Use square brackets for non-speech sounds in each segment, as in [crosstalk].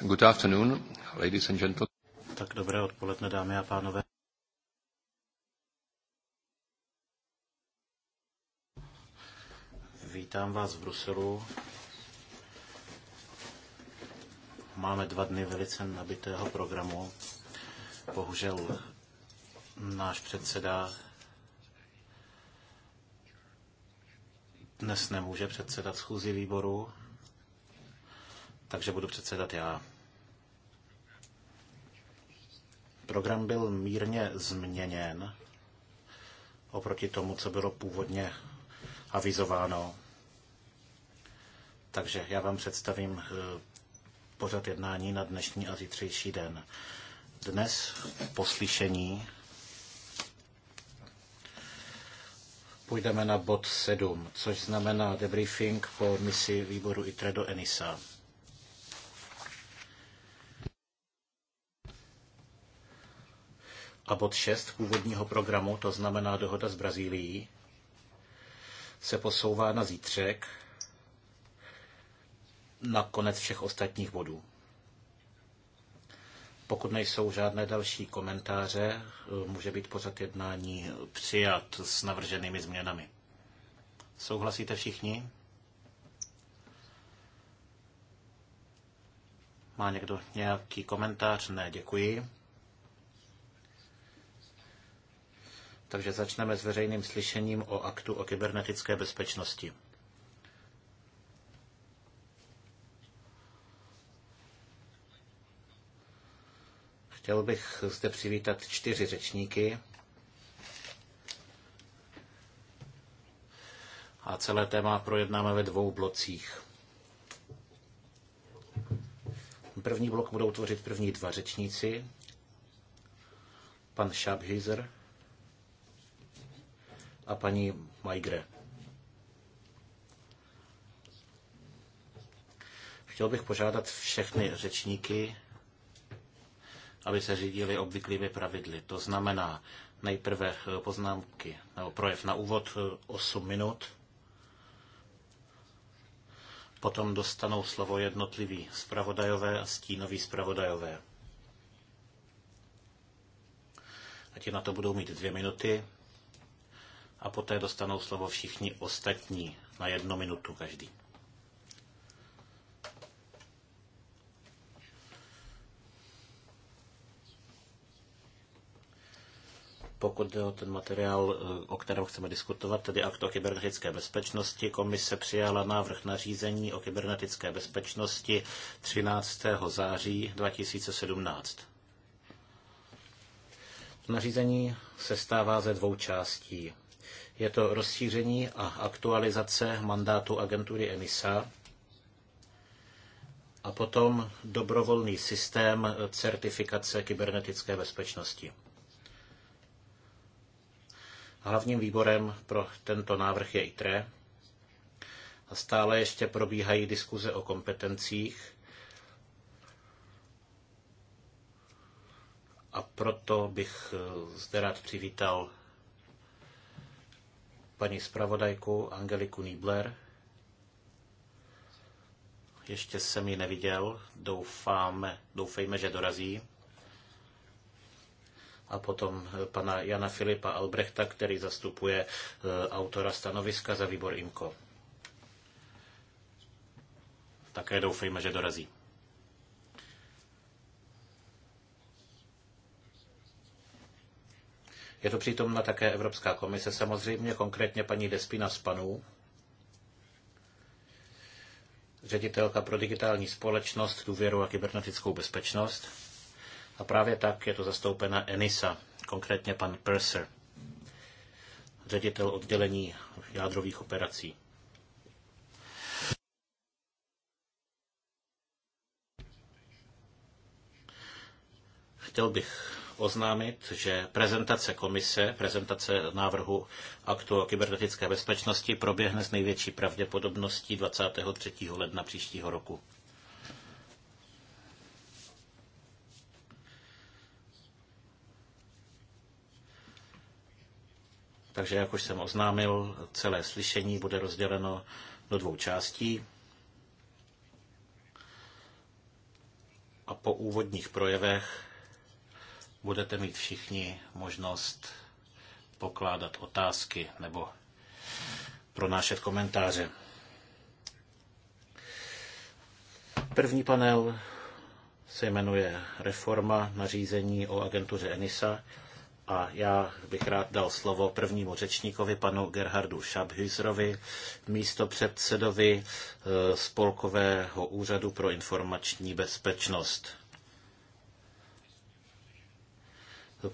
Good afternoon, ladies and gentlemen. Tak dobré odpoledne, dámy a pánové. Vítám vás v Bruselu. Máme dva dny velice nabitého programu. Bohužel náš předseda dnes nemůže předsedat schůzi výboru, takže budu předsedat já. Program byl mírně změněn oproti tomu, co bylo původně avizováno. Takže já vám představím eh, pořad jednání na dnešní a zítřejší den. Dnes poslyšení půjdeme na bod 7, což znamená debriefing po misi výboru ITRE do ENISA. a bod 6 původního programu, to znamená dohoda s Brazílií, se posouvá na zítřek na konec všech ostatních bodů. Pokud nejsou žádné další komentáře, může být pořad jednání přijat s navrženými změnami. Souhlasíte všichni? Má někdo nějaký komentář? Ne, děkuji. Takže začneme s veřejným slyšením o aktu o kybernetické bezpečnosti. Chtěl bych zde přivítat čtyři řečníky. A celé téma projednáme ve dvou blocích. První blok budou tvořit první dva řečníci. Pan Schabhizer a paní Majgre. Chtěl bych požádat všechny řečníky, aby se řídili obvyklými pravidly. To znamená nejprve poznámky nebo projev na úvod 8 minut, potom dostanou slovo jednotliví zpravodajové a stínoví zpravodajové. A ti na to budou mít dvě minuty a poté dostanou slovo všichni ostatní na jednu minutu každý. pokud jde o ten materiál, eh, o kterém chceme diskutovat, tedy akt o kybernetické bezpečnosti, komise přijala návrh nařízení o kybernetické bezpečnosti 13. září 2017. Nařízení se stává ze dvou částí. Je to rozšíření a aktualizace mandátu agentury ENISA a potom dobrovolný systém certifikace kybernetické bezpečnosti. Hlavním výborem pro tento návrh je ITRE a stále ještě probíhají diskuze o kompetencích a proto bych zde rád přivítal paní zpravodajku Angeliku Niebler. Ještě jsem ji neviděl, doufáme, doufejme, že dorazí. A potom eh, pana Jana Filipa Albrechta, který zastupuje eh, autora stanoviska za výbor IMKO. Také doufejme, že dorazí. Je tu přítomna také Evropská komise, samozřejmě konkrétně paní Despina Spanů, ředitelka pro digitální společnost, důvěru a kybernetickou bezpečnost. A právě tak je to zastoupena ENISA, konkrétně pan Purser, ředitel oddělení jádrových operací. Chtěl bych oznámit, že prezentace komise, prezentace návrhu aktu o kybernetické bezpečnosti proběhne s největší pravděpodobností 23. ledna příštího roku. Takže, jak už jsem oznámil, celé slyšení bude rozděleno do dvou částí. A po úvodních projevech budete mít všichni možnost pokládat otázky nebo pronášet komentáře. První panel se jmenuje Reforma nařízení o agentuře ENISA a já bych rád dal slovo prvnímu řečníkovi, panu Gerhardu Schabhüserovi, místo předsedovi eh, Spolkového úřadu pro informační bezpečnost.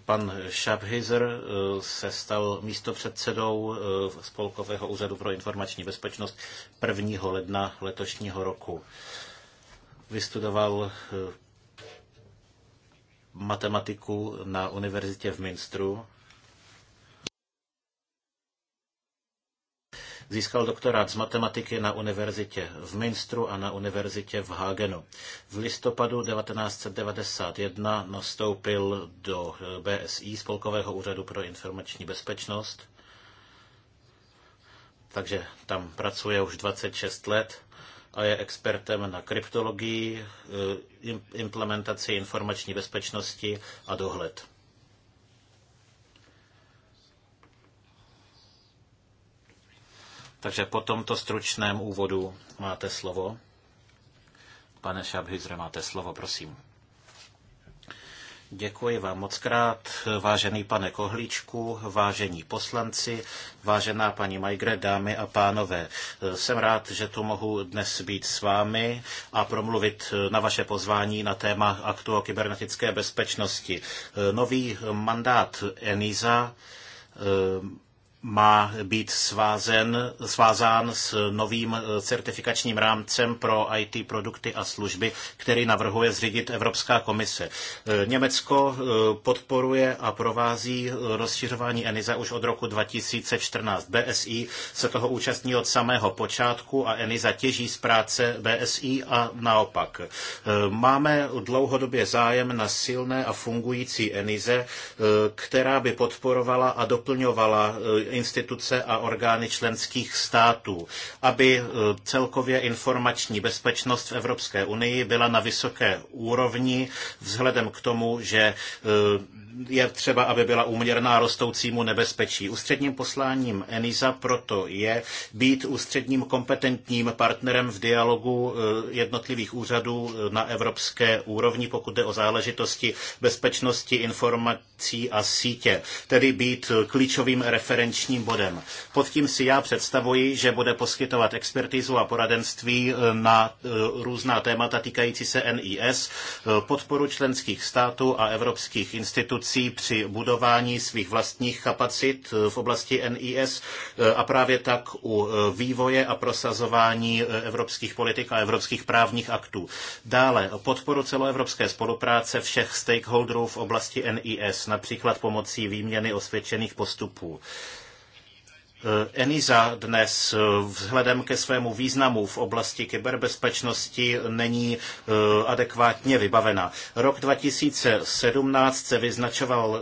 Pan Schaffheiser eh, se stal místopředsedou eh, Spolkového úřadu pro informační bezpečnost 1. ledna letošního roku. Vystudoval eh, matematiku na univerzitě v Minstru Získal doktorát z matematiky na univerzitě v Minstru a na univerzitě v Hagenu. V listopadu 1991 nastoupil do eh, BSI, Spolkového úřadu pro informační bezpečnost, takže tam pracuje už 26 let a je expertem na kryptologii, eh, implementaci informační bezpečnosti a dohled. Takže po tomto stručném úvodu máte slovo. Pane Šabhizre, máte slovo, prosím. Děkuji vám moc krát, vážený pane Kohlíčku, vážení poslanci, vážená paní Majgre, dámy a pánové. Jsem rád, že tu mohu dnes být s vámi a promluvit na vaše pozvání na téma aktu o kybernetické bezpečnosti. Nový mandát ENISA má být svázen, svázán s novým eh, certifikačním rámcem pro IT produkty a služby, který navrhuje zřídit Evropská komise. Eh, Německo eh, podporuje a provází rozšiřování ENISA už od roku 2014. BSI se toho účastní od samého počátku a ENISA těží z práce BSI a naopak. Máme dlouhodobě zájem na silné a fungující ENISE, která by podporovala a doplňovala instituce a orgány členských států, aby eh, celkově informační bezpečnost v Evropské unii byla na vysoké úrovni vzhledem k tomu, že eh, je třeba, aby byla úměrná rostoucímu nebezpečí. Ústředním posláním ENISA proto je být ústředním kompetentním partnerem v dialogu eh, jednotlivých úřadů eh, na evropské úrovni, pokud jde o záležitosti bezpečnosti informací a sítě, tedy být eh, klíčovým referenčním bodem. Pod tím si já představuji, že bude poskytovat expertizu a poradenství na různá témata týkající se NIS, podporu členských států a evropských institucí institucí při budování svých vlastních kapacit eh, v oblasti NIS eh, a právě tak u eh, vývoje a prosazování evropských politik a evropských právních aktů. Dále podporu celoevropské spolupráce všech stakeholderů v oblasti NIS, například pomocí výměny osvědčených postupů. Eh, ENISA dnes eh, vzhledem ke svému významu v oblasti kyberbezpečnosti není eh, adekvátně vybavena. Rok 2017 se vyznačoval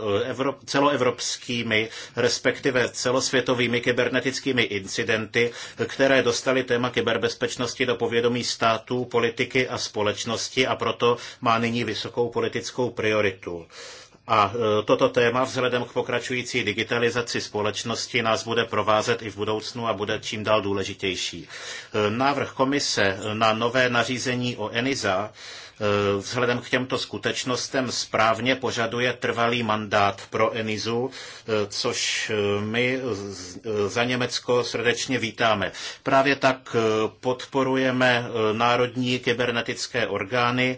celoevropskými, respektive celosvětovými kybernetickými incidenty, které dostaly téma kyberbezpečnosti do povědomí států, politiky a společnosti a proto má nyní vysokou politickou prioritu. A e, toto téma vzhledem k pokračující digitalizaci společnosti nás bude provázet i v budoucnu a bude čím dál důležitější. E, návrh komise na nové nařízení o ENISA Eh, vzhledem k těmto skutečnostem správně požaduje trvalý mandát pro Enizu, eh, což eh, my za Německo srdečně vítáme. Právě tak podporujeme národní kybernetické orgány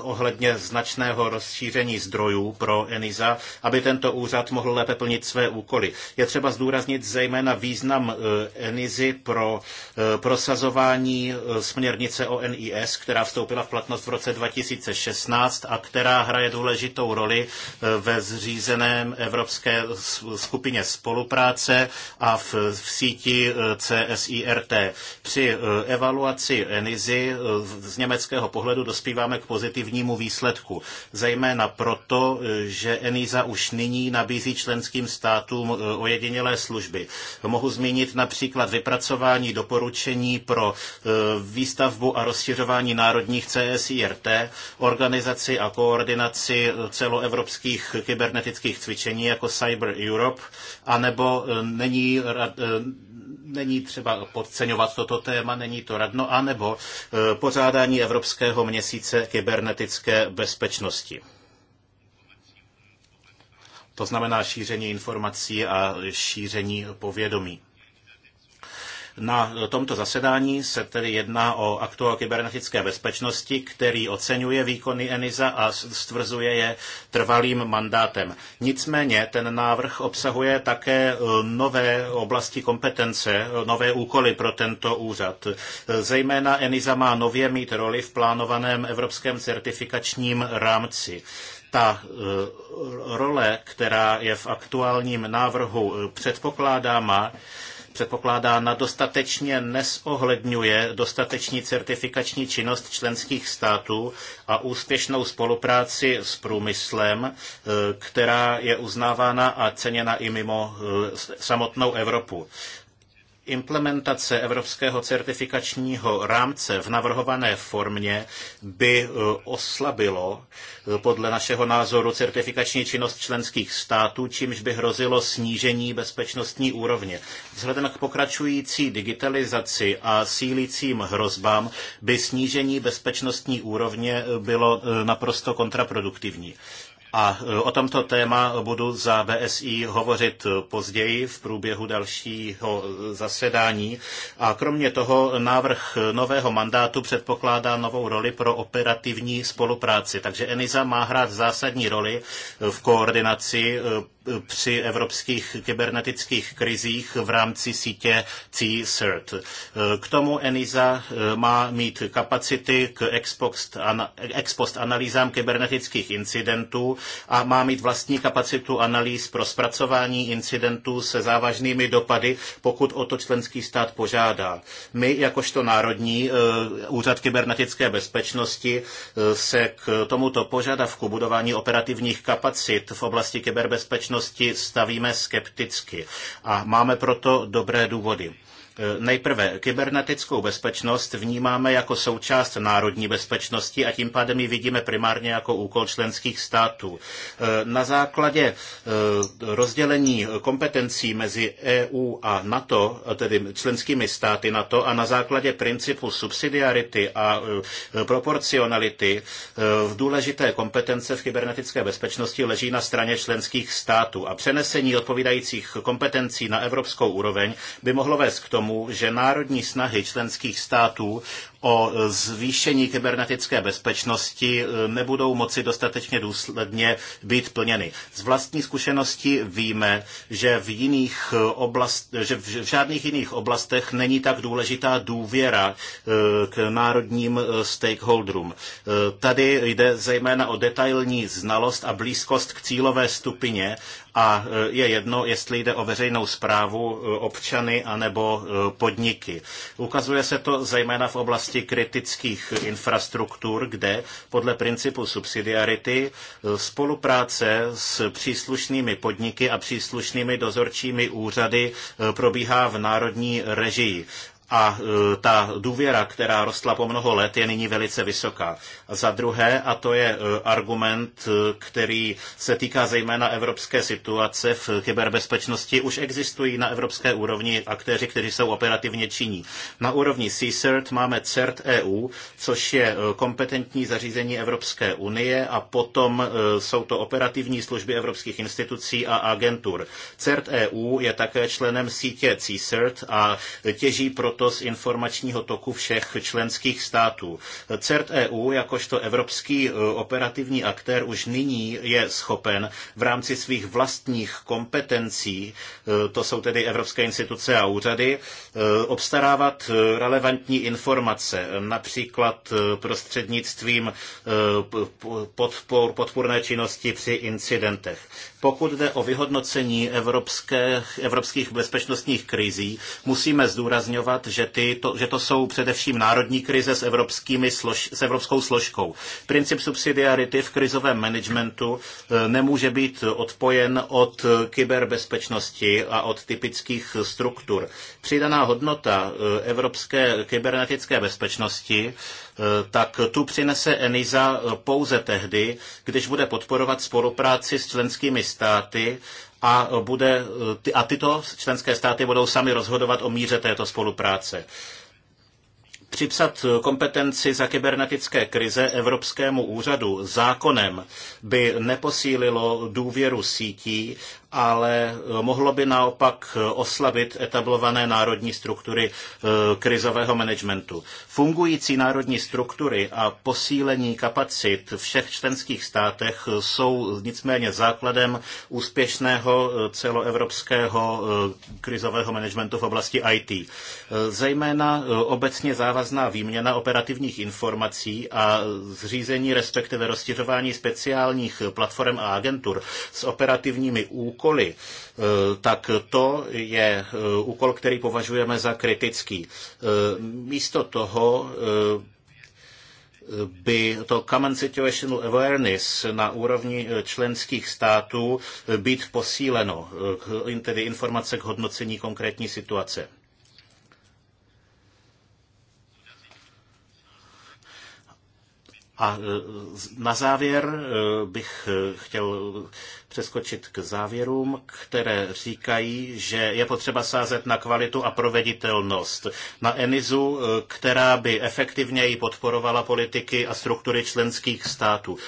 ohledně značného rozšíření zdrojů pro Eniza, aby tento úřad mohl lépe plnit své úkoly. Je třeba zdůraznit zejména význam Enizy pro prosazování směrnice o NIS, která v vstoupila v platnost v roce 2016 a která hraje důležitou roli e, ve zřízeném Evropské skupině spolupráce a v, v síti e, CSIRT. Při e, evaluaci ENISY z německého pohledu dospíváme k pozitivnímu výsledku, zejména proto, že ENISA už nyní nabízí členským státům ojedinělé služby. Mohu zmínit například vypracování doporučení pro výstavbu a rozšiřování národní mezinárodních CSIRT, organizaci a koordinaci celoevropských kybernetických cvičení jako Cyber Europe, anebo e, není, e, není třeba podceňovat toto téma, není to radno, anebo e, pořádání Evropského měsíce kybernetické bezpečnosti. To znamená šíření informací a šíření povědomí. Na tomto zasedání se tedy jedná o aktu o kybernetické bezpečnosti, který oceňuje výkony ENISA a stvrzuje je trvalým mandátem. Nicméně ten návrh obsahuje také e, nové oblasti kompetence, e, nové úkoly pro tento úřad. E, zejména ENISA má nově mít roli v plánovaném evropském certifikačním rámci ta role, která je v aktuálním návrhu předpokládána, na dostatečně nesohledňuje dostatečný certifikační činnost členských států a úspěšnou spolupráci s průmyslem, e, která je uznávána a ceněna i mimo e, samotnou Evropu. Implementace evropského certifikačního rámce v navrhované formě by e, oslabilo e, podle našeho názoru certifikační činnost členských států, čímž by hrozilo snížení bezpečnostní úrovně. Vzhledem k pokračující digitalizaci a sílícím hrozbám by snížení bezpečnostní úrovně e, bylo naprosto kontraproduktivní. A e, o tomto téma budu za BSI hovořit později v průběhu dalšího e, zasedání. A kromě toho návrh nového mandátu předpokládá novou roli pro operativní spolupráci. Takže ENISA má hrát zásadní roli v koordinaci e, při evropských kybernetických krizích v rámci sítě CERT. K tomu ENISA eh, má mít kapacity k ex post analýzám kybernetických incidentů a má mít vlastní kapacitu analýz pro zpracování incidentů se závažnými dopady, pokud o to členský stát požádá. My, jakožto Národní eh, úřad kybernetické bezpečnosti, eh, se k tomuto požadavku budování operativních kapacit v oblasti kyberbezpečnosti skutečnosti stavíme skepticky a máme proto dobré důvody. Eh, nejprve, kybernetickou bezpečnost vnímáme jako součást národní bezpečnosti a tím pádem ji vidíme primárně jako úkol členských států. Eh, na základě eh, rozdělení kompetencí mezi EU a NATO, tedy členskými státy NATO, a na základě principu subsidiarity a proporcionality v důležité kompetence v kybernetické bezpečnosti leží na straně členských států a přenesení odpovídajících kompetencí na evropskou úroveň by mohlo vést k tomu, tomu, že národní snahy členských států o zvýšení kybernetické bezpečnosti e, nebudou moci dostatečně důsledně být plněny. Z vlastní zkušenosti víme, že v, jiných e, oblast, že v žádných jiných oblastech není tak důležitá důvěra e, k národním stakeholderům. Tady jde zejména o detailní znalost a blízkost k cílové stupině a e, je jedno, jestli jde o veřejnou zprávu, e, občany anebo e, podniky. Ukazuje se to zejména v oblasti kritických infrastruktur, kde podle principu subsidiarity spolupráce s příslušnými podniky a příslušnými dozorčími úřady probíhá v národní režii a e, ta důvěra, která rostla po mnoho let, je nyní velice vysoká. Za druhé, a to je e, argument, e, který se týká zejména evropské situace v kyberbezpečnosti, už existují na evropské úrovni aktéři, kteří jsou operativně činí. Na úrovni CSERT máme CERT EU, což je kompetentní zařízení Evropské unie a potom jsou to operativní služby evropských institucí a agentur. CERT EU je také členem sítě CSERT a těží proto to informačního toku všech členských států. CERT EU, jakožto evropský e, operativní aktér, už nyní je schopen v rámci svých vlastních kompetencí, e, to jsou tedy evropské instituce a úřady, e, obstarávat relevantní informace, například prostřednictvím podpor, podpůrné činnosti při incidentech. Pokud jde o vyhodnocení evropské, evropských bezpečnostních krizí, musíme zdůrazňovat, že, ty, to, že to jsou především národní krize s, evropskými slož, s evropskou složkou. Princip subsidiarity v krizovém managementu e, nemůže být odpojen od kyberbezpečnosti a od typických struktur. Přidaná hodnota e, evropské kybernetické bezpečnosti Eh, tak tu přinese ENISA pouze tehdy, když bude podporovat spolupráci s členskými státy a, bude, eh, a tyto členské státy budou sami rozhodovat o míře této spolupráce připsat kompetenci za kybernetické krize Evropskému úřadu zákonem by neposílilo důvěru sítí ale eh, mohlo by naopak eh, oslabit etablované národní struktury eh, krizového managementu. Fungující národní struktury a posílení kapacit všech členských státech jsou nicméně základem úspěšného celoevropského krizového managementu v oblasti IT. Zejména obecně závazná výměna operativních informací a zřízení respektive rozšiřování speciálních platform a agentur s operativními úkoly úkoly, eh, tak to je eh, úkol, který považujeme za kritický. Eh, místo toho by to Common Situational Awareness na úrovni členských států být posíleno, tedy informace k hodnocení konkrétní situace. A e, na závěr e, bych e, chtěl přeskočit k závěrům, které říkají, že je potřeba sázet na kvalitu a proveditelnost. Na ENIZu, která by efektivněji podporovala politiky a struktury členských států.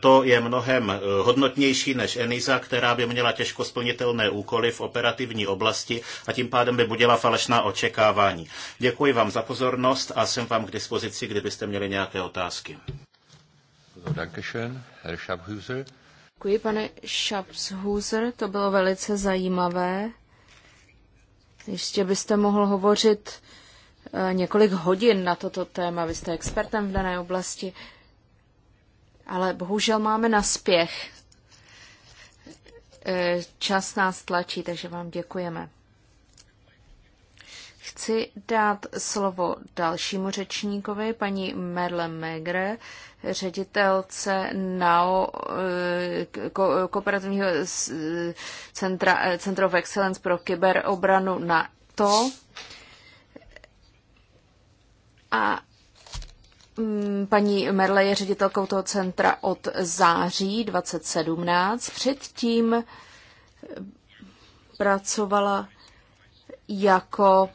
To je mnohem hodnotnější než ENIZa, která by měla těžko splnitelné úkoly v operativní oblasti a tím pádem by budila falešná očekávání. Děkuji vám za pozornost a jsem vám k dispozici, kdybyste měli nějaké otázky. Děkuji, pane Schabshuser, to bylo velice zajímavé. Ještě byste mohl hovořit eh, několik hodin na toto téma, vy jste expertem v dané oblasti, ale bohužel máme na spěch. Eh, čas nás tlačí, takže vám děkujeme. Chci dát slovo dalšímu řečníkovi, paní Merle Megre, ředitelce NAO eh, ko, kooperativního centra, eh, Center of Excellence pro kyberobranu to. A mm, Paní Merle je ředitelkou toho centra od září 2017. Předtím pracovala jako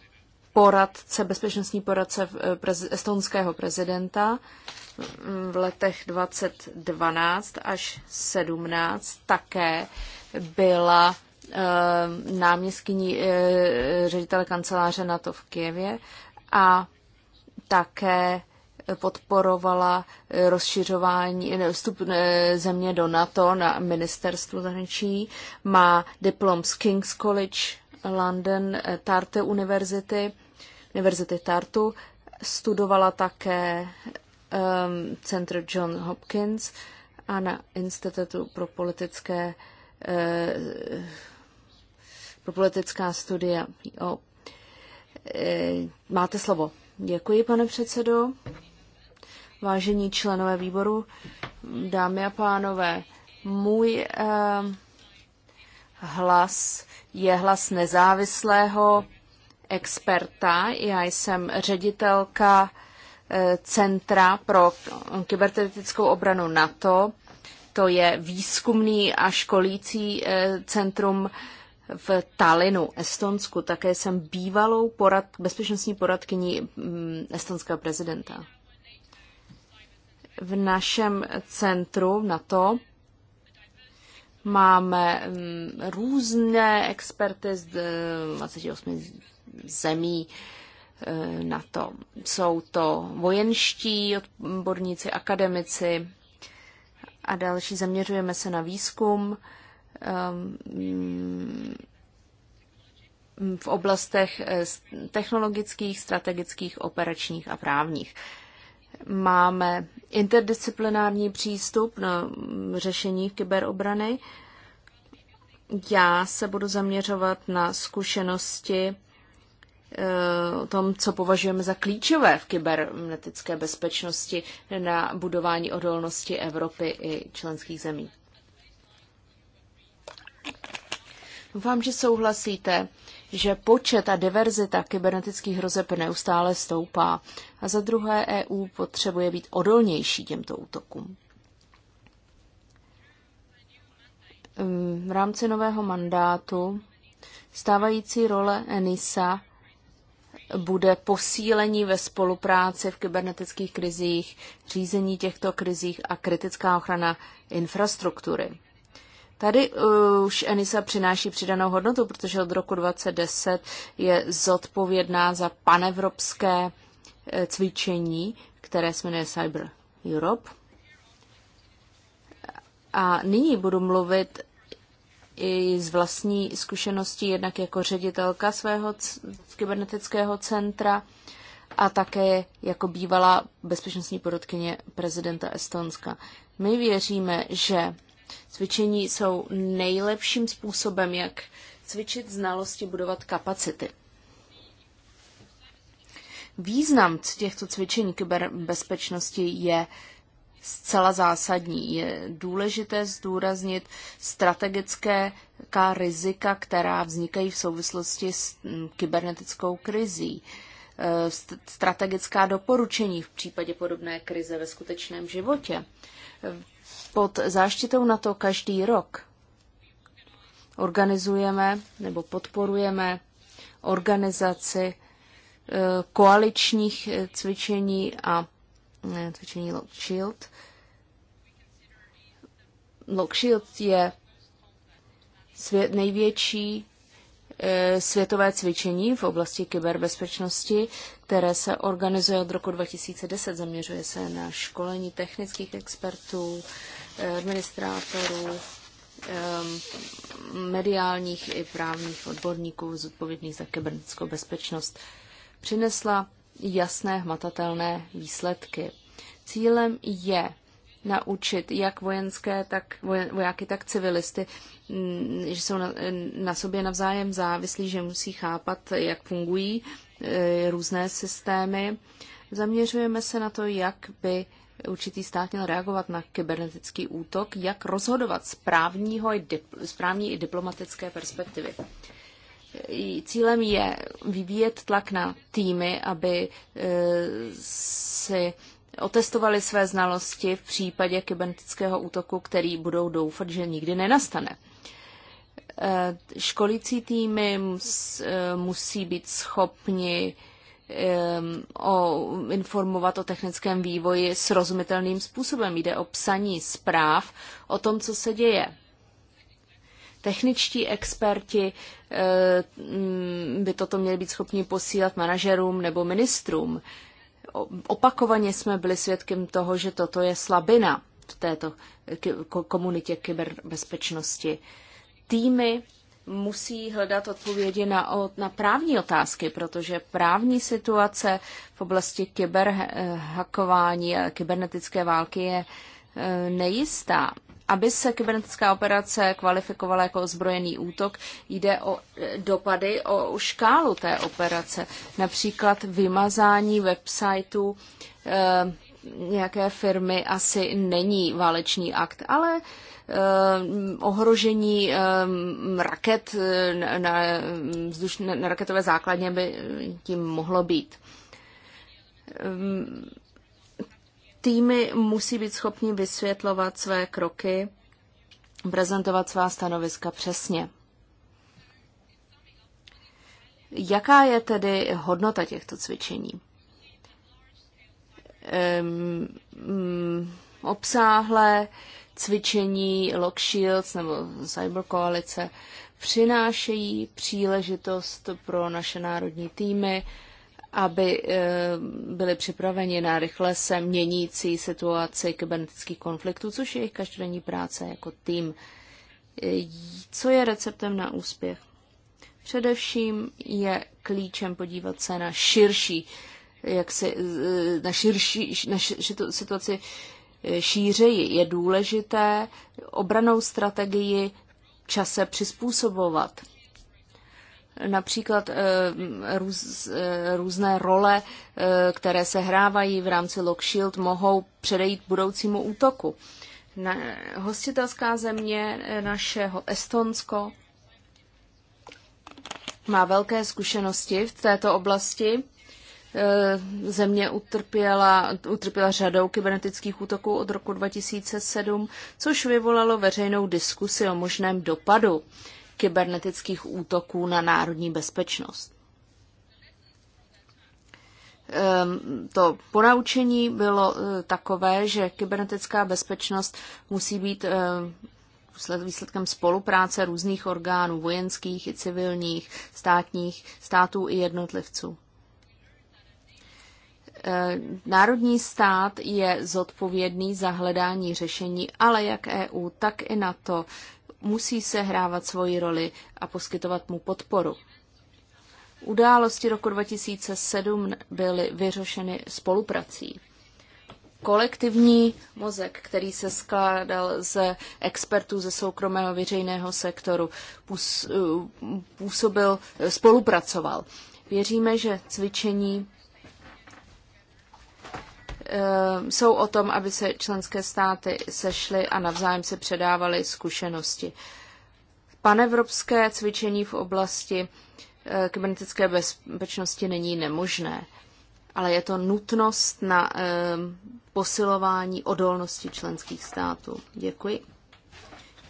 poradce, bezpečnostní poradce eh, prez, estonského prezidenta mm, v letech 2012 až 17 také byla eh, náměstkyní eh, ředitele kanceláře NATO v Kijevě a také podporovala rozšiřování vstup země do NATO na ministerstvo zahraničí. Má diplom z King's College London, Tarte univerzity univerzity Tartu, studovala také um, Centr John Hopkins a na Institutu pro politické eh, pro politická studia. O, eh, máte slovo. Děkuji, pane předsedo. Vážení členové výboru, dámy a pánové, můj eh, hlas je hlas nezávislého experta. Já jsem ředitelka eh, Centra pro kybernetickou obranu NATO. To je výzkumný a školící eh, centrum v Talinu, Estonsku. Také jsem bývalou porad, bezpečnostní poradkyní mm, estonského prezidenta. V našem centru NATO máme mm, různé experty z 28 eh, zemí eh, na to. Jsou to vojenští odborníci, akademici a další. Zaměřujeme se na výzkum ehm, v oblastech eh, technologických, strategických, operačních a právních. Máme interdisciplinární přístup na mm, řešení kyberobrany. Já se budu zaměřovat na zkušenosti Eh, o tom, co považujeme za klíčové v kybernetické bezpečnosti na budování odolnosti Evropy i členských zemí. Doufám, že souhlasíte, že počet a diverzita kybernetických hrozeb neustále stoupá a za druhé EU potřebuje být odolnější těmto útokům. V rámci nového mandátu stávající role ENISA bude posílení ve spolupráci v kybernetických krizích, řízení těchto krizích a kritická ochrana infrastruktury. Tady uh, už Enisa přináší přidanou hodnotu, protože od roku 2010 je zodpovědná za panevropské eh, cvičení, které se jmenuje Cyber Europe. A nyní budu mluvit i z vlastní zkušenosti, jednak jako ředitelka svého kybernetického centra a také jako bývalá bezpečnostní porodkyně prezidenta Estonska. My věříme, že cvičení jsou nejlepším způsobem, jak cvičit znalosti, budovat kapacity. Význam těchto cvičení kyberbezpečnosti je zcela zásadní. Je důležité zdůraznit strategické rizika, která vznikají v souvislosti s mm, kybernetickou krizí e, strategická doporučení v případě podobné krize ve skutečném životě. Pod záštitou na to každý rok organizujeme nebo podporujeme organizaci e, koaličních e, cvičení a cvičení Lock Shield. Lock Shield je svět, největší eh, světové cvičení v oblasti kyberbezpečnosti, které se organizuje od roku 2010. Zaměřuje se na školení technických expertů, eh, administrátorů, eh, mediálních i právních odborníků zodpovědných za kybernetickou bezpečnost. Přinesla jasné hmatatelné výsledky. Cílem je naučit jak vojenské, tak vojáky, tak civilisty, mm, že jsou na, na sobě navzájem závislí, že musí chápat, jak fungují eh, různé systémy. Zaměřujeme se na to, jak by určitý stát měl reagovat na kybernetický útok, jak rozhodovat z, právního, z právní i diplomatické perspektivy. Cílem je vyvíjet tlak na týmy, aby e, si otestovali své znalosti v případě kybernetického útoku, který budou doufat, že nikdy nenastane. E, školící týmy e, musí být schopni o, informovat o technickém vývoji srozumitelným způsobem. Jde o psaní zpráv o tom, co se děje techničtí experti eh, mm, by toto měli být schopni posílat manažerům nebo ministrům. Opakovaně jsme byli svědkem toho, že toto je slabina v této eh, komunitě kyberbezpečnosti. Týmy musí hledat odpovědi na, na právní otázky, protože právní situace v oblasti kyberhakování a kybernetické války je eh, nejistá. Aby se kybernetická operace kvalifikovala jako ozbrojený útok, jde o e, dopady, o škálu té operace. Například vymazání websiteu e, nějaké firmy asi není válečný akt, ale e, ohrožení e, raket na, na raketové základně by tím mohlo být. Ehm, Týmy musí být schopni vysvětlovat své kroky, prezentovat svá stanoviska přesně. Jaká je tedy hodnota těchto cvičení? Um, um, obsáhlé cvičení Lock Shields nebo Cyber Koalice přinášejí příležitost pro naše národní týmy aby eh, byli připraveni na rychle se měnící situaci kybernetických konfliktů, což je jejich každodenní práce jako tým. Eh, co je receptem na úspěch? Především je klíčem podívat se na širší, jak se, eh, na širší na situaci šířeji. Je důležité obranou strategii čase přizpůsobovat – například eh, růz, eh, různé role, eh, které se hrávají v rámci Lock Shield, mohou předejít budoucímu útoku. Na, hostitelská země našeho Estonsko má velké zkušenosti v této oblasti. Země utrpěla, utrpěla řadou kybernetických útoků od roku 2007, což vyvolalo veřejnou diskusi o možném dopadu kybernetických útoků na národní bezpečnost. Ehm, to ponaučení bylo eh, takové, že kybernetická bezpečnost musí být eh, výsledkem spolupráce různých orgánů, vojenských i civilních, státních, států i jednotlivců. Eh, národní stát je zodpovědný za hledání řešení, ale jak EU, tak i na to musí sehrávat svoji roli a poskytovat mu podporu. Události roku 2007 byly vyřešeny spoluprací. Kolektivní mozek, který se skládal z expertů ze soukromého veřejného sektoru, působil, spolupracoval. Věříme, že cvičení Eh, jsou o tom, aby se členské státy sešly a navzájem se předávaly zkušenosti. Panevropské cvičení v oblasti eh, kybernetické bezpečnosti není nemožné, ale je to nutnost na eh, posilování odolnosti členských států. Děkuji.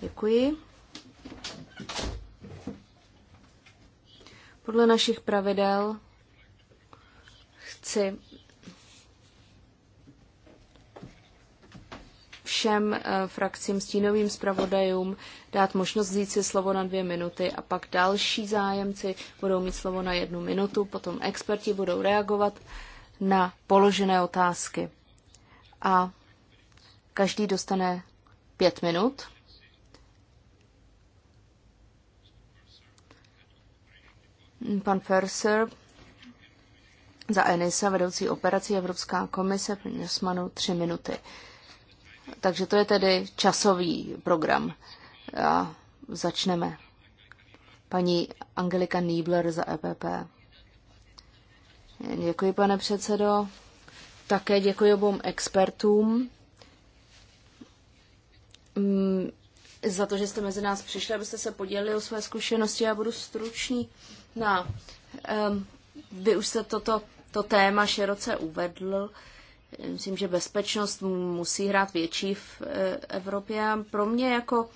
Děkuji. Podle našich pravidel chci všem eh, frakcím, stínovým zpravodajům dát možnost vzít si slovo na dvě minuty a pak další zájemci budou mít slovo na jednu minutu, potom experti budou reagovat na položené otázky. A každý dostane pět minut. Pan Ferser za ENISA, vedoucí operací Evropská komise, Jasmanu tři minuty. Takže to je tedy časový program. A začneme. Paní Angelika Niebler za EPP. Děkuji, pane předsedo. Také děkuji obou expertům mm, za to, že jste mezi nás přišli, abyste se podělili o své zkušenosti. Já budu stručný. No, vy už jste toto to téma široce uvedl. Myslím, že bezpečnost musí hrát větší v e, Evropě. Pro mě jako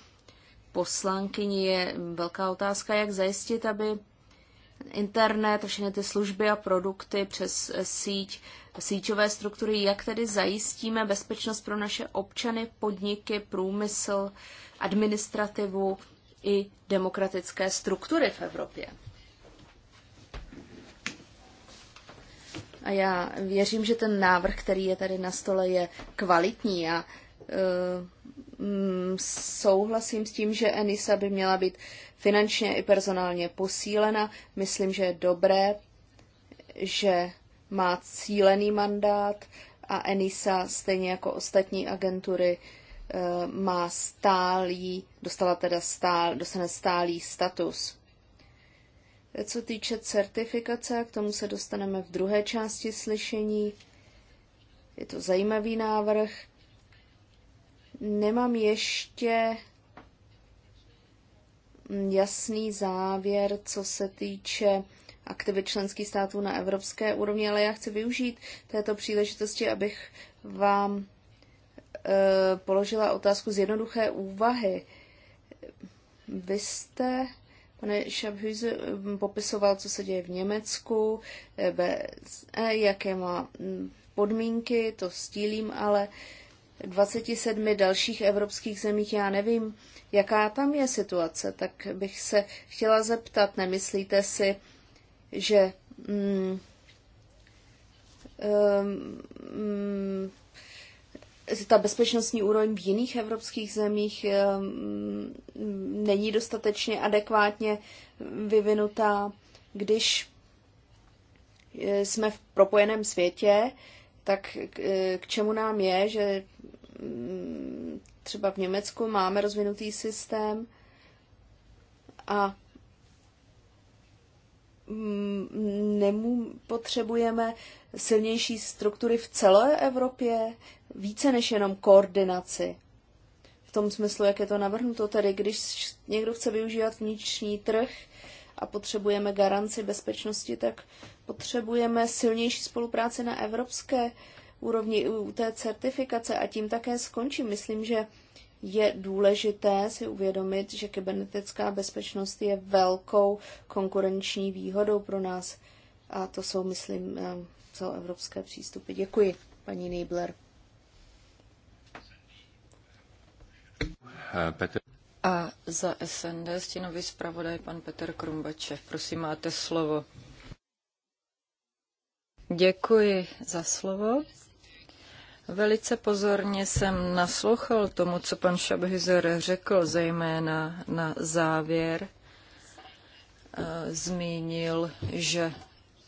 poslankyni je velká otázka, jak zajistit, aby internet, všechny ty služby a produkty přes e, síť, síťové struktury, jak tedy zajistíme bezpečnost pro naše občany, podniky, průmysl, administrativu i demokratické struktury v Evropě. A já věřím, že ten návrh, který je tady na stole, je kvalitní a eh, mm, souhlasím s tím, že Enisa by měla být finančně i personálně posílena. Myslím, že je dobré, že má cílený mandát a Enisa, stejně jako ostatní agentury, eh, má stálý, dostala teda stál, dostane stálý status. Co týče certifikace, k tomu se dostaneme v druhé části slyšení. Je to zajímavý návrh. Nemám ještě jasný závěr, co se týče aktivit členských států na evropské úrovni, ale já chci využít této příležitosti, abych vám e, položila otázku z jednoduché úvahy. Vy jste Pane Schabhüse mm, popisoval, co se děje v Německu, eh, eh, jaké má mm, podmínky, to stílím, ale 27 dalších evropských zemích, já nevím, jaká tam je situace, tak bych se chtěla zeptat, nemyslíte si, že mm, eh, mm ta bezpečnostní úroveň v jiných evropských zemích ehm, není dostatečně adekvátně vyvinutá. Když eh, jsme v propojeném světě, tak k eh, čemu nám je, že mm, třeba v Německu máme rozvinutý systém a Mm, nemů, potřebujeme silnější struktury v celé Evropě, více než jenom koordinaci. V tom smyslu, jak je to navrhnuto, tedy když někdo chce využívat vnitřní trh a potřebujeme garanci bezpečnosti, tak potřebujeme silnější spolupráci na evropské úrovni u té certifikace a tím také skončím. Myslím, že je důležité si uvědomit, že kybernetická bezpečnost je velkou konkurenční výhodou pro nás. A to jsou, myslím, eh, celoevropské přístupy. Děkuji, paní Nejbler. Eh, Petr. A za SND stěnový zpravodaj pan Petr Krumbačev. Prosím, máte slovo. Děkuji za slovo. Velice pozorně jsem naslouchal tomu, co pan Šabhizer řekl, zejména na závěr. Eh, zmínil, že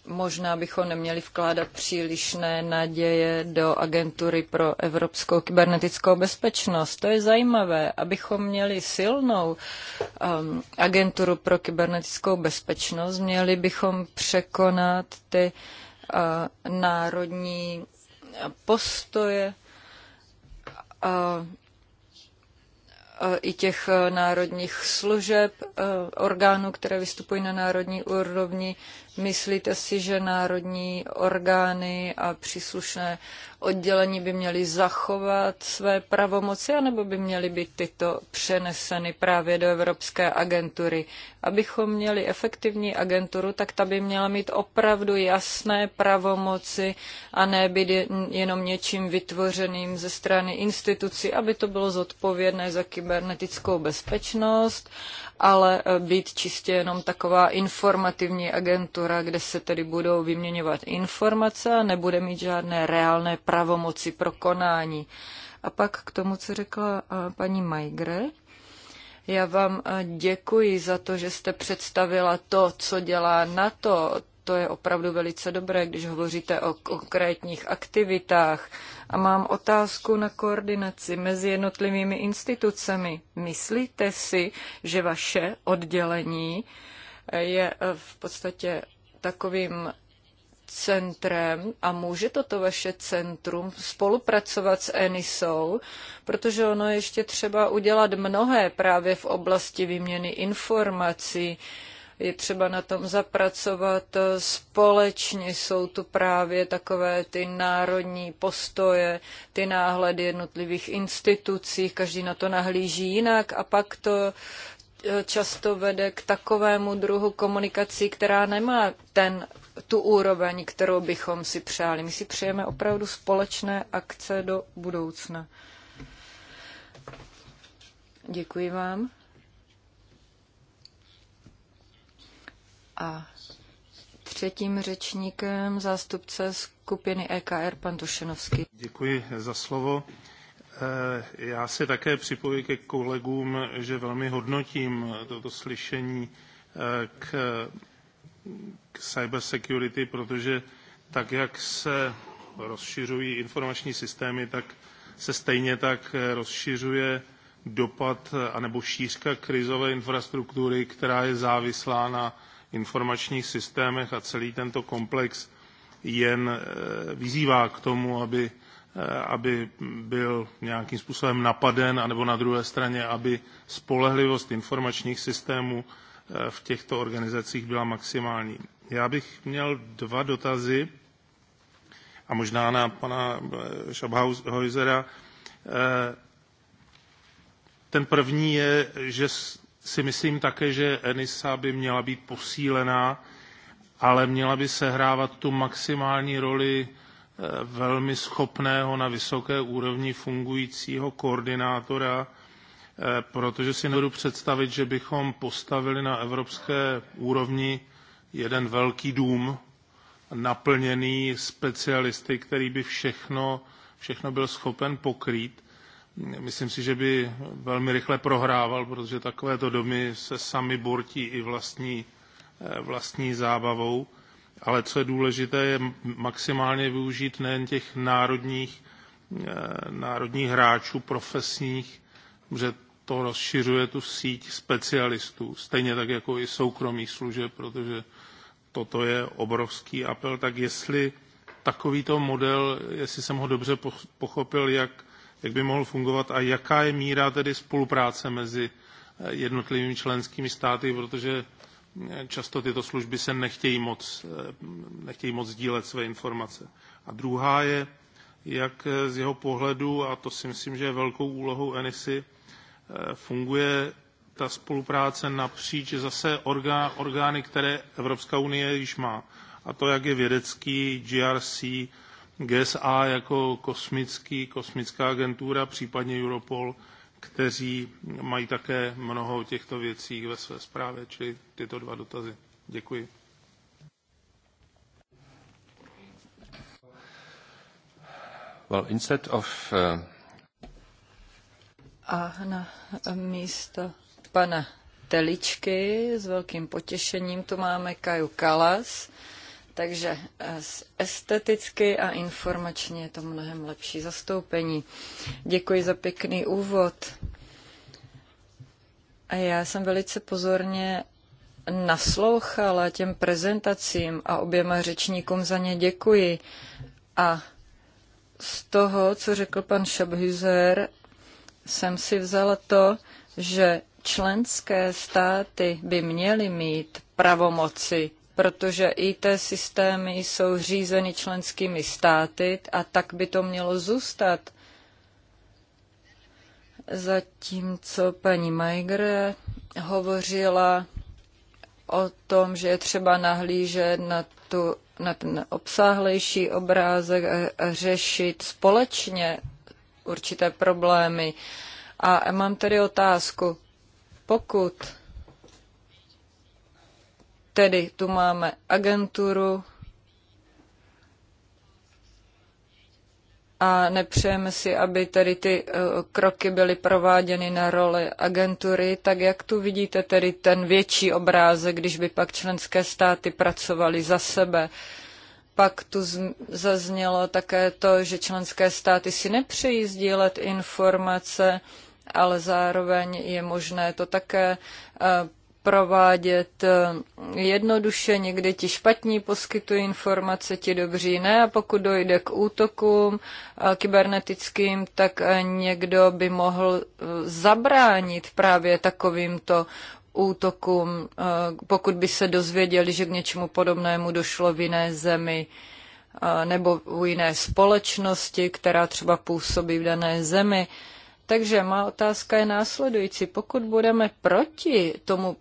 možná bychom neměli vkládat přílišné naděje do agentury pro evropskou kybernetickou bezpečnost. To je zajímavé, abychom měli silnou um, agenturu pro kybernetickou bezpečnost, měli bychom překonat ty uh, národní postoje a i těch národních služeb, orgánů, které vystupují na národní úrovni, Myslíte si, že národní orgány a příslušné oddělení by měly zachovat své pravomoci, anebo by měly být tyto přeneseny právě do Evropské agentury? Abychom měli efektivní agenturu, tak ta by měla mít opravdu jasné pravomoci a ne být jenom něčím vytvořeným ze strany institucí, aby to bylo zodpovědné za kybernetickou bezpečnost ale eh, být čistě jenom taková informativní agentura, kde se tedy budou vyměňovat informace a nebude mít žádné reálné pravomoci pro konání. A pak k tomu, co řekla eh, paní Majgre, já vám eh, děkuji za to, že jste představila to, co dělá NATO. To je opravdu velice dobré, když hovoříte o konkrétních aktivitách. A mám otázku na koordinaci mezi jednotlivými institucemi. Myslíte si, že vaše oddělení je v podstatě takovým centrem a může toto vaše centrum spolupracovat s Enisou, protože ono ještě třeba udělat mnohé právě v oblasti výměny informací, uh, je třeba na tom zapracovat e, společně. Jsou tu právě takové ty národní postoje, ty náhledy jednotlivých institucí, každý na to nahlíží jinak a pak to e, často vede k takovému druhu komunikací, která nemá ten, tu úroveň, kterou bychom si přáli. My si přejeme opravdu společné akce do budoucna. Děkuji vám. A třetím řečníkem zástupce skupiny EKR, pan Tušenovský. Děkuji za slovo. Eh, já se také připojuji ke kolegům, že velmi hodnotím toto slyšení eh, k, k cyber security, protože tak, jak se rozšiřují informační systémy, tak se stejně tak rozšiřuje dopad eh, anebo šířka krizové infrastruktury, která je závislá na informačních systémech a celý tento komplex jen eh, vyzývá k tomu, aby, eh, aby byl nějakým způsobem napaden, anebo na druhé straně, aby spolehlivost informačních systémů eh, v těchto organizacích byla maximální. Já bych měl dva dotazy a možná na pana Schabhausera. Ten první je, že si myslím také, že ENISA by měla být posílená, ale měla by sehrávat tu maximální roli eh, velmi schopného na vysoké úrovni fungujícího koordinátora, eh, protože si nedodu představit, že bychom postavili na evropské úrovni jeden velký dům naplněný specialisty, který by všechno, všechno byl schopen pokrýt myslím si, že by velmi rychle prohrával, protože takovéto domy se sami bortí i vlastní, eh, vlastní zábavou. Ale co je důležité, je maximálně využít nejen těch národních, eh, národních hráčů, profesních, že to rozšiřuje tu síť specialistů, stejně tak jako i soukromých služeb, protože toto je obrovský apel. Tak jestli takovýto model, jestli jsem ho dobře pochopil, jak jak by mohl fungovat a jaká je míra tedy spolupráce mezi eh, jednotlivými členskými státy, protože eh, často tyto služby se nechtějí moc, eh, nechtějí moc sdílet své informace. A druhá je, jak z jeho pohledu, a to si myslím, že je velkou úlohou Enisy, funguje ta spolupráce napříč zase orgá, orgány, které Evropská unie již má. A to, jak je vědecký, GRC, GSA jako kosmický, kosmická agentura, případně Europol, kteří mají také mnoho těchto věcí ve své zprávě, čili tyto dva dotazy. Děkuji. Well, instead of, uh... A na místo pana Teličky s velkým potěšením tu máme Kaju Kalas takže eh, esteticky a informačně je to mnohem lepší zastoupení. Děkuji za pěkný úvod. A já jsem velice pozorně naslouchala těm prezentacím a oběma řečníkům za ně děkuji. A z toho, co řekl pan Šabhuzer, jsem si vzala to, že členské státy by měly mít pravomoci protože IT systémy jsou řízeny členskými státy a tak by to mělo zůstat. Zatímco paní Majgre hovořila o tom, že je třeba nahlížet na, tu, na ten obsáhlejší obrázek a, a řešit společně určité problémy. A mám tedy otázku, pokud Tedy tu máme agenturu a nepřejeme si, aby tedy ty eh, kroky byly prováděny na roli agentury, tak jak tu vidíte tedy ten větší obrázek, když by pak členské státy pracovaly za sebe. Pak tu zaznělo také to, že členské státy si nepřejí sdílet informace, ale zároveň je možné to také eh, provádět eh, jednoduše, někdy ti špatní poskytují informace, ti dobří ne a pokud dojde k útokům eh, kybernetickým, tak eh, někdo by mohl zabránit právě takovýmto útokům, pokud by se dozvěděli, že k něčemu podobnému došlo v jiné zemi nebo u jiné společnosti, která třeba působí v dané zemi. Takže má otázka je následující. Pokud budeme proti tomu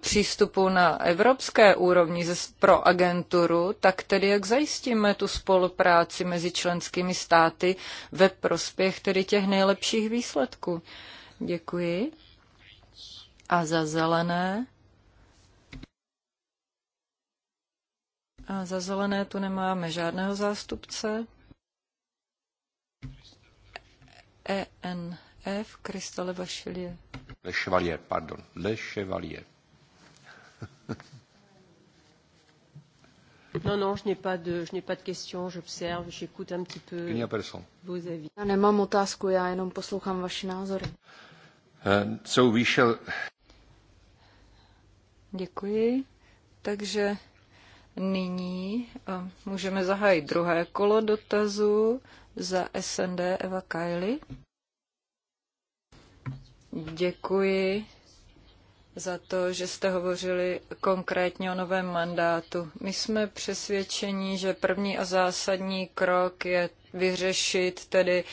přístupu na evropské úrovni pro agenturu, tak tedy jak zajistíme tu spolupráci mezi členskými státy ve prospěch tedy těch nejlepších výsledků? Děkuji. A za zelené? A za zelené tu nemáme žádného zástupce. E-N. F. Kristole Bachelier. Le Chevalier, pardon. Le Chevalier. [laughs] Non, non, je n'ai pas de, je n'ai pas de questions, j'observe, j'écoute un petit peu Il n'y a personne. vos avis. Já nemám otázku, já jenom poslouchám vaše názory. Uh, so we shall... Děkuji. Takže nyní uh, můžeme zahájit druhé kolo dotazů za SND Eva Kajli. Děkuji za to, že jste hovořili konkrétně o novém mandátu. My jsme přesvědčeni, že první a zásadní krok je vyřešit tedy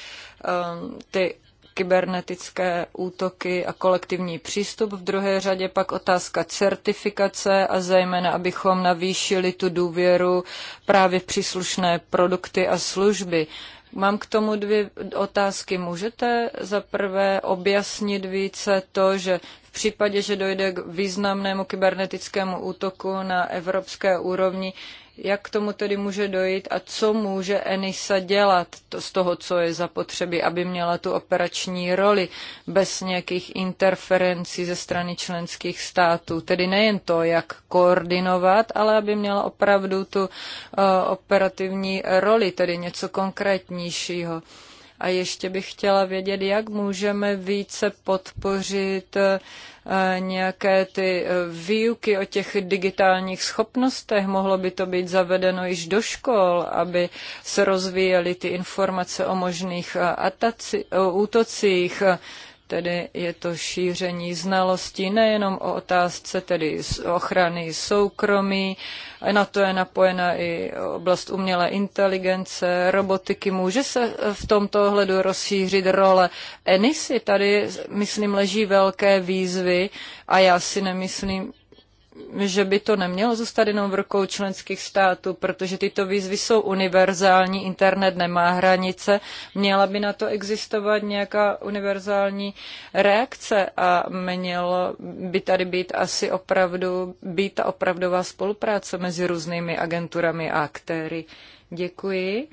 um, ty kybernetické útoky a kolektivní přístup. V druhé řadě pak otázka certifikace a zejména, abychom navýšili tu důvěru právě v příslušné produkty a služby. Mám k tomu dvě otázky. Můžete za prvé objasnit více to, že v případě, že dojde k významnému kybernetickému útoku na evropské úrovni, jak k tomu tedy může dojít a co může Enisa dělat to z toho, co je zapotřebí, aby měla tu operační roli bez nějakých interferencí ze strany členských států? Tedy nejen to, jak koordinovat, ale aby měla opravdu tu eh, operativní roli, tedy něco konkrétnějšího. A ještě bych chtěla vědět, jak můžeme více podpořit eh, nějaké ty eh, výuky o těch digitálních schopnostech. Mohlo by to být zavedeno již do škol, aby se rozvíjely ty informace o možných eh, ataci, o útocích tedy je to šíření znalostí nejenom o otázce tedy ochrany soukromí, na to je napojena i oblast umělé inteligence, robotiky. Může se eh, v tomto ohledu rozšířit role Enisy? Tady, myslím, leží velké výzvy a já si nemyslím, že by to nemělo zůstat jenom v rukou členských států, protože tyto výzvy jsou univerzální, internet nemá hranice, měla by na to existovat nějaká univerzální reakce a mělo by tady být asi opravdu, být ta opravdová spolupráce mezi různými agenturami a aktéry. Děkuji.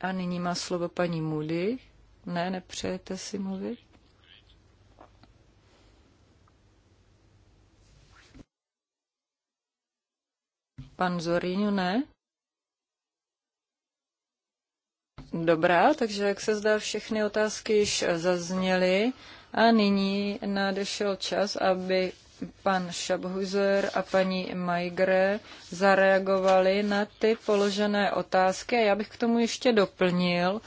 A nyní má slovo paní Moody. Ne, nepřejete si mluvit? Pan Zorinu ne? Dobrá, takže jak se zdá, všechny otázky již zazněly a nyní nadešel čas, aby pan Šabhuzer a paní Maigre zareagovali na ty položené otázky. Já bych k tomu ještě doplnil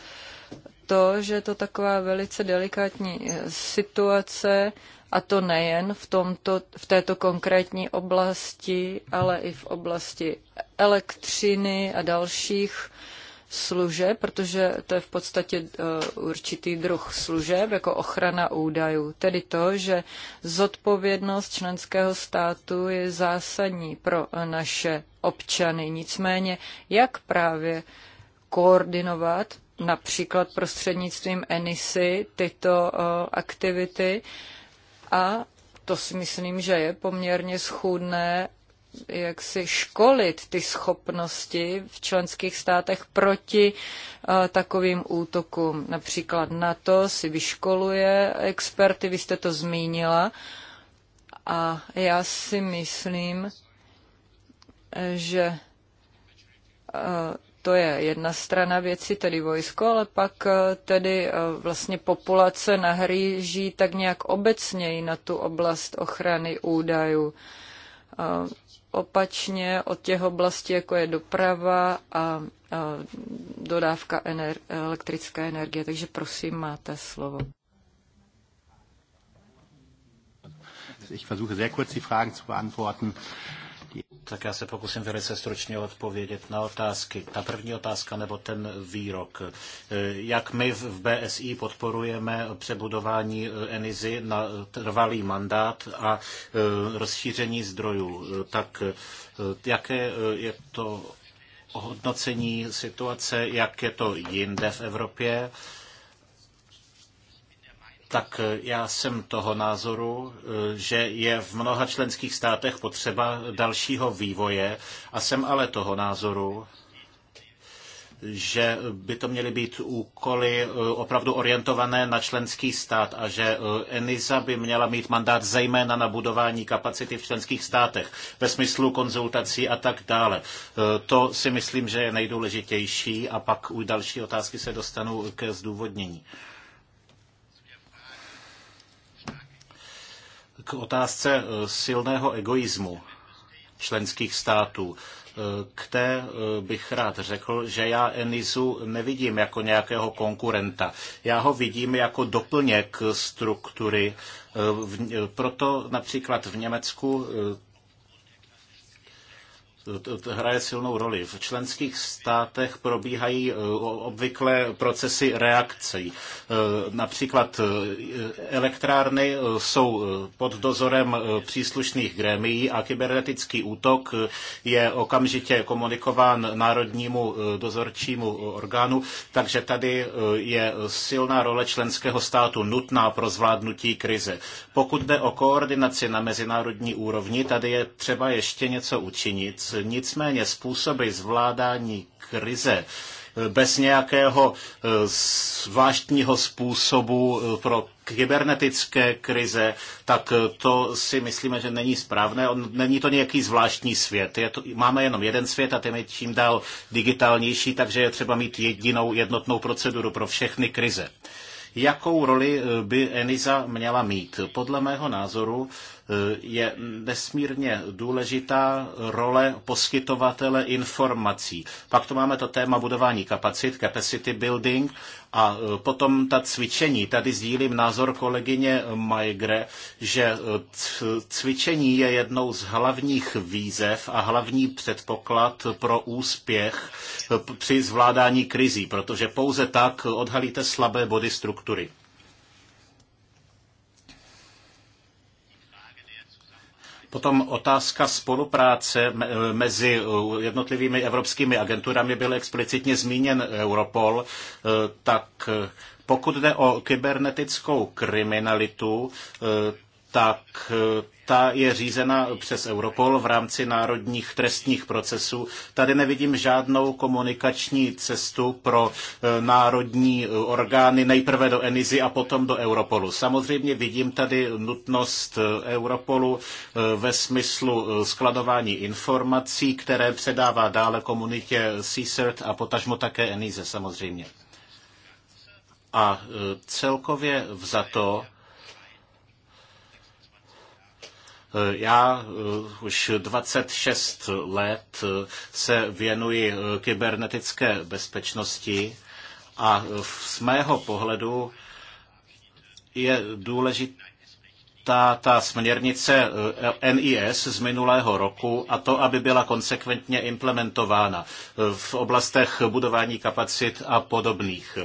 to, že je to taková velice delikátní situace, a to nejen v, tomto, v této konkrétní oblasti, ale i v oblasti elektřiny a dalších služeb, protože to je v podstatě eh, určitý druh služeb, jako ochrana údajů. Tedy to, že zodpovědnost členského státu je zásadní pro naše občany. Nicméně, jak právě koordinovat například prostřednictvím ENISY tyto eh, aktivity, uh, a to si myslím, že je poměrně schůdné jak si školit ty schopnosti v členských státech proti eh, takovým útokům. Například NATO si vyškoluje experty, vy jste to zmínila, a já si myslím, že eh, to je jedna strana věci, tedy vojsko, ale pak eh, tedy eh, vlastně populace nahrýží tak nějak obecněji na tu oblast ochrany údajů. Eh, opačně od těch oblastí, jako je doprava a dodávka ener- elektrické energie. Takže prosím, máte slovo. Ich versuche sehr kurz die Fragen zu beantworten. Tak já se pokusím velice stručně odpovědět na otázky. Ta první otázka nebo ten výrok. E, jak my v BSI podporujeme přebudování ENIZY na trvalý mandát a e, rozšíření zdrojů, e, tak jaké je to hodnocení situace, jak je to jinde v Evropě? tak eh, já jsem toho názoru, eh, že je v mnoha členských státech potřeba dalšího vývoje a jsem ale toho názoru, že by to měly být úkoly eh, opravdu orientované na členský stát a že ENISA by měla mít mandát zejména na budování kapacity v členských státech ve smyslu konzultací a tak dále. To si myslím, že je nejdůležitější a pak u další otázky se dostanu ke zdůvodnění. k otázce eh, silného egoismu členských států. Eh, k té eh, bych rád řekl, že já Enisu nevidím jako nějakého konkurenta. Já ho vidím jako doplněk struktury. Proto například v Německu hraje silnou roli. V členských státech probíhají e, obvykle procesy reakcí. E, například e, elektrárny jsou pod dozorem příslušných grémií a kybernetický útok je okamžitě komunikován národnímu dozorčímu orgánu, takže tady je silná role členského státu nutná pro zvládnutí krize. Pokud jde o koordinaci na mezinárodní úrovni, tady je třeba ještě něco učinit Nicméně způsoby zvládání krize eh, bez nějakého eh, zvláštního způsobu eh, pro kybernetické krize, tak to si myslíme, že není správné. On, není to nějaký zvláštní svět. Je to, máme jenom jeden svět a ten je čím dál digitálnější, takže je třeba mít jedinou jednotnou proceduru pro všechny krize. Jakou roli by ENISA měla mít? Podle mého názoru je nesmírně důležitá role poskytovatele informací. Pak tu máme to téma budování kapacit, capacity building, a e, potom ta cvičení, tady sdílím názor kolegyně Majgre, že e, cvičení je jednou z hlavních výzev a hlavní předpoklad pro úspěch e, při zvládání krizí, protože pouze tak odhalíte slabé body struktury. Potom otázka spolupráce mezi jednotlivými evropskými agenturami byl explicitně zmíněn Europol, e, tak e, pokud jde o kybernetickou kriminalitu, e, tak ta je řízena přes Europol v rámci národních trestních procesů. Tady nevidím žádnou komunikační cestu pro e, národní orgány, nejprve do Enizy a potom do Europolu. Samozřejmě vidím tady nutnost e, Europolu e, ve smyslu skladování informací, které předává dále komunitě CSERT a potažmo také Enize samozřejmě. A celkově vzato, Eh, já eh, už 26 let eh, se věnuji kybernetické bezpečnosti a z mého pohledu je důležitá ta, ta směrnice NIS z minulého roku a to, aby byla konsekventně implementována v oblastech budování kapacit a podobných.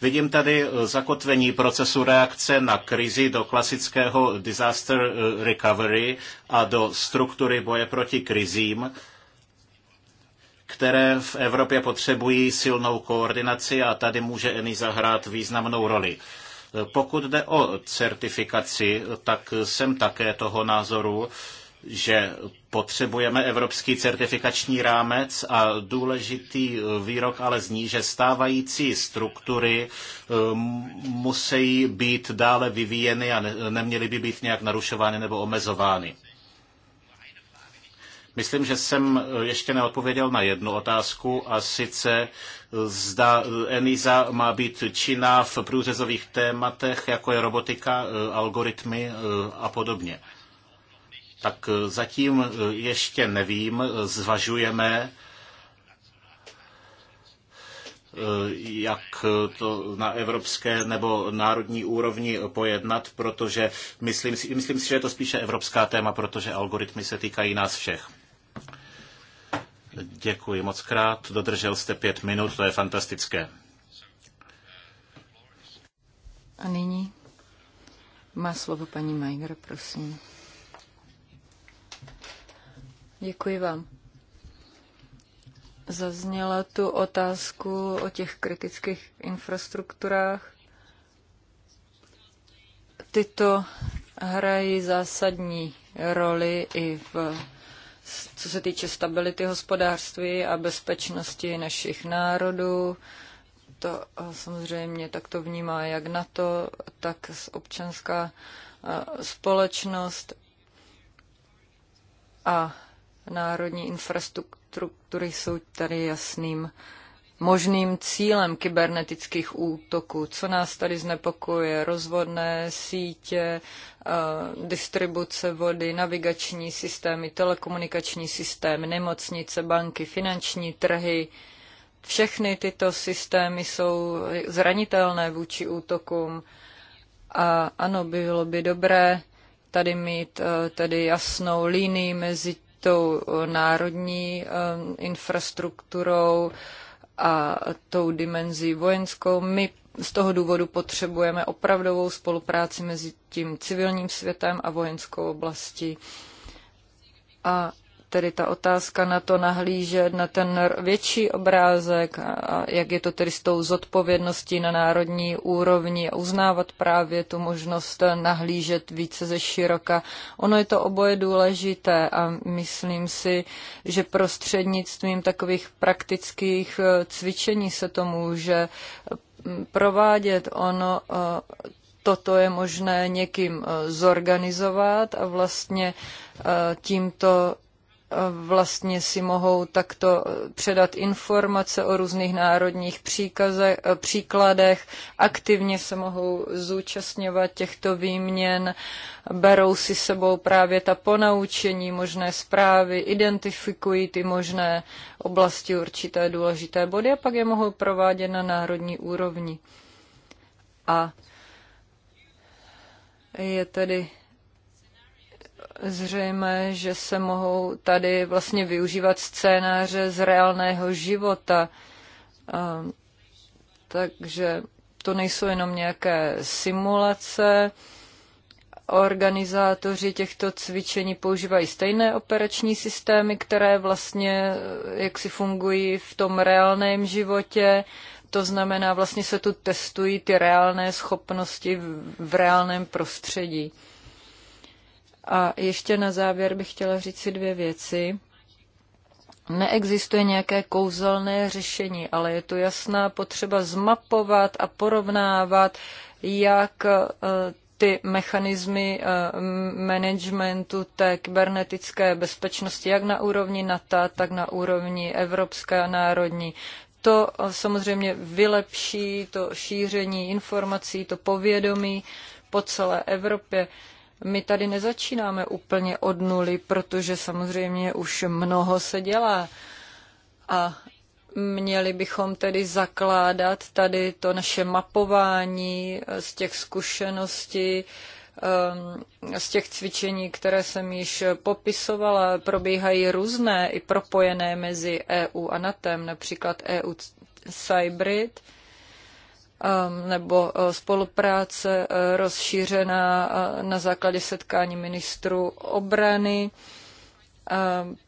Vidím tady eh, zakotvení procesu reakce na krizi do klasického disaster eh, recovery a do struktury boje proti krizím které v Evropě potřebují silnou koordinaci a tady může ENISA hrát významnou roli. Eh, pokud jde o certifikaci, tak jsem také toho názoru, že Potřebujeme evropský certifikační rámec a důležitý výrok ale zní, že stávající struktury eh, musí být dále vyvíjeny a neměly by být nějak narušovány nebo omezovány. Myslím, že jsem eh, ještě neodpověděl na jednu otázku a sice eh, zda ENISA má být činná v průřezových tématech, jako je robotika, algoritmy a podobně tak eh, zatím eh, ještě nevím, eh, zvažujeme, jak to na evropské nebo národní úrovni pojednat, protože myslím si, myslím si, že je to spíše evropská téma, protože algoritmy se týkají nás všech. Děkuji moc krát, dodržel jste pět minut, to je fantastické. A nyní má slovo paní Majger, prosím. Děkuji vám. Zazněla tu otázku o těch kritických infrastrukturách. Tyto hrají zásadní roli i v co se týče stability hospodářství a bezpečnosti našich národů. To eh, samozřejmě tak to vnímá jak NATO, tak občanská eh, společnost. A národní infrastruktury jsou tady jasným možným cílem kybernetických útoků. Co nás tady znepokuje? Rozvodné sítě, eh, distribuce vody, navigační systémy, telekomunikační systémy, nemocnice, banky, finanční trhy. Všechny tyto systémy jsou zranitelné vůči útokům. A ano, bylo by dobré tady mít eh, tedy jasnou línii mezi tou eh, národní eh, infrastrukturou a tou dimenzí vojenskou. My z toho důvodu potřebujeme opravdovou spolupráci mezi tím civilním světem a vojenskou oblastí. A tedy ta otázka na to nahlížet, na ten větší obrázek, a jak je to tedy s tou zodpovědností na národní úrovni a uznávat právě tu možnost nahlížet více ze široka. Ono je to oboje důležité a myslím si, že prostřednictvím takových praktických e, cvičení se to může provádět. Ono e, toto je možné někým e, zorganizovat a vlastně tímto vlastně si mohou takto předat informace o různých národních příkaze, eh, příkladech, aktivně se mohou zúčastňovat těchto výměn, berou si sebou právě ta ponaučení, možné zprávy, identifikují ty možné oblasti určité důležité body a pak je mohou provádět na národní úrovni. A je tedy zřejmé, že se mohou tady vlastně využívat scénáře z reálného života. Takže to nejsou jenom nějaké simulace. Organizátoři těchto cvičení používají stejné operační systémy, které vlastně eh, jak si fungují v tom reálném životě. To znamená, vlastně se tu testují ty reálné schopnosti v, v reálném prostředí. A ještě na závěr bych chtěla říct si dvě věci. Neexistuje nějaké kouzelné řešení, ale je tu jasná potřeba zmapovat a porovnávat, jak eh, ty mechanismy eh, managementu té kybernetické bezpečnosti, jak na úrovni NATO, tak na úrovni evropské a národní. To eh, samozřejmě vylepší to šíření informací, to povědomí po celé Evropě. My tady nezačínáme úplně od nuly, protože samozřejmě už mnoho se dělá. A měli bychom tedy zakládat tady to naše mapování eh, z těch zkušeností, ehm, z těch cvičení, které jsem již popisovala, probíhají různé i propojené mezi EU a NATO, e například EU Cybrid, nebo eh, spolupráce eh, rozšířená eh, na základě setkání ministrů obrany,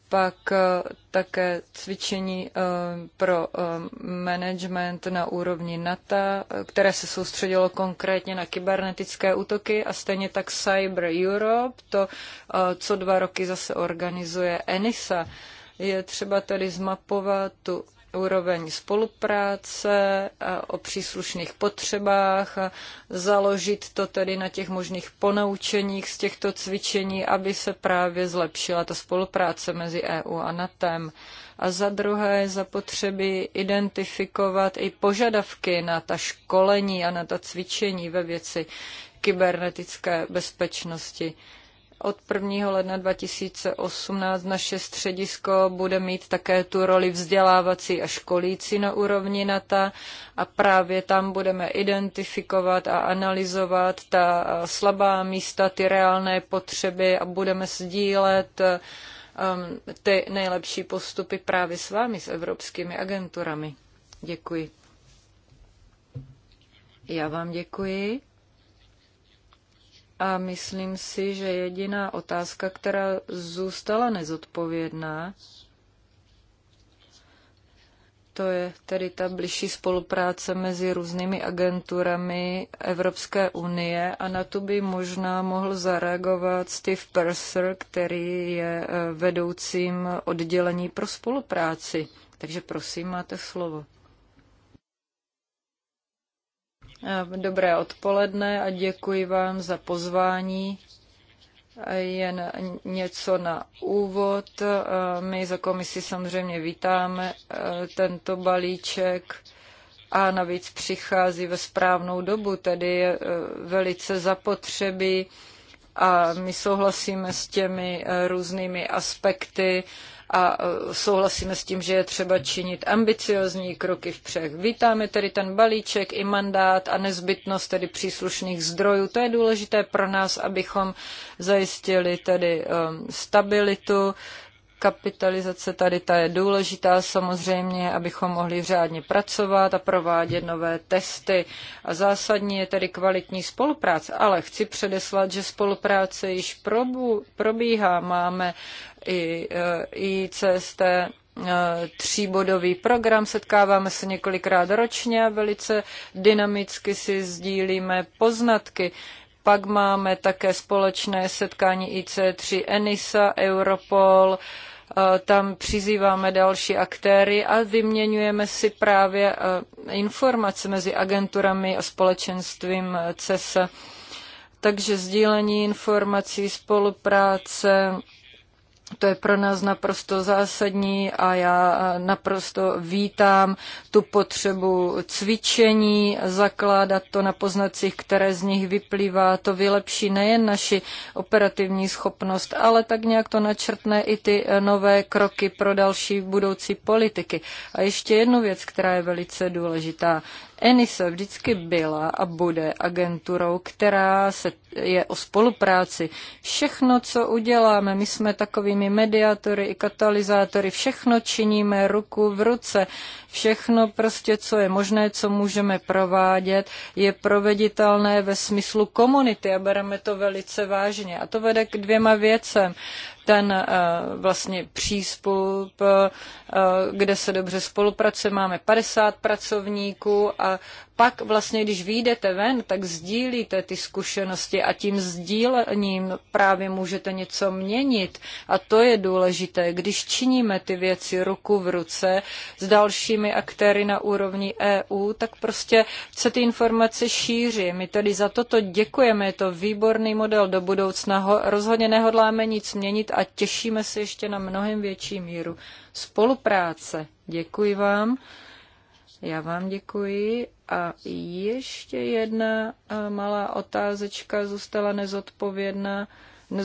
pak také cvičení pro management na úrovni NATO, které se soustředilo konkrétně na kybernetické útoky a stejně tak Cyber Europe, to co dva roky zase organizuje ENISA. Je třeba tedy zmapovat tu úroveň spolupráce, o příslušných potřebách, založit to tedy na těch možných ponaučeních z těchto cvičení, aby se právě zlepšila ta spolupráce mezi EU a NATEM. A za druhé zapotřebí identifikovat i požadavky na ta školení a na ta cvičení ve věci kybernetické bezpečnosti. Od 1. ledna 2018 naše středisko bude mít také tu roli vzdělávací a školící na úrovni NATO a právě tam budeme identifikovat a analyzovat ta eh, slabá místa, ty reálné potřeby a budeme sdílet um, ty nejlepší postupy právě s vámi, s evropskými agenturami. Děkuji. Já vám děkuji. A myslím si, že jediná otázka, která zůstala nezodpovědná, to je tedy ta bližší spolupráce mezi různými agenturami Evropské unie a na tu by možná mohl zareagovat Steve Purser, který je eh, vedoucím oddělení pro spolupráci. Takže prosím, máte slovo. Eh, dobré odpoledne a děkuji vám za pozvání. Eh, jen něco na úvod. Eh, my za komisi samozřejmě vítáme tento balíček a navíc přichází ve správnou dobu, tedy je velice zapotřebí a my souhlasíme s těmi různými aspekty a e, souhlasíme s tím, že je třeba činit ambiciozní kroky vpřed. Vítáme tedy ten balíček i mandát a nezbytnost tedy příslušných zdrojů. To je důležité pro nás, abychom zajistili tedy e, stabilitu, kapitalizace tady ta je důležitá samozřejmě, abychom mohli řádně pracovat a provádět nové testy. A zásadní je tedy kvalitní spolupráce, ale chci předeslat, že spolupráce již probíhá. Máme i eh, ICST eh, tříbodový program, setkáváme se několikrát ročně a velice dynamicky si sdílíme poznatky. Pak máme také společné setkání IC3 ENISA, Europol, eh, tam přizýváme další aktéry a vyměňujeme si právě informace mezi agenturami a společenstvím CES. Takže sdílení informací, spolupráce, to je pro nás naprosto zásadní a já eh, naprosto vítám tu potřebu cvičení, zakládat to na poznacích, které z nich vyplývá. To vylepší nejen naši operativní schopnost, ale tak nějak to načrtne i ty eh, nové kroky pro další budoucí politiky. A ještě jednu věc, která je velice důležitá. ENISA vždycky byla a bude agenturou, která se je o spolupráci. Všechno, co uděláme, my jsme takovými mediátory i katalyzátory, všechno činíme ruku v ruce, všechno prostě, co je možné, co můžeme provádět, je proveditelné ve smyslu komunity a bereme to velice vážně. A to vede k dvěma věcem ten eh, vlastně přístup, eh, eh, kde se dobře spolupracuje. Máme 50 pracovníků a pak vlastně, když vyjdete ven, tak sdílíte ty zkušenosti a tím sdílením právě můžete něco měnit. A to je důležité, když činíme ty věci ruku v ruce s dalšími aktéry na úrovni EU, tak prostě se ty informace šíří. My tedy za toto děkujeme, je to výborný model do budoucna. Rozhodně nehodláme nic měnit a těšíme se ještě na mnohem větší míru spolupráce. Děkuji vám. Já vám děkuji a ještě jedna malá otázečka zůstala nezodpovědná,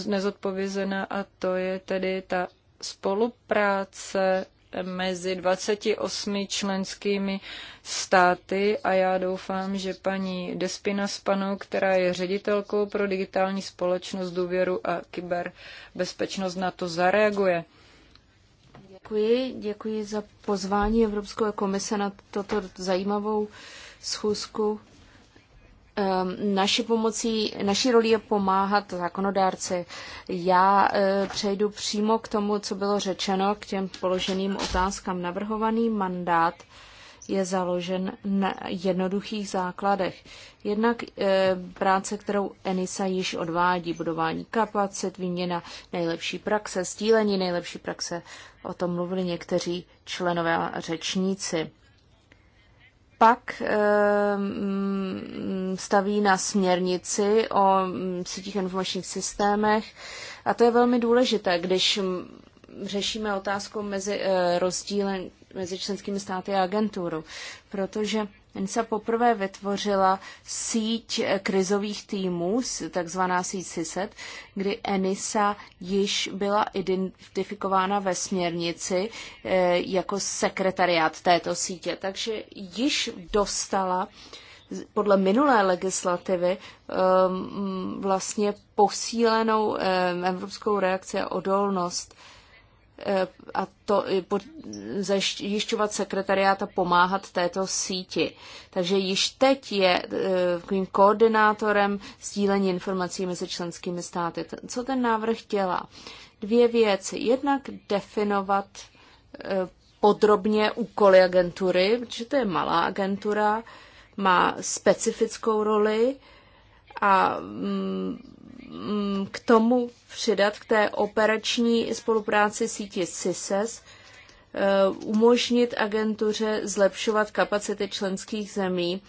nezodpovězená a to je tedy ta spolupráce mezi 28 členskými státy a já doufám, že paní Despina Spanou, která je ředitelkou pro digitální společnost, důvěru a kyberbezpečnost na to zareaguje. Děkuji, děkuji za pozvání Evropské komise na toto zajímavou schůzku. Ehm, naši pomocí, naší roli je pomáhat zákonodárci. Já e, přejdu přímo k tomu, co bylo řečeno, k těm položeným otázkám. Navrhovaný mandát je založen na jednoduchých základech. Jednak e, práce, kterou ENISA již odvádí, budování kapacit, výměna nejlepší praxe, stílení nejlepší praxe, o tom mluvili někteří členové a řečníci. Pak e, staví na směrnici o mm, sítích informačních systémech a to je velmi důležité, když řešíme otázku mezi eh, rozdílem mezi členskými státy a agenturou, protože ENSA poprvé vytvořila síť eh, krizových týmů, takzvaná síť SISET, kdy ENISA již byla identifikována ve směrnici eh, jako sekretariát této sítě, takže již dostala podle minulé legislativy ehm, vlastně posílenou ehm, evropskou reakci a odolnost Eh, a to zajišťovat sekretariát a pomáhat této síti. Takže již teď je eh, takovým koordinátorem sdílení informací mezi členskými státy. Co ten návrh dělá? Dvě věci. Jednak definovat eh, podrobně úkoly agentury, protože to je malá agentura, má specifickou roli, a mm, k tomu přidat k té operační spolupráci sítě CISES, e, umožnit agentuře zlepšovat kapacity členských zemí,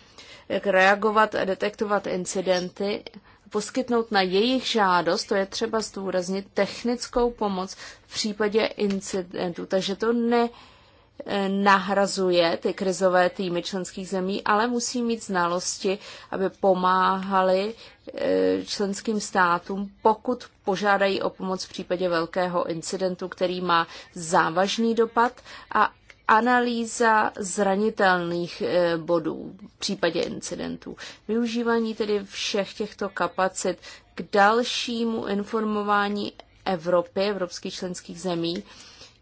jak reagovat a detektovat incidenty, poskytnout na jejich žádost, to je třeba zdůraznit, technickou pomoc v případě incidentu. Takže to ne, nahrazuje ty krizové týmy členských zemí, ale musí mít znalosti, aby pomáhali e, členským státům, pokud požádají o pomoc v případě velkého incidentu, který má závažný dopad a analýza zranitelných e, bodů v případě incidentů. Využívání tedy všech těchto kapacit k dalšímu informování Evropy, evropských členských zemí,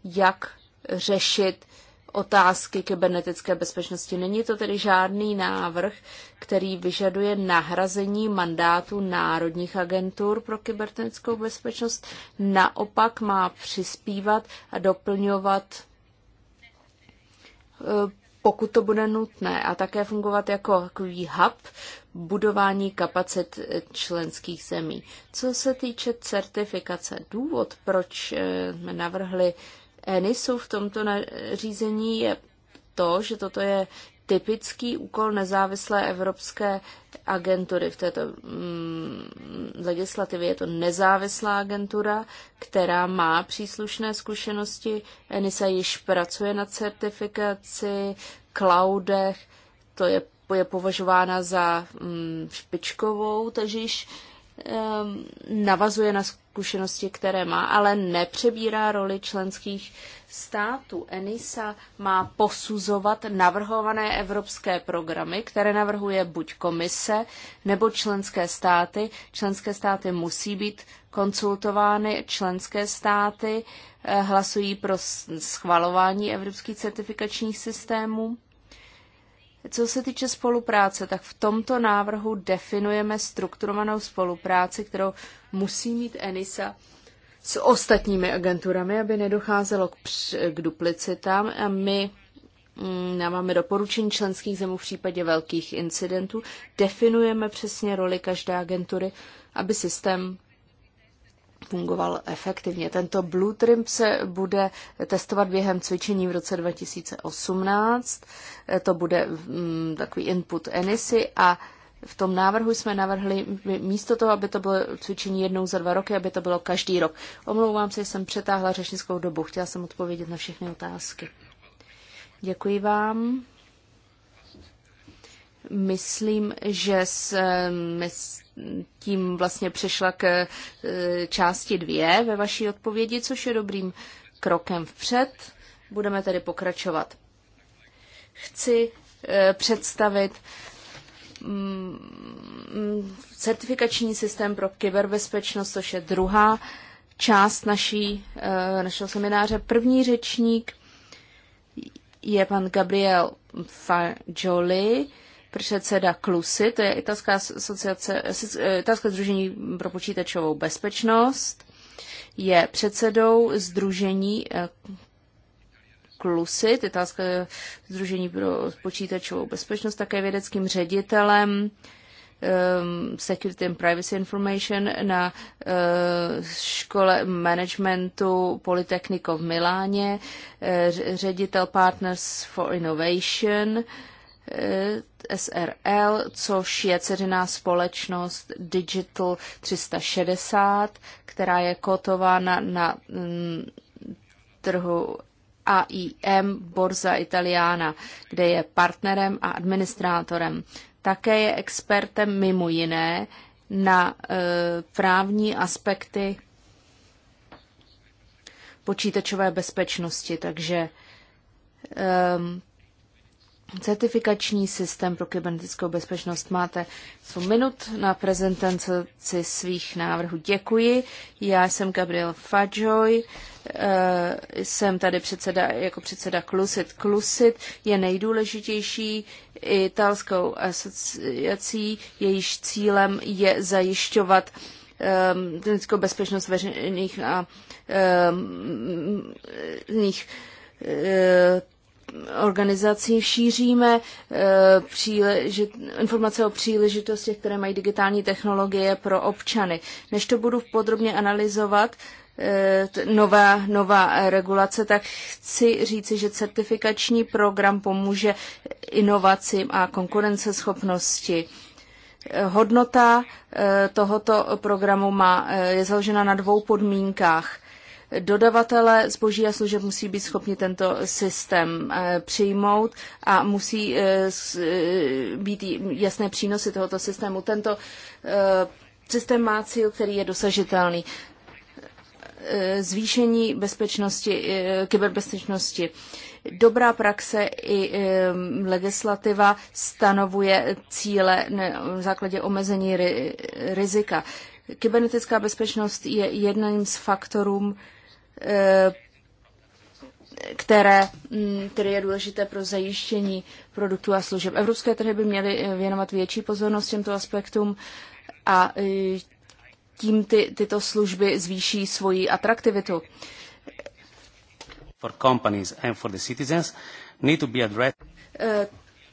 jak řešit otázky kybernetické bezpečnosti. Není to tedy žádný návrh, který vyžaduje nahrazení mandátu národních agentur pro kybernetickou bezpečnost. Naopak má přispívat a doplňovat, eh, pokud to bude nutné, a také fungovat jako takový hub budování kapacit eh, členských zemí. Co se týče certifikace, důvod, proč eh, jsme navrhli ENISu v tomto řízení je to, že toto je typický úkol nezávislé evropské agentury. V této mm, legislativě je to nezávislá agentura, která má příslušné zkušenosti. ENISA již pracuje na certifikaci, cloudech, to je, je považována za mm, špičkovou, takže již Um, navazuje na zkušenosti, které má, ale nepřebírá roli členských států. ENISA má posuzovat navrhované evropské programy, které navrhuje buď komise nebo členské státy. Členské státy musí být konsultovány, členské státy eh, hlasují pro schvalování evropských certifikačních systémů. Co se týče spolupráce, tak v tomto návrhu definujeme strukturovanou spolupráci, kterou musí mít ENISA s ostatními agenturami, aby nedocházelo k, k duplicitám. A my mm, máme doporučení členských zemů v případě velkých incidentů. Definujeme přesně roli každé agentury, aby systém fungoval efektivně. Tento Blue Trim se bude testovat během cvičení v roce 2018. To bude mm, takový input ENISY a v tom návrhu jsme navrhli místo toho, aby to bylo cvičení jednou za dva roky, aby to bylo každý rok. Omlouvám se, jsem přetáhla řečnickou dobu. Chtěla jsem odpovědět na všechny otázky. Děkuji vám. Myslím, že jsme tím vlastně přešla k eh, části dvě ve vaší odpovědi, což je dobrým krokem vpřed. Budeme tedy pokračovat. Chci eh, představit mm, certifikační systém pro kyberbezpečnost, což je druhá část naší, eh, našeho semináře. První řečník je pan Gabriel Fajoli, předseda KLUSY, to je Italská, asociace, Italské združení pro počítačovou bezpečnost, je předsedou združení eh, KLUSY, Italské združení pro počítačovou bezpečnost, také vědeckým ředitelem um, Security and Privacy Information na uh, škole managementu Politecnico v Miláně, uh, ředitel Partners for Innovation, uh, Eh, SRL, což je ceřiná společnost Digital 360, která je kotována na mm, trhu AIM Borza Italiana, kde je partnerem a administrátorem. Také je expertem mimo jiné na e, právní aspekty počítačové bezpečnosti, takže ehm, certifikační systém pro kybernetickou bezpečnost. Máte co minut na prezentaci svých návrhů. Děkuji. Já jsem Gabriel Fajoy. jsem tady předseda, jako předseda Klusit. Klusit je nejdůležitější italskou asociací, jejíž cílem je zajišťovat kybernetickou bezpečnost veřejných a um, organizací šíříme eh, příležit, informace o příležitostech, které mají digitální technologie pro občany. Než to budu podrobně analyzovat, eh, nová, nová regulace, tak chci říci, že certifikační program pomůže inovacím a konkurenceschopnosti. Eh, hodnota tohoto programu má, je založena na dvou podmínkách – Dodavatele zboží a služeb musí být schopni tento systém eh, přijmout a musí eh, eh, být jasné přínosy tohoto systému. Tento systém má cíl, který je dosažitelný zvýšení bezpečnosti, kyberbezpečnosti. Dobrá praxe i legislativa stanovuje cíle na základě omezení rizika. Kybernetická bezpečnost je jedním z faktorů Eh, které, mm, které je důležité pro zajištění produktů a služeb. Evropské trhy by měly eh, věnovat větší pozornost těmto aspektům a eh, tím ty, tyto služby zvýší svoji atraktivitu. For companies and for the citizens need to be addressed.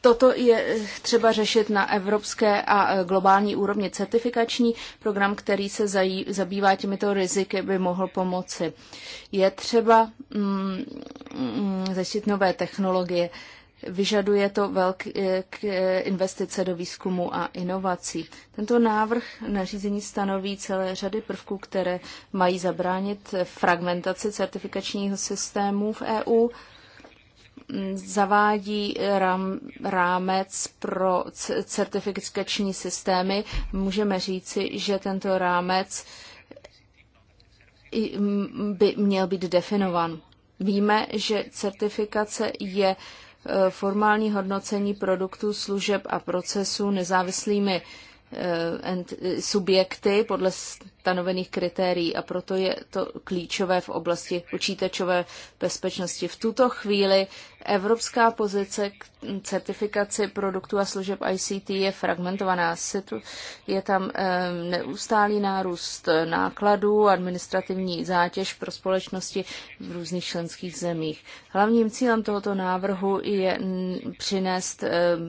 Toto je eh, třeba řešit na evropské a eh, globální úrovni. Certifikační program, který se zabývá těmito riziky, by mohl pomoci. Je třeba mm, mm zajistit nové technologie. Vyžaduje to velké eh, investice do výzkumu a inovací. Tento návrh nařízení stanoví celé řady prvků, které mají zabránit fragmentaci certifikačního systému v EU Mm, zavádí eh, rám, rámec pro certifikační systémy. Můžeme říci, že tento rámec by měl být definovan. Víme, že certifikace je eh, formální hodnocení produktů, služeb a procesů nezávislými eh, subjekty podle stanovených kritérií a proto je to klíčové v oblasti počítačové bezpečnosti. V tuto chvíli Evropská pozice k certifikaci produktů a služeb ICT je fragmentovaná. Je tam neustálý nárůst nákladů, administrativní zátěž pro společnosti v různých členských zemích. Hlavním cílem tohoto návrhu je přinést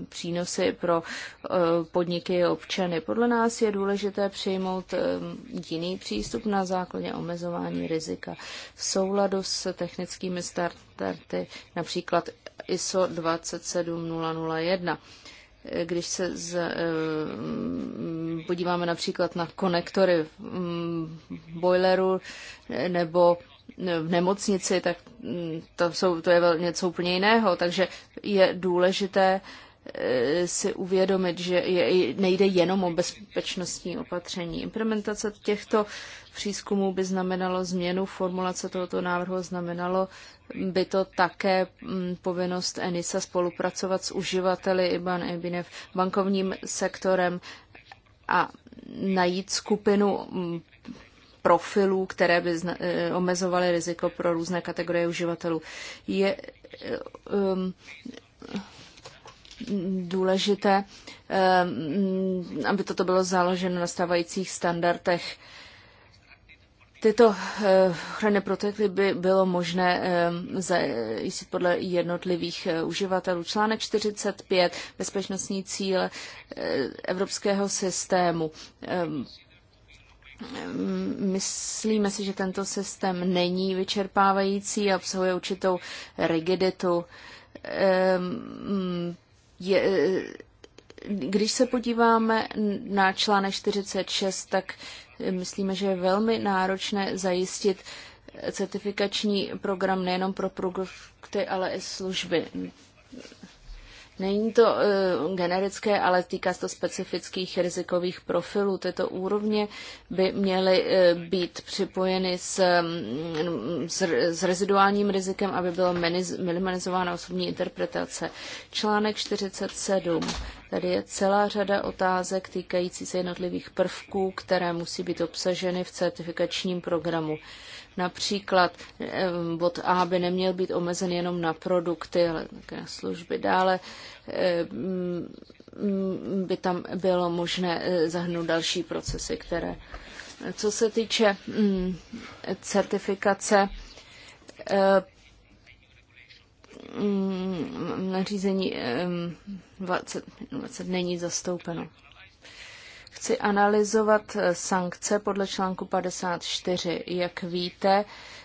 přínosy pro e, podniky a občany. Podle nás je důležité přijmout jiný přístup na základě omezování rizika v souladu s technickými start standardy, například ISO 27001. Když se z, eh, podíváme například na konektory v mm, boileru nebo v nemocnici, tak mm, to, jsou, to je něco úplně jiného. Takže je důležité Eh, si uvědomit, že je, nejde jenom o bezpečnostní opatření. Implementace těchto přízkumů by znamenalo změnu formulace tohoto návrhu, znamenalo by to také mm, povinnost ENISA spolupracovat s uživateli IBAN, EBINEV, bankovním sektorem a najít skupinu mm, profilů, které by eh, omezovaly riziko pro různé kategorie uživatelů. Je, eh, um, důležité, eh, aby toto bylo založeno na stávajících standardech. Tyto eh, ochranné protokoly by bylo možné eh, zajistit podle jednotlivých uživatelů. Článek 45, bezpečnostní cíle evropského systému. Myslíme si, že tento systém není vyčerpávající a obsahuje určitou rigiditu je, e, když se podíváme na článek 46, tak e, myslíme, že je velmi náročné zajistit certifikační program nejenom pro produkty, ale i služby. Není to uh, generické, ale týká se to specifických rizikových profilů. Tyto úrovně by měly uh, být připojeny s, mm, s, s reziduálním rizikem, aby byla minimalizována osobní interpretace. Článek 47. Tady je celá řada otázek týkající se jednotlivých prvků, které musí být obsaženy v certifikačním programu. Uh, Například eh, bod A by neměl být omezen jenom na produkty, ale také na služby. Dále eh, mm, by tam bylo možné eh, zahrnout další procesy, které. Co se týče mm, certifikace, mm, nařízení 20, 20 není zastoupeno. Chci analyzovat eh, sankce podle článku 54. Jak víte,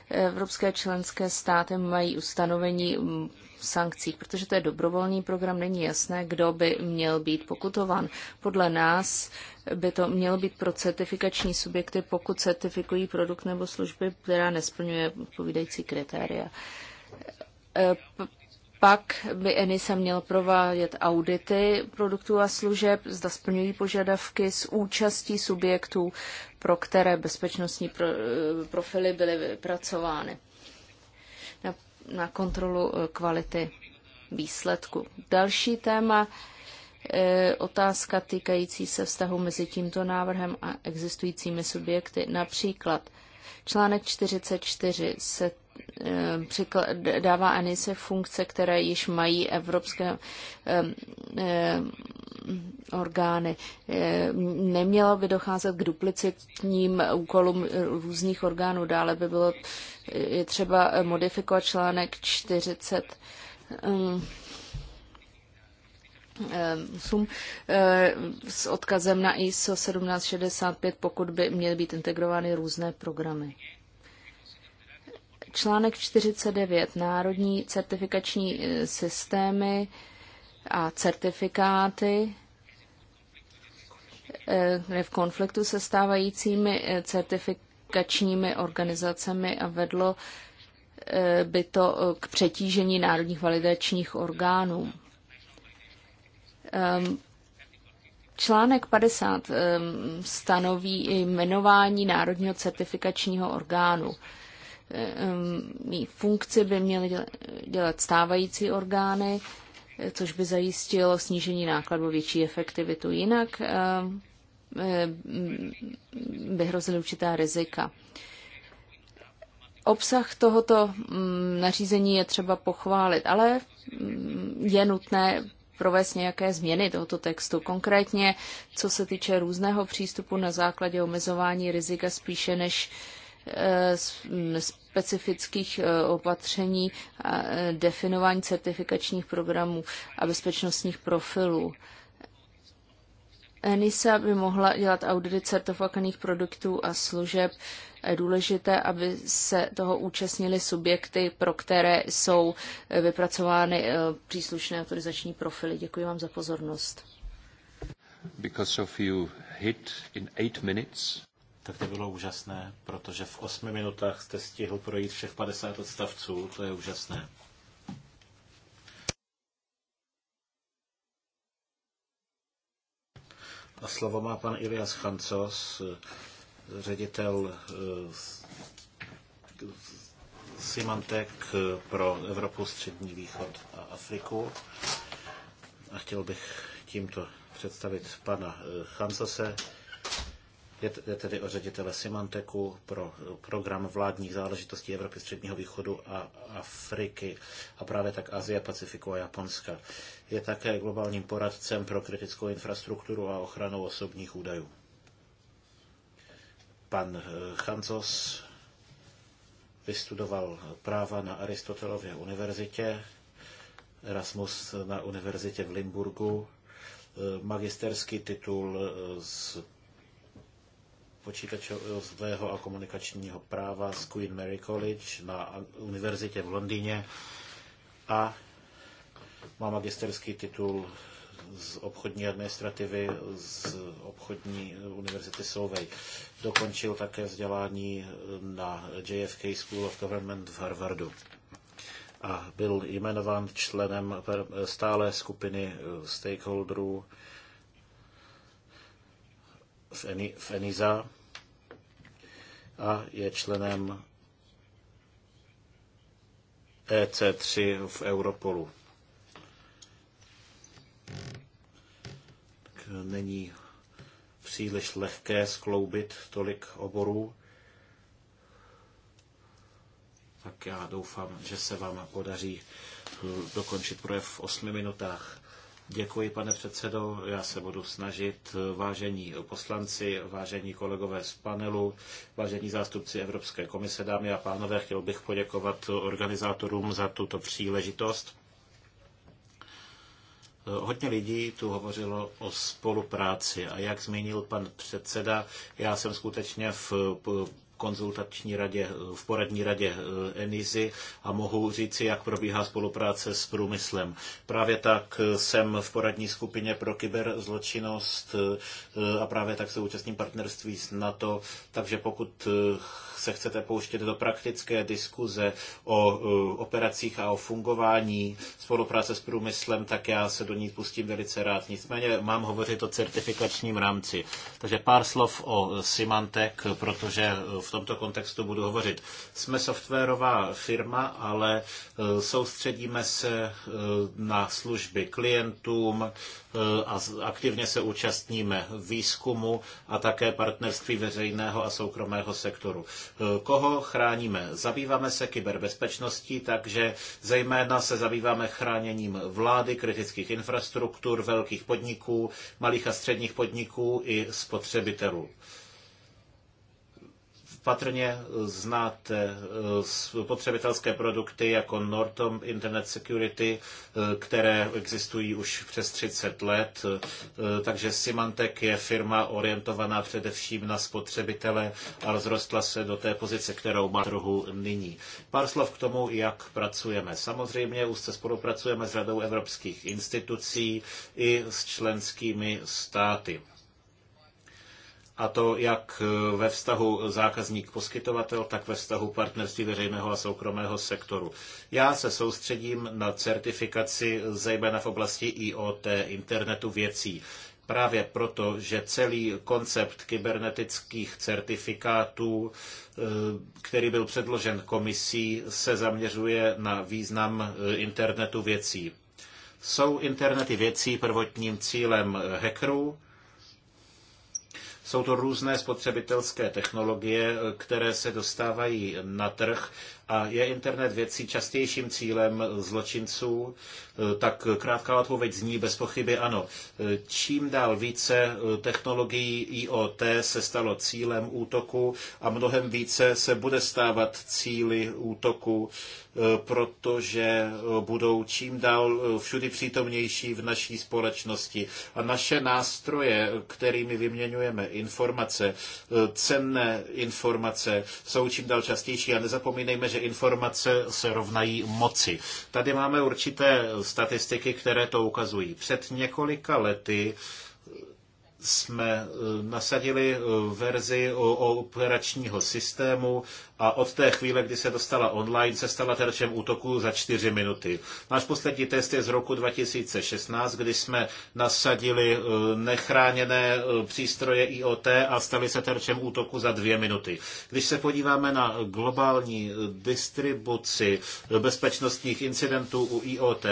evropské členské státy mají ustanovení mm, sankcích, protože to je dobrovolný program, není jasné, kdo by měl být pokutovan. Podle nás by to mělo být pro certifikační subjekty, pokud certifikují produkt nebo služby, která nesplňuje odpovídající kritéria. Eh, pak by ENISA měl provádět audity produktů a služeb, zda splňují požadavky s účastí subjektů, pro které bezpečnostní eh, profily byly vypracovány na, na kontrolu eh, kvality výsledku. Další téma, e, otázka týkající se vztahu mezi tímto návrhem a existujícími subjekty, například Článek 44 se Eh, dává Anise funkce, které již mají evropské eh, orgány. Eh, nemělo by docházet k duplicitním úkolům různých orgánů. Dále by bylo je třeba modifikovat článek 40 sum s odkazem na ISO 1765, pokud by měly být integrovány různé programy. Článek 49. Národní certifikační e, systémy a certifikáty e, v konfliktu se stávajícími e, certifikačními organizacemi a vedlo by to k přetížení národních validačních orgánů. Ehm, článek 50 ehm, stanoví i jmenování národního certifikačního orgánu funkci by měly dělat stávající orgány, což by zajistilo snížení nákladů větší efektivitu. Jinak eh, eh, by hrozily určitá rizika. Obsah tohoto mm, nařízení je třeba pochválit, ale mm, je nutné provést nějaké změny tohoto textu. Konkrétně, co se týče různého přístupu na základě omezování rizika spíše než uh, Eh, specifických eh, opatření a eh, definování certifikačních programů a bezpečnostních profilů. ENISA by mohla dělat audity certifikovaných produktů a služeb. Je důležité, aby se toho účastnili subjekty, pro které jsou vypracovány příslušné autorizační profily. Děkuji vám za pozornost. Because of you hit in eight minutes tak to bylo úžasné, protože v osmi minutách jste stihl projít všech 50 odstavců, to je úžasné. A slovo má pan Ilias Chancos, ředitel eh, Symantec pro Evropu, Střední východ a Afriku. A chtěl bych tímto představit pana eh, Chancose je tedy o ředitele Symanteku pro eh, program vládních záležitostí Evropy, Středního východu a Afriky a právě tak Azie, Pacifiku a Japonska. Je také globálním poradcem pro kritickou infrastrukturu a ochranu osobních údajů. Pan eh, Chanzos vystudoval práva na Aristotelově univerzitě, Erasmus na univerzitě v Limburgu, eh, magisterský titul z počítačového a komunikačního práva z Queen Mary College na univerzitě v Londýně a má magisterský titul z obchodní administrativy z obchodní univerzity Solvay. Dokončil také vzdělání na JFK School of Government v Harvardu a byl jmenován členem stále skupiny stakeholderů v, ENISA a je členem EC3 v Europolu. Tak není příliš lehké skloubit tolik oborů. Tak já doufám, že se vám podaří dokončit projev v osmi minutách. Děkuji, pane předsedo. Já se budu snažit, vážení poslanci, vážení kolegové z panelu, vážení zástupci Evropské komise, dámy a pánové, chtěl bych poděkovat organizátorům za tuto příležitost. Hodně lidí tu hovořilo o spolupráci a jak zmínil pan předseda, já jsem skutečně v konzultační radě, eh, v poradní radě eh, ENISY a mohu říci, jak probíhá spolupráce s průmyslem. Právě tak eh, jsem v poradní skupině pro kyberzločinnost a právě tak se účastním partnerství s NATO, takže pokud se chcete pouštět do praktické diskuze o operacích a o fungování spolupráce s průmyslem, tak já se do ní pustím velice rád. Nicméně mám hovořit o certifikačním rámci. Takže pár slov o Symantec, protože v v tomto kontextu budu hovořit. Jsme softwarová firma, ale e, soustředíme se e, na služby klientům e, a aktivně se účastníme výzkumu a také partnerství veřejného a soukromého sektoru. Koho chráníme? Zabýváme se kyberbezpečností, takže zejména se zabýváme chráněním vlády, kritických infrastruktur, velkých podniků, malých a středních podniků i spotřebitelů patrně znáte eh, spotřebitelské produkty jako Norton Internet Security, eh, které existují už přes 30 let, eh, takže Symantec je firma orientovaná především na spotřebitele a rozrostla se do té pozice, kterou má trhu nyní. Pár slov k tomu, jak pracujeme. Samozřejmě už spolupracujeme s řadou evropských institucí i s členskými státy a to jak ve vztahu zákazník-poskytovatel, tak ve vztahu partnerství veřejného a soukromého sektoru. Já se soustředím na certifikaci zejména v oblasti IoT, internetu věcí. Právě proto, že celý koncept kybernetických certifikátů, eh, který byl předložen komisí, se zaměřuje na význam eh, internetu věcí. Jsou internety věcí prvotním cílem hackerů, jsou to různé spotřebitelské technologie, které se dostávají na trh a je internet věcí častějším cílem zločinců, tak krátká odpověď zní bez pochyby ano. Čím dál více technologií IoT se stalo cílem útoku a mnohem více se bude stávat cíly útoku Eh, protože eh, budou čím dál eh, všudy přítomnější v naší společnosti. A naše nástroje, kterými vyměňujeme informace, cenné informace, jsou čím dál častější. A nezapomínejme, že informace se rovnají moci. Tady máme určité statistiky, které to ukazují. Před několika lety jsme e, nasadili e, verzi operačního systému a od té chvíle, kdy se dostala online, se stala terčem útoku za čtyři minuty. Náš poslední test je z roku 2016, kdy jsme nasadili e, nechráněné přístroje IoT a stali se terčem útoku za dvě minuty. Když se podíváme na globální distribuci bezpečnostních incidentů u IoT,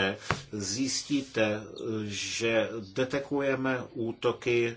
zjistíte, že detekujeme útoky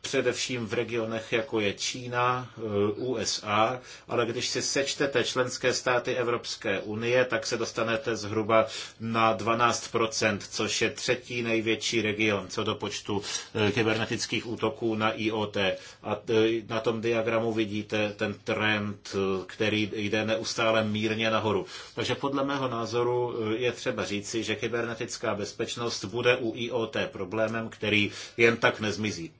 především v regionech, jako je Čína, eh, USA, ale když si sečtete členské státy Evropské unie, tak se dostanete zhruba na 12%, což je třetí největší region co do počtu eh, kybernetických útoků na IoT. A eh, na tom diagramu vidíte ten trend, který jde neustále mírně nahoru. Takže podle mého názoru je třeba říci, že kybernetická bezpečnost bude u IoT problémem, který jen tak nezmizí.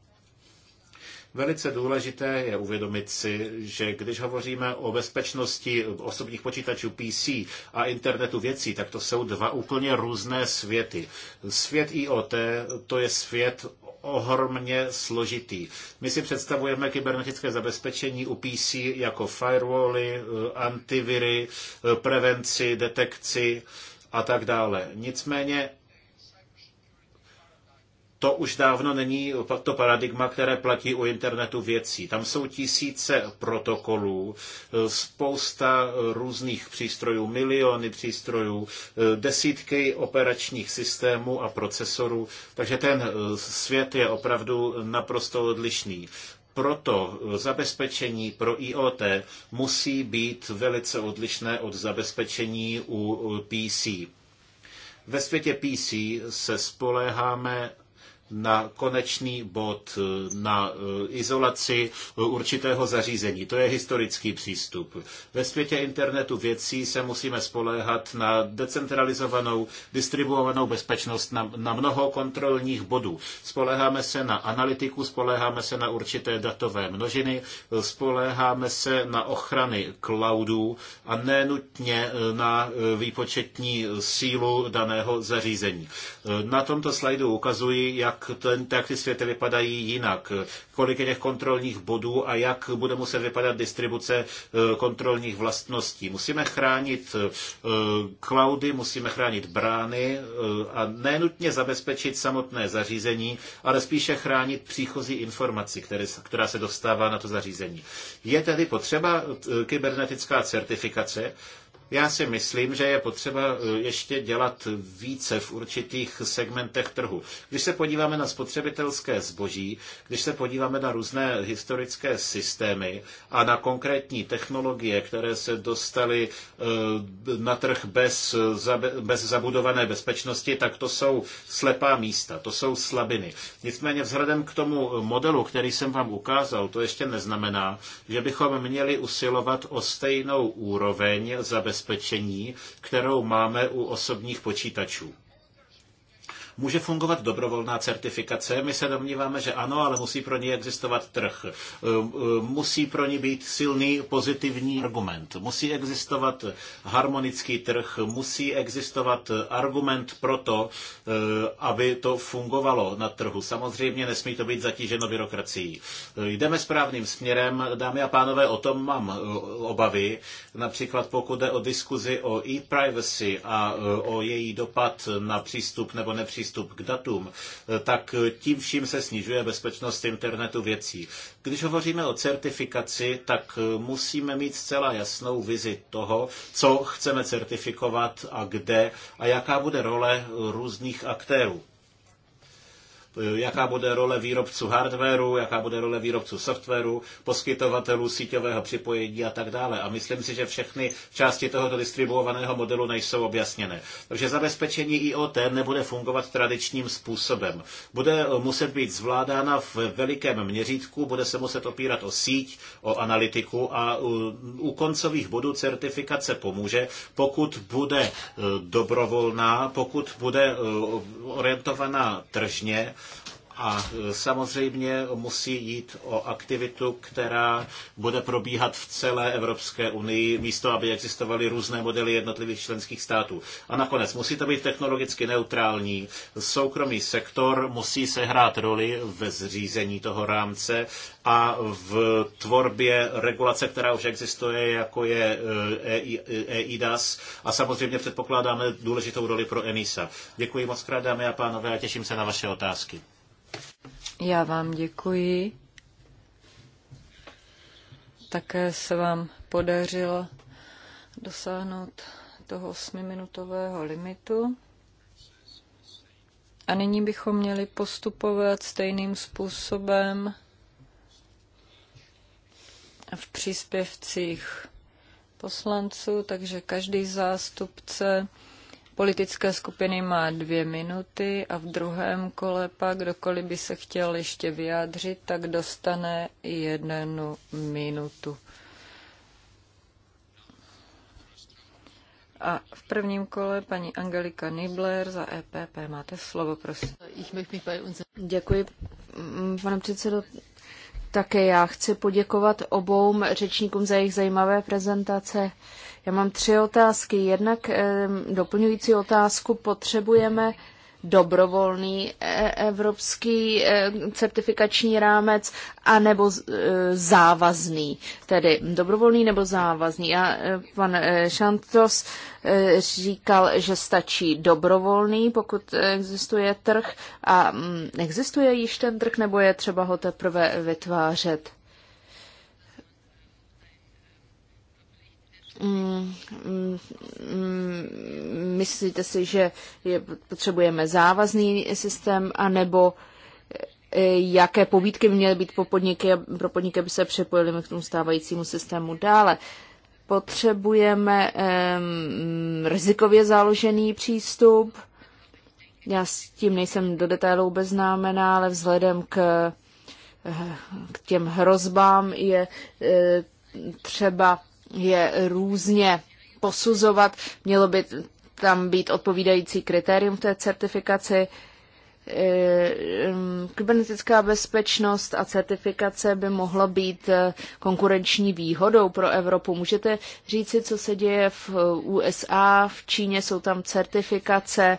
Velice důležité je uvědomit si, že když hovoříme o bezpečnosti osobních počítačů PC a internetu věcí, tak to jsou dva úplně různé světy. Svět IoT to je svět ohromně složitý. My si představujeme kybernetické zabezpečení u PC jako firewally, eh, antiviry, eh, prevenci, detekci a tak dále. Nicméně to už dávno není to paradigma, které platí u internetu věcí. Tam jsou tisíce protokolů, spousta různých přístrojů, miliony přístrojů, desítky operačních systémů a procesorů, takže ten svět je opravdu naprosto odlišný. Proto zabezpečení pro IoT musí být velice odlišné od zabezpečení u PC. Ve světě PC se spoléháme na konečný bod, na eh, izolaci eh, určitého zařízení. To je historický přístup. Ve světě internetu věcí se musíme spoléhat na decentralizovanou, distribuovanou bezpečnost, na, na mnoho kontrolních bodů. Spoléháme se na analytiku, spoléháme se na určité datové množiny, eh, spoléháme se na ochrany cloudů a nenutně na výpočetní sílu daného zařízení. Na tomto slajdu ukazuji, jak jak ten, tak ty světy vypadají jinak. Kolik je těch kontrolních bodů a jak bude muset vypadat distribuce eh, kontrolních vlastností. Musíme chránit eh, cloudy, musíme chránit brány eh, a nenutně zabezpečit samotné zařízení, ale spíše chránit příchozí informaci, které, která se dostává na to zařízení. Je tedy potřeba kybernetická certifikace, já si myslím, že je potřeba eh, ještě dělat více v určitých segmentech trhu. Když se podíváme na spotřebitelské zboží, když se podíváme na různé historické systémy a na konkrétní technologie, které se dostaly eh, na trh bez, bez zabudované bezpečnosti, tak to jsou slepá místa, to jsou slabiny. Nicméně vzhledem k tomu modelu, který jsem vám ukázal, to ještě neznamená, že bychom měli usilovat o stejnou úroveň zabezpečení zabezpečení, kterou máme u osobních počítačů. Může fungovat dobrovolná certifikace, my se domníváme, že ano, ale musí pro ní existovat trh. E, e, musí pro ní být silný pozitivní argument. Musí existovat harmonický trh, musí existovat argument pro to, e, aby to fungovalo na trhu. Samozřejmě nesmí to být zatíženo byrokracií. Jdeme správným směrem, dámy a pánové, o tom mám obavy. Například pokud jde o diskuzi o e-privacy a o její dopad na přístup nebo nepřístup přístup k datům, eh, tak tím vším se snižuje bezpečnost internetu věcí. Když hovoříme o certifikaci, tak eh, musíme mít zcela jasnou vizi toho, co chceme certifikovat a kde a jaká bude role různých aktérů. Eh, jaká bude role výrobců hardwareu, jaká bude role výrobců softwaru, poskytovatelů síťového připojení a tak dále. A myslím si, že všechny části tohoto distribuovaného modelu nejsou objasněné. Takže zabezpečení IoT nebude fungovat tradičním způsobem. Bude eh, muset být zvládána v velikém měřítku, bude se muset opírat o síť, o analytiku a eh, u koncových bodů certifikace pomůže, pokud bude dobrovolná, pokud bude orientovaná tržně, a e, samozřejmě musí jít o aktivitu, která bude probíhat v celé Evropské unii, místo aby existovaly různé modely jednotlivých členských států. A nakonec musí to být technologicky neutrální. Soukromý sektor musí sehrát roli ve zřízení toho rámce a v tvorbě regulace, která už existuje, jako je EIDAS. E e, a samozřejmě předpokládáme důležitou roli pro ENISA. Děkuji moc krát, dámy a pánové, a těším se na vaše otázky. Já vám děkuji. Také se vám podařilo dosáhnout toho osmiminutového limitu. A nyní bychom měli postupovat stejným způsobem v příspěvcích poslanců, takže každý zástupce politické skupiny má dvě minuty a v druhém kole pak, kdokoliv by se chtěl ještě vyjádřit, tak dostane jednu minutu. A v prvním kole paní Angelika Nibler za EPP. Máte slovo, prosím. Děkuji, pane předsedo. Také já chci poděkovat obou řečníkům za jejich zajímavé prezentace. Já mám tři otázky. Jednak doplňující otázku potřebujeme dobrovolný e, evropský e, certifikační rámec a nebo e, závazný. Tedy dobrovolný nebo závazný. A pan Šantos říkal, že stačí dobrovolný, pokud existuje trh a mm, existuje již ten trh, nebo je třeba ho teprve vytvářet. Mm, mm, mm, myslíte si, že je, potřebujeme závazný systém, anebo e, jaké povídky měly být pro podniky, pro podniky, aby se připojili k tomu stávajícímu systému dále. Potřebujeme um, rizikově založený přístup. Já s tím nejsem do detailů beznámená, ale vzhledem k, eh, k těm hrozbám je eh, třeba je různě posuzovat. Mělo by tam být odpovídající kritérium té certifikaci. E, kybernetická bezpečnost a certifikace by mohla být e, konkurenční výhodou pro Evropu. Můžete říci, co se děje v USA, v Číně jsou tam certifikace,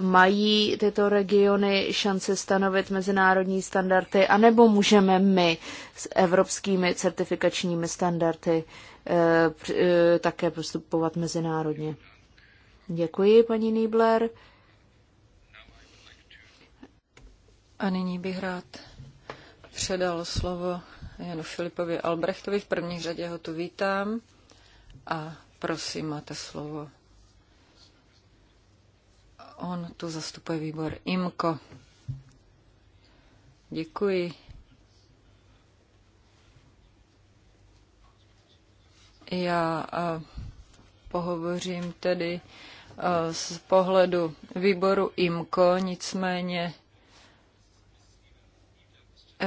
Mají tyto regiony šance stanovit mezinárodní standardy, anebo můžeme my s evropskými certifikačními standardy eh, eh, také postupovat mezinárodně? Děkuji, paní Niebler. A nyní bych rád předal slovo Janu Filipovi Albrechtovi. V první řadě ho tu vítám a prosím, máte slovo on tu zastupuje výbor IMKO. Děkuji. Já pohovořím tedy z pohledu výboru IMKO, nicméně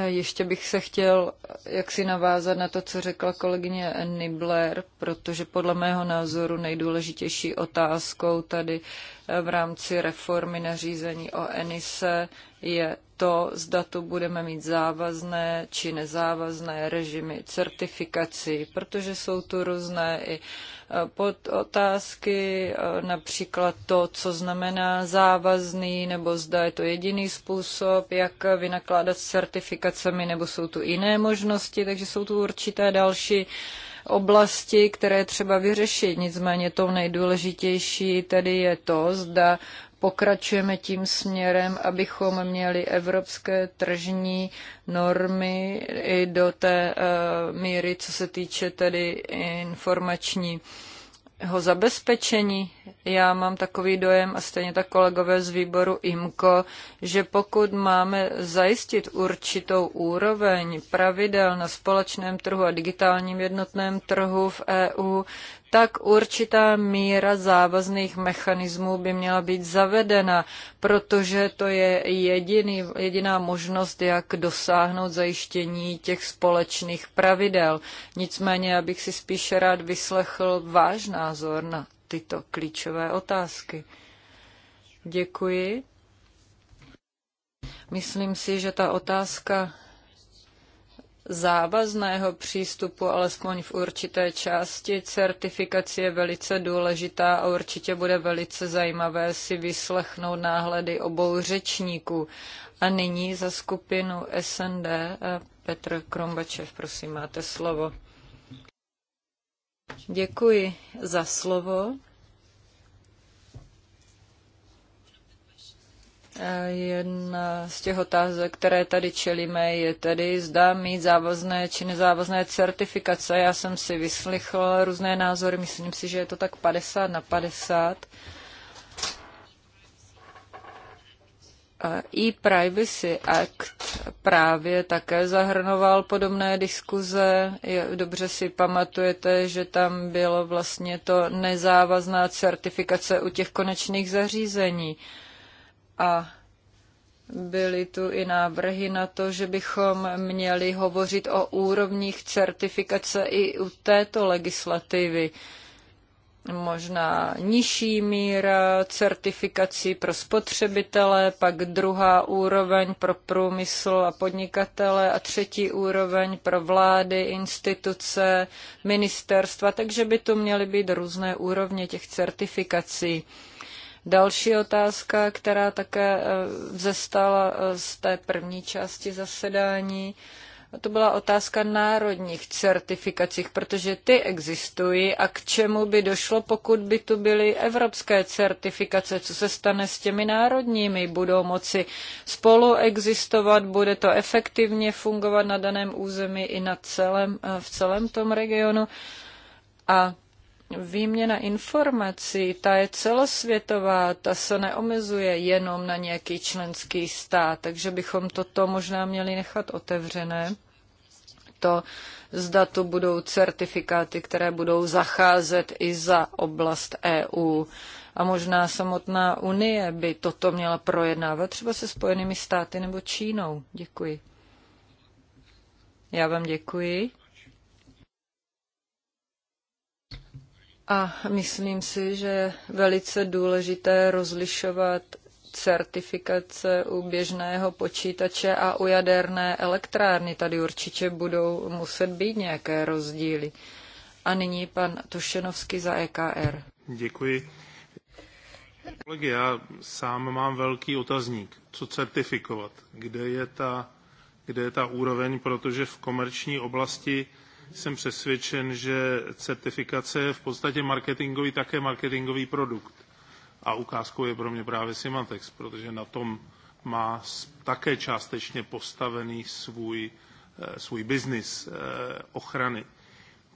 ještě bych se chtěl eh, jaksi navázat na to, co řekla kolegyně Nibler, protože podle mého názoru nejdůležitější otázkou tady eh, v rámci reformy nařízení o Enise je to, zda tu budeme mít závazné či nezávazné režimy certifikací, protože jsou tu různé i eh, pod otázky, eh, například to, co znamená závazný, nebo zda je to jediný způsob, jak vynakládat s certifikacemi, nebo jsou tu jiné možnosti, takže jsou tu určité další oblasti, které třeba vyřešit. Nicméně to nejdůležitější tedy je to, zda pokračujeme tím směrem, abychom měli evropské tržní normy i do té eh, míry, co se týče tedy informační jeho zabezpečení. Já mám takový dojem, a stejně tak kolegové z výboru IMKO, že pokud máme zajistit určitou úroveň pravidel na společném trhu a digitálním jednotném trhu v EU, tak určitá míra závazných mechanismů by měla být zavedena, protože to je jediný, jediná možnost, jak dosáhnout zajištění těch společných pravidel. Nicméně, abych si spíše rád vyslechl váš názor na tyto klíčové otázky. Děkuji. Myslím si, že ta otázka závazného přístupu, alespoň v určité části. Certifikace je velice důležitá a určitě bude velice zajímavé si vyslechnout náhledy obou řečníků. A nyní za skupinu SND Petr Krombačev, prosím, máte slovo. Děkuji za slovo. Jedna z těch otázek, které tady čelíme, je tedy zda mít závazné či nezávazné certifikace. Já jsem si vyslychl různé názory, myslím si, že je to tak 50 na 50. E-Privacy Act právě také zahrnoval podobné diskuze. Dobře si pamatujete, že tam bylo vlastně to nezávazná certifikace u těch konečných zařízení. A byly tu i návrhy na to, že bychom měli hovořit o úrovních certifikace i u této legislativy. Možná nižší míra certifikací pro spotřebitele, pak druhá úroveň pro průmysl a podnikatele a třetí úroveň pro vlády, instituce, ministerstva, takže by tu měly být různé úrovně těch certifikací. Další otázka, která také eh, vzestala eh, z té první části zasedání, to byla otázka národních certifikacích, protože ty existují a k čemu by došlo, pokud by tu byly evropské certifikace, co se stane s těmi národními, budou moci spolu existovat, bude to efektivně fungovat na daném území i na celém, eh, v celém tom regionu. A výměna informací, ta je celosvětová, ta se neomezuje jenom na nějaký členský stát, takže bychom toto možná měli nechat otevřené. To, zda to budou certifikáty, které budou zacházet i za oblast EU. A možná samotná Unie by toto měla projednávat třeba se Spojenými státy nebo Čínou. Děkuji. Já vám děkuji. A myslím si, že je velice důležité rozlišovat certifikace u běžného počítače a u jaderné elektrárny. Tady určitě budou muset být nějaké rozdíly. A nyní pan Tušenovský za EKR. Děkuji. Kolegy, já sám mám velký otazník, co certifikovat, kde je ta, kde je ta úroveň, protože v komerční oblasti jsem přesvědčen, že certifikace je v podstatě marketingový, také marketingový produkt. A ukázkou je pro mě právě Symatex, protože na tom má také částečně postavený svůj, eh, svůj biznis eh, ochrany.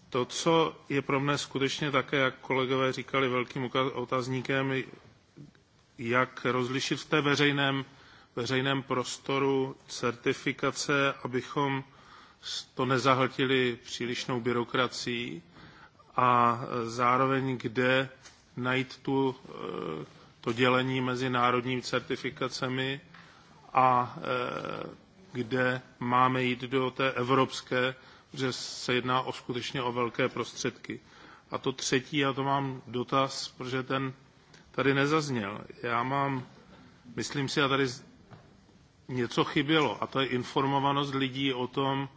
To, co je pro mě skutečně také, jak kolegové říkali, velkým otazníkem, jak rozlišit v té veřejném, veřejném prostoru certifikace, abychom to nezahltili přílišnou byrokracií a zároveň kde najít tu, eh, to dělení mezi národními certifikacemi a eh, kde máme jít do té evropské, že se jedná o skutečně o velké prostředky. A to třetí, a to mám dotaz, protože ten tady nezazněl. Já mám, myslím si, a tady něco chybělo, a to je informovanost lidí o tom,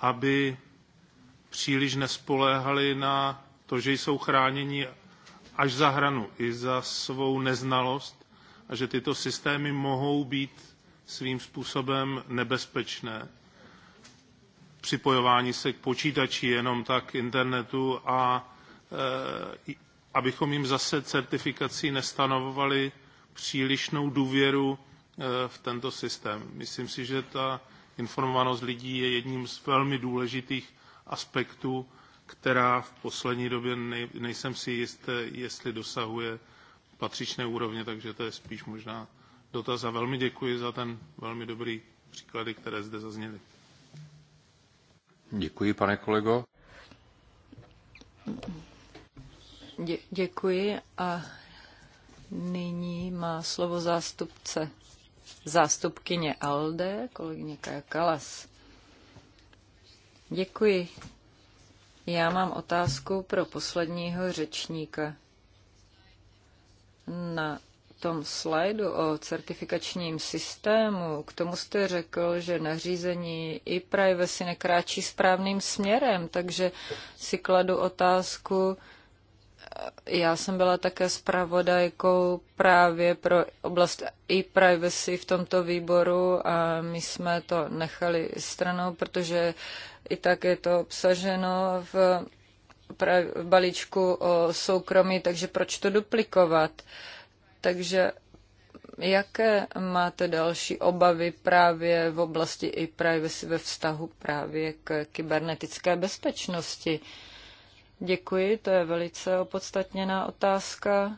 aby příliš nespoléhali na to, že jsou chráněni až za hranu i za svou neznalost a že tyto systémy mohou být svým způsobem nebezpečné. Připojování se k počítači jenom tak k internetu a e, abychom jim zase certifikací nestanovovali přílišnou důvěru e, v tento systém. Myslím si, že ta Informovanost lidí je jedním z velmi důležitých aspektů, která v poslední době nej, nejsem si jist, jestli dosahuje patřičné úrovně, takže to je spíš možná dotaz a velmi děkuji za ten velmi dobrý příklady, které zde zazněly. Děkuji, pane kolego. Dě, děkuji a nyní má slovo zástupce zástupkyně ALDE, kolegyně Kaja Kalas. Děkuji. Já mám otázku pro posledního řečníka. Na tom slajdu o certifikačním systému, k tomu jste řekl, že nařízení i privacy nekráčí správným směrem, takže si kladu otázku, já jsem byla také zpravodajkou právě pro oblast e-privacy v tomto výboru a my jsme to nechali stranou, protože i tak je to obsaženo v, v balíčku o soukromí, takže proč to duplikovat? Takže jaké máte další obavy právě v oblasti i privacy ve vztahu právě k kybernetické bezpečnosti? Uh, Děkuji, to je velice opodstatněná otázka.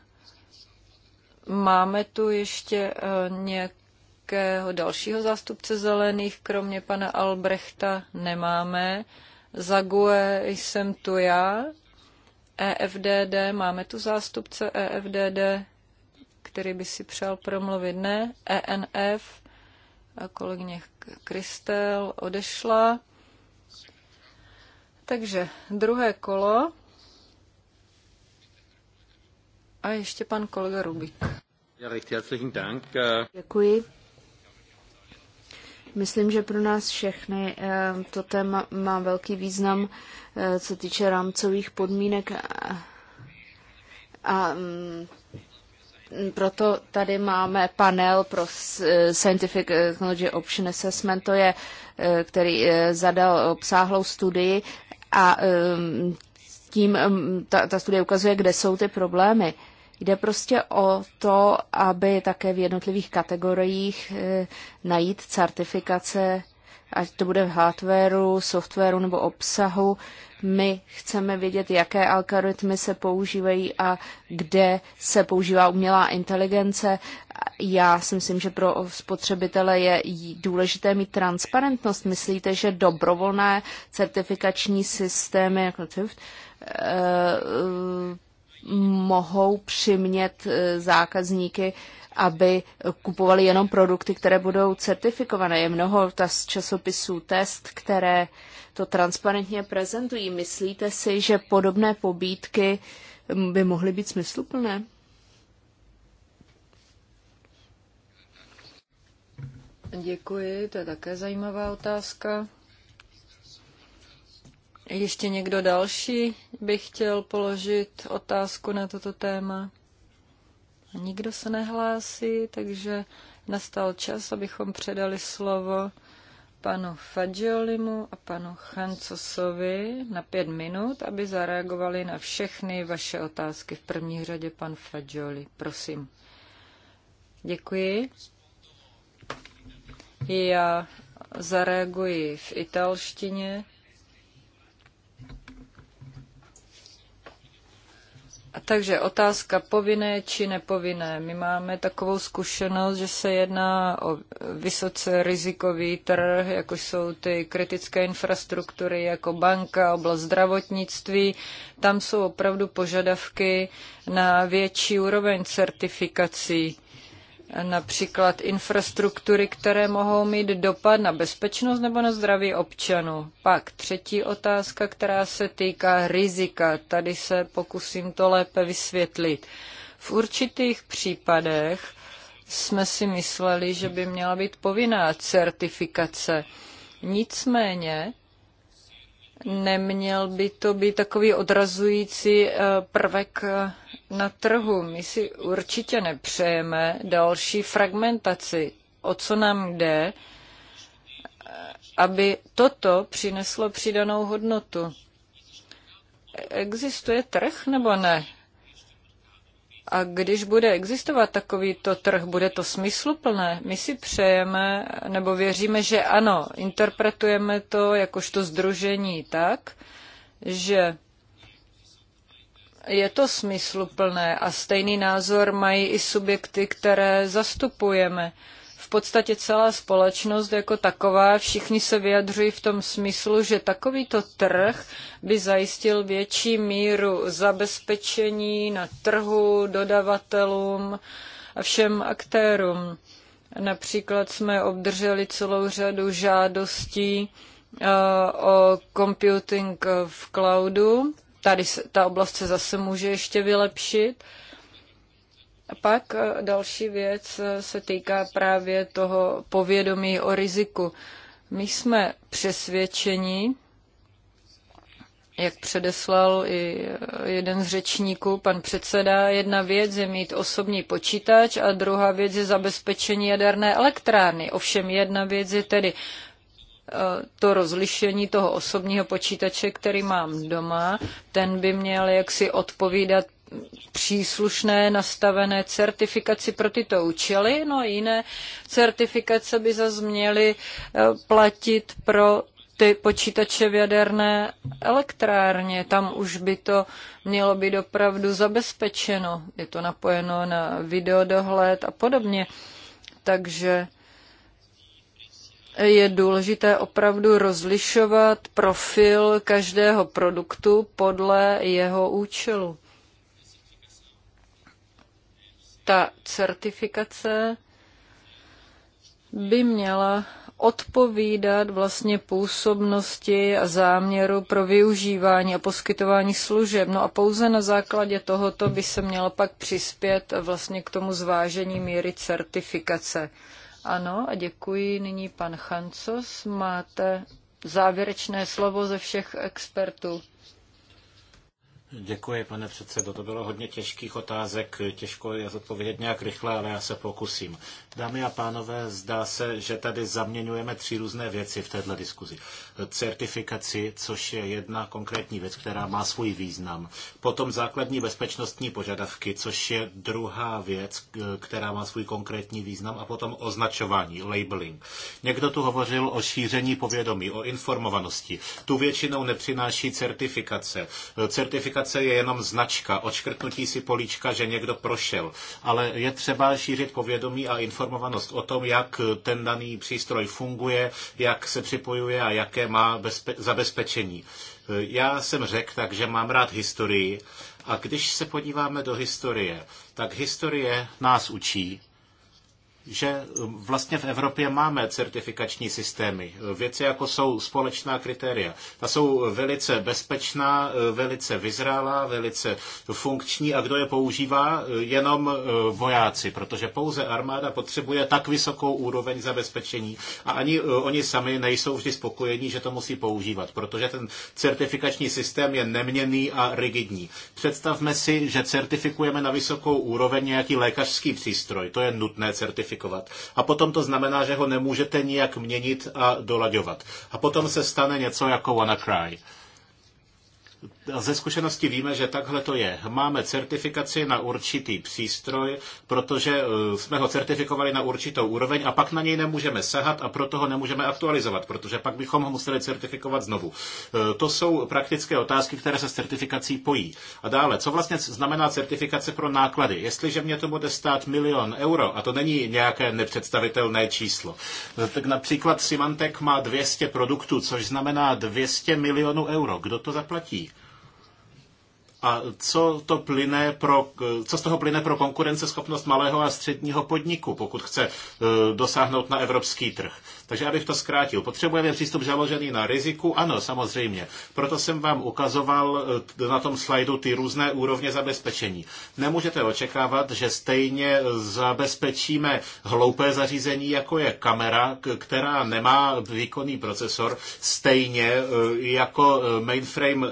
Máme tu ještě eh, nějakého dalšího zástupce zelených, kromě pana Albrechta nemáme. Zague jsem tu já, EFDD, máme tu zástupce EFDD, který by si přál promluvit, ne, ENF, kolegyně Kristel odešla. Takže druhé kolo. A ještě pan kolega Rubik. Äh, Děkuji. Myslím, že pro nás všechny eh, to téma má velký význam, eh, co týče rámcových podmínek a, a mm, proto tady máme panel pro eh, Scientific Technology Option Assessment, to je, který zadal obsáhlou studii a ehm, tím ehm, ta, ta studie ukazuje, kde jsou ty problémy. Jde prostě o to, aby také v jednotlivých kategoriích eh, najít certifikace, ať to bude v hardwareu, softwaru nebo obsahu, my chceme vědět, jaké algoritmy se používají a kde se používá umělá inteligence. Já si myslím, že pro spotřebitele je důležité mít transparentnost. Myslíte, že dobrovolné certifikační systémy jako TIFT eh, eh, mohou přimět eh, zákazníky aby kupovali jenom produkty, které budou certifikované. Je mnoho z časopisů test, které to transparentně prezentují. Myslíte si, že podobné pobídky by mohly být smysluplné? Děkuji, to je také zajímavá otázka. Ještě někdo další by chtěl položit otázku na toto téma? Nikdo se nehlásí, takže nastal čas, abychom předali slovo panu Fagiolimu a panu Chancosovi na pět minut, aby zareagovali na všechny vaše otázky. V první řadě pan Fagioli, prosím. Děkuji. Já zareaguji v italštině. Takže otázka povinné či nepovinné. My máme takovou zkušenost, že se jedná o vysoce rizikový trh, jako jsou ty kritické infrastruktury, jako banka, oblast zdravotnictví. Tam jsou opravdu požadavky na větší úroveň certifikací například infrastruktury, které mohou mít dopad na bezpečnost nebo na zdraví občanů. Pak třetí otázka, která se týká rizika. Tady se pokusím to lépe vysvětlit. V určitých případech jsme si mysleli, že by měla být povinná certifikace. Nicméně neměl by to být takový odrazující eh, prvek eh, na trhu. My si určitě nepřejeme další fragmentaci. O co nám jde, aby toto přineslo přidanou hodnotu. Existuje trh nebo ne? A když bude existovat takovýto trh, bude to smysluplné? My si přejeme, nebo věříme, že ano, interpretujeme to jakožto združení tak, že je to smysluplné a stejný názor mají i subjekty, které zastupujeme. V podstatě celá společnost jako taková, všichni se vyjadřují v tom smyslu, že takovýto trh by zajistil větší míru zabezpečení na trhu, dodavatelům a všem aktérům. Například jsme obdrželi celou řadu žádostí eh, o computing v cloudu, tady ta oblast se zase může ještě vylepšit. A pak e, další věc e, se týká právě toho povědomí o riziku. My jsme přesvědčeni, jak předeslal i e, jeden z řečníků, pan předseda, jedna věc je mít osobní počítač a druhá věc je zabezpečení jaderné elektrárny. Ovšem jedna věc je tedy Eh, to rozlišení toho osobního počítače, který mám doma, ten by měl jaksi odpovídat příslušné nastavené certifikaci pro tyto účely, no a jiné certifikace by zase měly eh, platit pro ty počítače v jaderné elektrárně. Tam už by to mělo být opravdu zabezpečeno. Je to napojeno na videodohled a podobně. Takže je důležité opravdu rozlišovat profil každého produktu podle jeho účelu. Ta certifikace by měla odpovídat vlastně působnosti a záměru pro využívání a poskytování služeb. No a pouze na základě tohoto by se mělo pak přispět vlastně k tomu zvážení míry certifikace. Ano, a děkuji. Nyní pan Chancos, máte závěrečné slovo ze všech expertů. Děkuji, pane předsedo. To bylo hodně těžkých otázek. Těžko je zodpovědět nějak rychle, ale já se pokusím. Dámy a pánové, zdá se, že tady zaměňujeme tři různé věci v této diskuzi. Certifikaci, což je jedna konkrétní věc, která má svůj význam. Potom základní bezpečnostní požadavky, což je druhá věc, která má svůj konkrétní význam. A potom označování, labeling. Někdo tu hovořil o šíření povědomí, o informovanosti. Tu většinou nepřináší certifikace. Certifikace Identifikace je jenom značka, odškrtnutí si políčka, že někdo prošel. Ale je třeba šířit povědomí a informovanost o tom, jak ten daný přístroj funguje, jak se připojuje a jaké má zabezpečení. Já jsem řekl, takže mám rád historii. A když se podíváme do historie, tak historie nás učí, že um, vlastně v Evropě máme certifikační systémy. Věci jako jsou společná kritéria. Ta jsou velice bezpečná, velice vyzrálá, velice funkční a kdo je používá? Jenom uh, vojáci, protože pouze armáda potřebuje tak vysokou úroveň zabezpečení a ani uh, oni sami nejsou vždy spokojení, že to musí používat, protože ten certifikační systém je neměný a rigidní. Představme si, že certifikujeme na vysokou úroveň nějaký lékařský přístroj. To je nutné certifikovat identifikovat. A potom to znamená, že ho nemůžete nijak měnit a dolaďovat. A potom se stane něco jako WannaCry. Ze zkušenosti víme, že takhle to je. Máme certifikaci na určitý přístroj, protože e, jsme ho certifikovali na určitou úroveň a pak na něj nemůžeme sahat a proto ho nemůžeme aktualizovat, protože pak bychom ho museli certifikovat znovu. E, to jsou praktické otázky, které se s certifikací pojí. A dále, co vlastně znamená certifikace pro náklady? Jestliže mě to bude stát milion euro, a to není nějaké nepředstavitelné číslo, e, tak například Symantec má 200 produktů, což znamená 200 milionů euro. Kdo to zaplatí? A co, to plyne pro, co z toho plyne pro konkurenceschopnost malého a středního podniku, pokud chce eh, dosáhnout na evropský trh? Takže abych to zkrátil, potřebujeme přístup založený na riziku? Ano, samozřejmě. Proto jsem vám ukazoval eh, na tom slajdu ty různé úrovně zabezpečení. Nemůžete očekávat, že stejně zabezpečíme hloupé zařízení, jako je kamera, která nemá výkonný procesor, stejně eh, jako eh, mainframe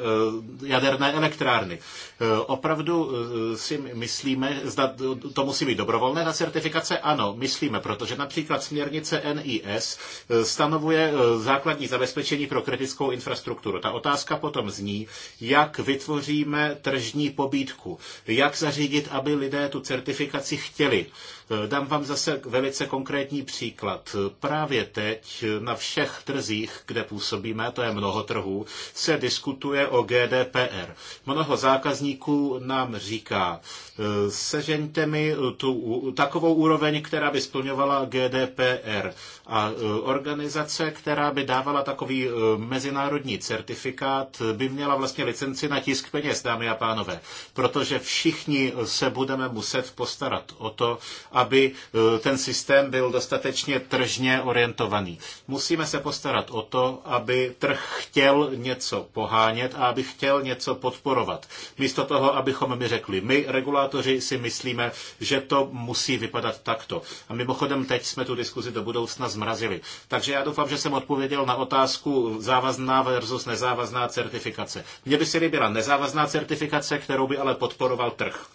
jaderné elektrárny. Eh, opravdu eh, si myslíme, zda to musí být dobrovolné, ta certifikace? Ano, myslíme, protože například směrnice NIS eh, stanovuje základní zabezpečení pro kritickou infrastrukturu. Ta otázka potom zní, jak vytvoříme tržní pobídku, jak zařídit, aby lidé tu certifikaci chtěli Eh, dám vám zase velice konkrétní příklad. Právě teď na všech trzích, kde působíme, to je mnoho trhů, se diskutuje o GDPR. Mnoho zákazníků nám říká, eh, sežeňte mi tu, takovou úroveň, která by splňovala GDPR. A eh, organizace, která by dávala takový mezinárodní certifikát, by měla vlastně licenci na tisk peněz, dámy a pánové. Protože všichni se budeme muset postarat o to, aby eh, ten systém byl dostatečně tržně orientovaný. Musíme se postarat o to, aby trh chtěl něco pohánět a aby chtěl něco podporovat. Místo toho, abychom my řekli, my regulátoři si myslíme, že to musí vypadat takto. A mimochodem teď jsme tu diskuzi do budoucna zmrazili. Takže já doufám, že jsem odpověděl na otázku závazná versus nezávazná certifikace. Mně by se líbila nezávazná certifikace, kterou by ale podporoval trh.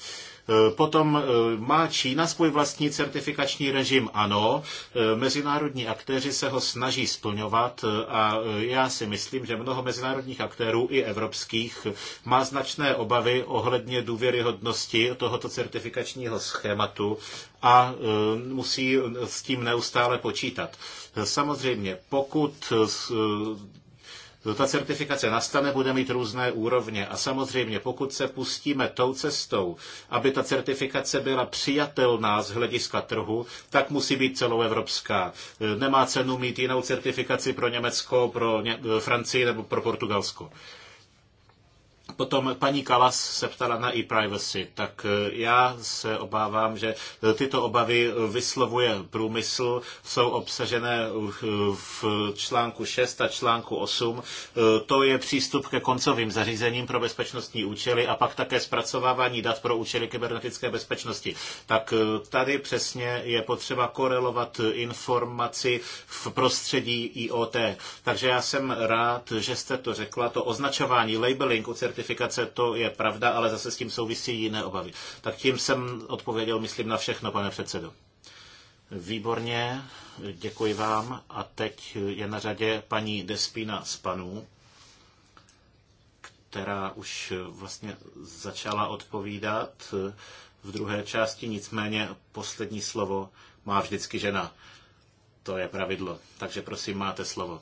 Eh, potom eh, má Čína svůj vlastní certifikační režim? Ano. Eh, mezinárodní aktéři se ho snaží splňovat a já si myslím, že mnoho mezinárodních aktérů i evropských má značné obavy ohledně důvěryhodnosti tohoto certifikačního schématu a musí s tím neustále počítat. Samozřejmě, pokud ta certifikace nastane, bude mít různé úrovně. A samozřejmě, pokud se pustíme tou cestou, aby ta certifikace byla přijatelná z hlediska trhu, tak musí být celoevropská. Nemá cenu mít jinou certifikaci pro Německo, pro Francii nebo pro Portugalsko. Potom paní Kalas se ptala na e-privacy, tak eh, já se obávám, že eh, tyto obavy eh, vyslovuje průmysl, jsou obsažené v článku 6 a článku 8. To je přístup ke koncovým zařízením pro bezpečnostní účely a pak také zpracovávání dat pro účely kybernetické bezpečnosti. Tak tady přesně je potřeba korelovat informaci v prostředí IoT. Takže já jsem rád, že jste to řekla, to označování, labeling u certifikátů certifikace, to je pravda, ale zase s tím souvisí jiné obavy. Tak tím jsem odpověděl, myslím, na všechno, pane předsedo. Výborně, děkuji vám. A teď je na řadě paní Despina z panů, která už vlastně začala odpovídat v druhé části, nicméně poslední slovo má vždycky žena. To je pravidlo. Takže prosím, máte slovo.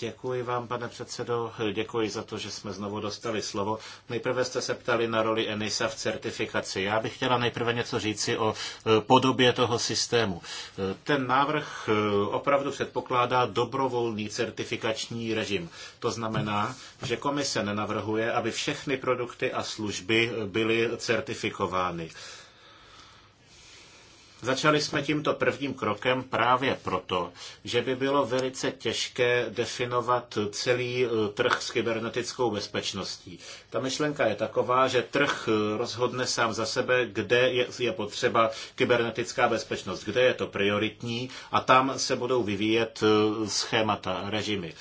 Děkuji vám, pane předsedo, děkuji za to, že jsme znovu dostali slovo. Nejprve jste se ptali na roli ENISA v certifikaci. Já bych chtěla nejprve něco říci o e, podobě toho systému. E, ten návrh e, opravdu předpokládá dobrovolný certifikační režim. To znamená, že komise nenavrhuje, aby všechny produkty a služby byly certifikovány. Začali jsme tímto prvním krokem právě proto, že by bylo velice těžké definovat celý eh, trh s kybernetickou bezpečností. Ta myšlenka je taková, že trh eh, rozhodne sám za sebe, kde je potřeba kybernetická bezpečnost, kde je to prioritní a tam se budou vyvíjet eh, schémata, režimy.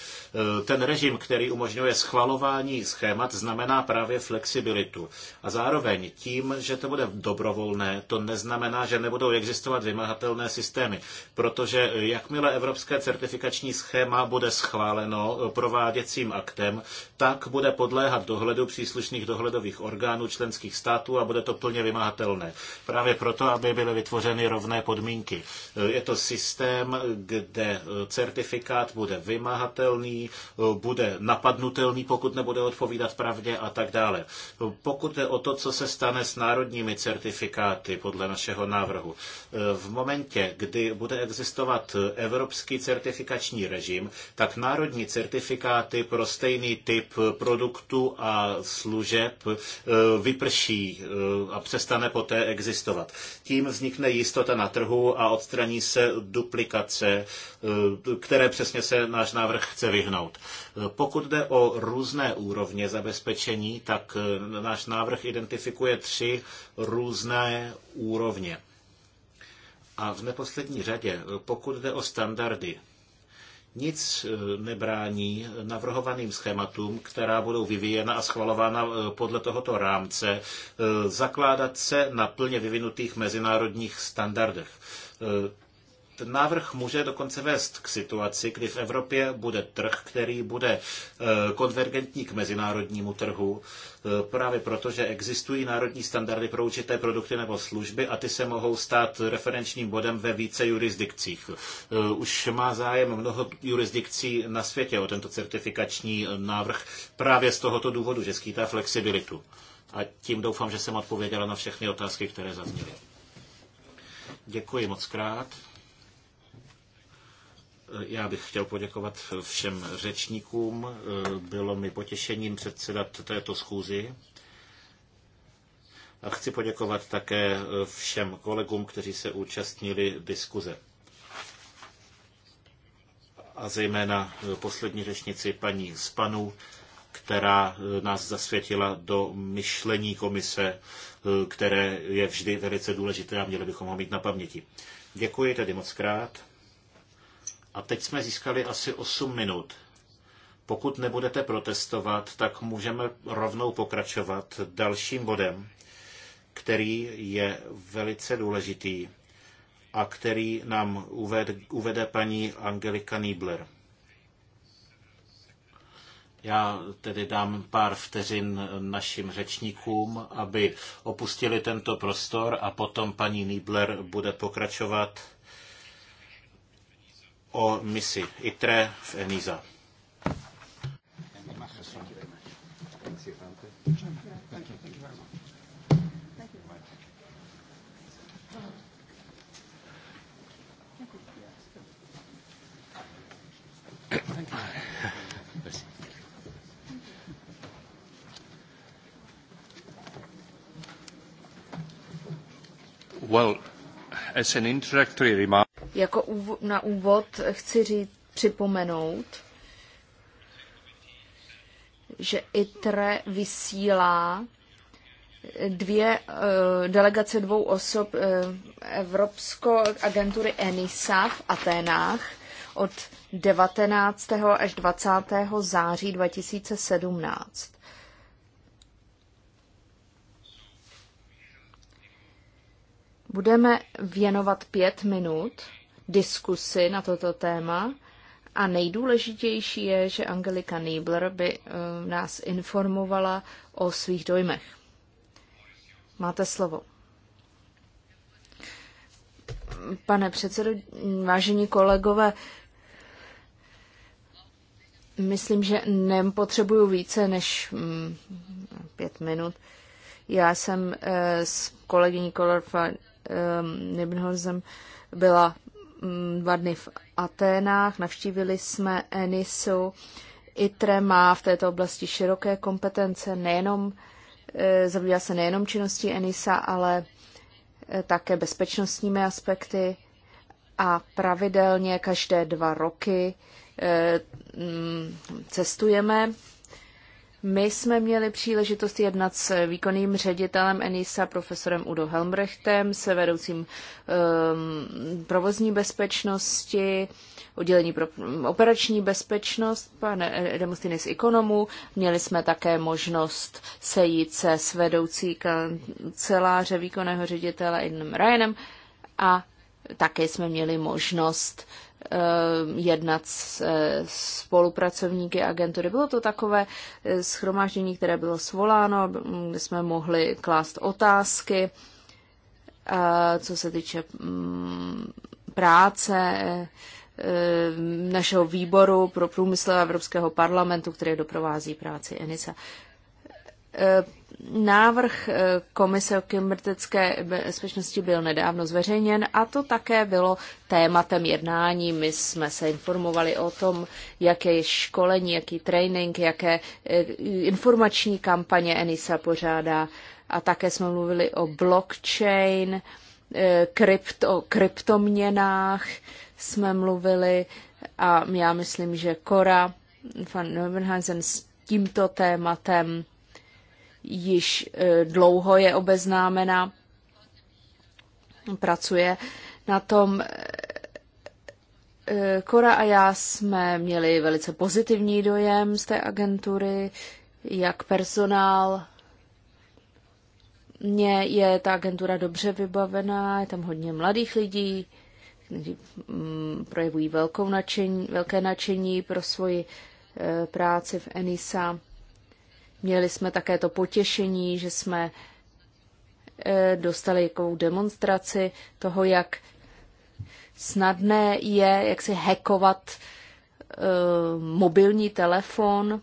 Ten režim, který umožňuje schvalování schémat, znamená právě flexibilitu. A zároveň tím, že to bude dobrovolné, to neznamená, že nebudou existovat vymahatelné systémy, protože jakmile evropské certifikační schéma bude schváleno prováděcím aktem, tak bude podléhat dohledu příslušných dohledových orgánů členských států a bude to plně vymahatelné. Právě proto, aby byly vytvořeny rovné podmínky. Je to systém, kde certifikát bude vymahatelný, Eh, bude napadnutelný, pokud nebude odpovídat pravdě a tak dále. Pokud je o to, co se stane s národními certifikáty podle našeho návrhu, eh, v momentě, kdy bude existovat evropský certifikační režim, tak národní certifikáty pro stejný typ produktů a služeb eh, vyprší a přestane poté existovat. Tím vznikne jistota na trhu a odstraní se duplikace, které přesně se náš návrh chce vyhnout připomenout. Pokud jde o různé úrovně zabezpečení, tak eh, náš návrh identifikuje tři různé úrovně. A v neposlední řadě, pokud jde o standardy, nic eh, nebrání navrhovaným schématům, která budou vyvíjena a schvalována eh, podle tohoto rámce, zakládat se na plně vyvinutých mezinárodních standardech ten návrh může dokonce vést k situaci, kdy v Evropě bude trh, který bude eh, konvergentní k mezinárodnímu trhu, eh, právě proto, že existují národní standardy pro určité produkty nebo služby a ty se mohou stát referenčním bodem ve více jurisdikcích. Eh, už má zájem mnoho jurisdikcí na světě o tento certifikační návrh právě z tohoto důvodu, že skýtá flexibilitu. A tím doufám, že jsem odpověděla na všechny otázky, které zazněly. Děkuji moc krát. Já bych chtěl poděkovat všem řečníkům. Bylo mi potěšením předsedat této schůzi. A chci poděkovat také všem kolegům, kteří se účastnili diskuze. A zejména poslední řečnici paní Spanu, která nás zasvětila do myšlení komise, které je vždy velice důležité a měli bychom ho mít na paměti. Děkuji tedy moc krát. A teď jsme získali asi 8 minut. Pokud nebudete protestovat, tak můžeme rovnou pokračovat dalším bodem, který je velice důležitý a který nám uvede, uvede paní Angelika Niebler. Já tedy dám pár vteřin našim řečníkům, aby opustili tento prostor a potom paní Niebler bude pokračovat o misi ITRE v ENISA. Well, as an introductory remark, jako na úvod chci říct, připomenout, že ITRE vysílá dvě eh, delegace dvou osob eh, Evropsko agentury ENISA v Aténách od 19. až 20. září 2017. Budeme věnovat pět minut diskusy na toto téma. A nejdůležitější je, že Angelika Niebler by eh, nás informovala o svých dojmech. Máte slovo. Pane předsedo, vážení kolegové, myslím, že nepotřebuju více než mm, pět minut. Já jsem eh, s kolegyní Kolorfa eh, Nibnholzem byla Mm, dva dny v Aténách, navštívili jsme Enisu. ITRE má v této oblasti široké kompetence, nejenom, e, zabývá se nejenom činností ENISA, ale e, také bezpečnostními aspekty a pravidelně každé dva roky e, mm, cestujeme my jsme měli příležitost jednat s výkonným ředitelem ENISA, profesorem Udo Helmbrechtem, se vedoucím um, provozní bezpečnosti, oddělení pro operační bezpečnost, pane Demostinis Ikonomu. Měli jsme také možnost sejít se s vedoucí kanceláře výkonného ředitele Inem Ryanem a také jsme měli možnost Eh, jednat s eh, spolupracovníky agentury. Bylo to takové eh, schromáždění, které bylo svoláno, kde jsme mohli klást otázky, co se týče mm, práce našeho výboru pro průmysl Evropského parlamentu, který doprovází práci ENISA Návrh eh, Komise o kybernetické bezpečnosti byl nedávno zveřejněn a to také bylo tématem jednání. My jsme se informovali o tom, jaké je školení, jaký trénink, jaké eh, informační kampaně ENISA pořádá a také jsme mluvili o blockchain, eh, krypto, kryptoměnách jsme mluvili a já myslím, že Kora van Neubenhausen s tímto tématem již eh, dlouho je obeznámena, pracuje na tom. Eh, eh, Kora a já jsme měli velice pozitivní dojem z té agentury, jak personál. Mně je ta agentura dobře vybavená, je tam hodně mladých lidí, kteří mm, projevují velkou nadšení, velké nadšení pro svoji práci v ENISA. Měli jsme také to potěšení, že jsme eh, dostali jakou demonstraci toho, jak snadné je, jak si hackovat eh, mobilní telefon.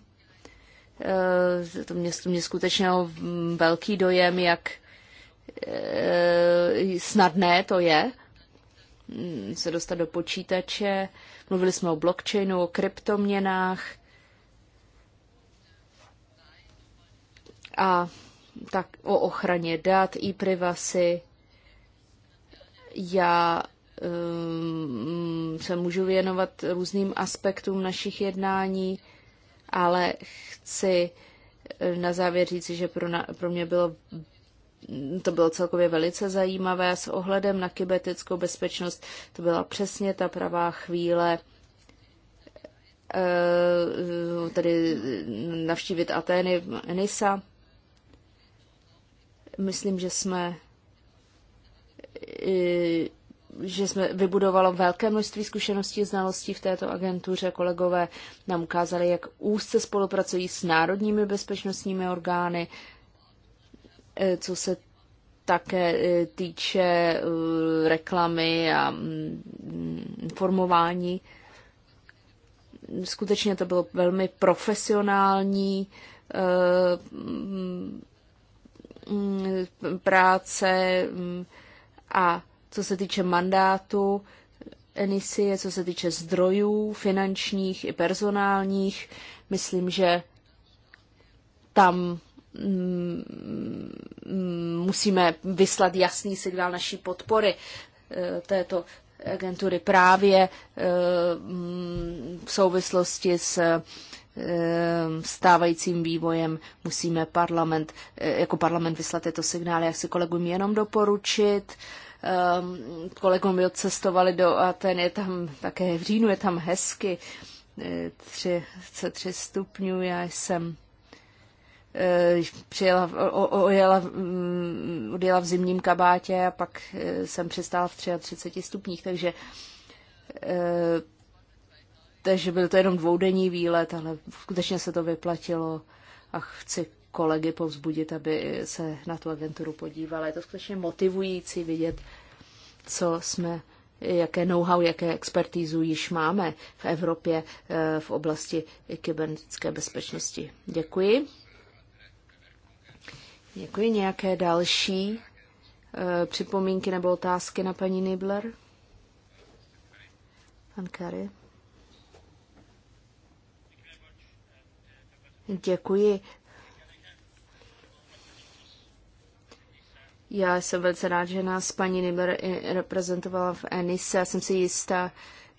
Eh, to mě, to mě skutečně mm, velký dojem, jak snadné to je mm, se dostat do počítače. Mluvili jsme o blockchainu, o kryptoměnách a tak o ochraně dat, i privacy Já um, se můžu věnovat různým aspektům našich jednání, ale chci eh, na závěr říci, že pro, na, pro mě bylo to bylo celkově velice zajímavé s ohledem na kybernetickou bezpečnost. To byla přesně ta pravá chvíle eh, tedy navštívit Atény Enisa Myslím, že jsme že jsme vybudovalo velké množství zkušeností a znalostí v této agentuře. Kolegové nám ukázali, jak úzce spolupracují s národními bezpečnostními orgány, e, co se také e, týče e, reklamy a mm, informování. Skutečně to bylo velmi profesionální Mm, práce mm, a co se týče mandátu Enisie, co se týče zdrojů finančních i personálních, myslím, že tam mm, musíme vyslat jasný signál naší podpory eh, této agentury právě eh, v souvislosti s Ehm, stávajícím vývojem. Musíme parlament, e, jako parlament vyslat tyto signály. Já si kolegům jenom doporučit. Ehm, kolegům by odcestovali do Aten, je tam také v říjnu, je tam hezky. 33 e, stupňů, já jsem e, přijela, o, o, ojela, mm, odjela v zimním kabátě a pak jsem přistála v 33 stupních, takže takže byl to jenom dvoudenní výlet, ale skutečně se to vyplatilo a chci kolegy povzbudit, aby se na tu agenturu podívali. Je to skutečně motivující vidět, co jsme, jaké know-how, jaké expertízu již máme v Evropě eh, v oblasti kybernetické bezpečnosti. Děkuji. Děkuji. Nějaké další eh, připomínky nebo otázky na paní Nibler? Pan Kary. Děkuji. Já jsem velice rád, že nás paní Nimmer reprezentovala v Enise. Já jsem si jistá,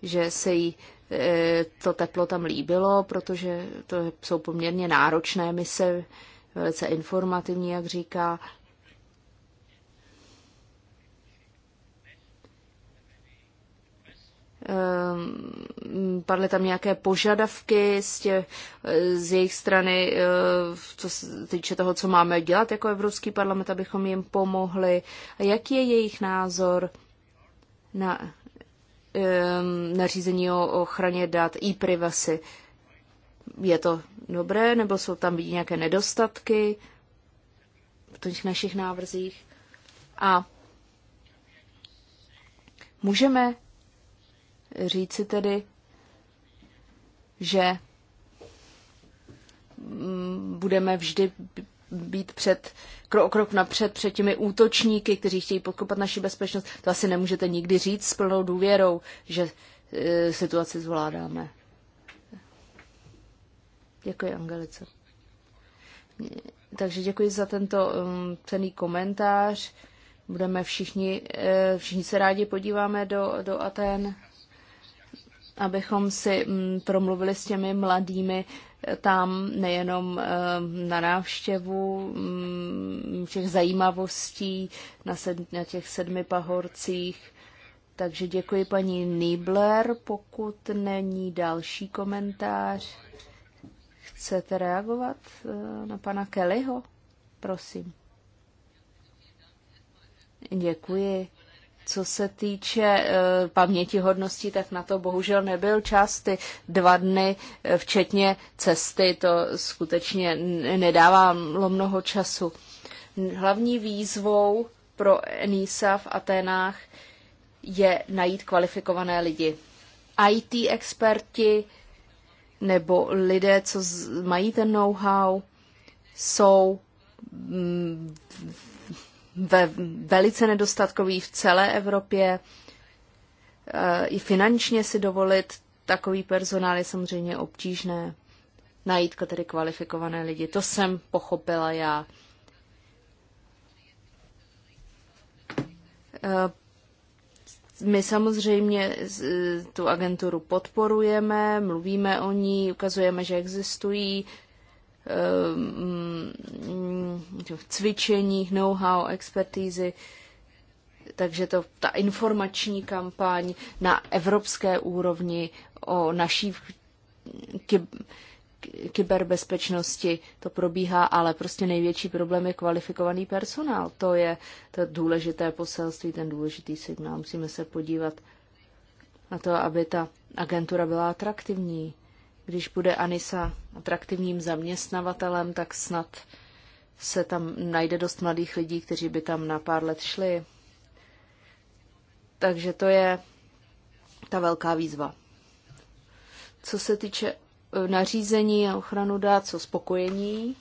že se jí eh, to teplo tam líbilo, protože to jsou poměrně náročné mise, velice informativní, jak říká. Ehm, padly tam nějaké požadavky z, tě, eh, z jejich strany, eh, co se týče toho, co máme dělat jako Evropský parlament, abychom jim pomohli. A jaký je jejich názor na ehm, nařízení o ochraně dat i e privacy? Je to dobré, nebo jsou tam nějaké nedostatky v těch našich návrzích? A můžeme říci tedy, že mm, budeme vždy být před, krok, krok napřed před těmi útočníky, kteří chtějí podkopat naši bezpečnost. To asi nemůžete nikdy říct s plnou důvěrou, že e, situaci zvládáme. Děkuji, Angelice. Takže děkuji za tento um, cený komentář. Budeme všichni, e, všichni se rádi podíváme do, do Aten abychom si mm, promluvili s těmi mladými eh, tam nejenom eh, na návštěvu mm, těch zajímavostí na, sed, na těch sedmi pahorcích. Takže děkuji paní Nibler, pokud není další komentář. Chcete reagovat eh, na pana Kellyho? Prosím. Děkuji. Co se týče e, paměti hodností, tak na to bohužel nebyl čas. Ty dva dny, eh, včetně cesty, to skutečně nedávalo mnoho času. Hlavní výzvou pro Enisa v Aténách je najít kvalifikované lidi. IT experti nebo lidé, co mají ten know-how, jsou mm, ve velice nedostatkový v celé Evropě. E, I finančně si dovolit takový personál je samozřejmě obtížné. Najít tedy kvalifikované lidi. To jsem pochopila já. E, my samozřejmě e, tu agenturu podporujeme, mluvíme o ní, ukazujeme, že existují, Eh, mm, cvičení, know-how, expertízy. Takže to, ta informační kampaň na evropské úrovni o naší kyberbezpečnosti to probíhá, ale prostě největší problém je kvalifikovaný personál. To je to důležité poselství, ten důležitý signál. Musíme se podívat na to, aby ta agentura byla atraktivní, když bude Anisa atraktivním zaměstnavatelem, tak snad se tam najde dost mladých lidí, kteří by tam na pár let šli. Takže to je ta velká výzva. Co se týče e, nařízení a ochranu dát, co spokojení,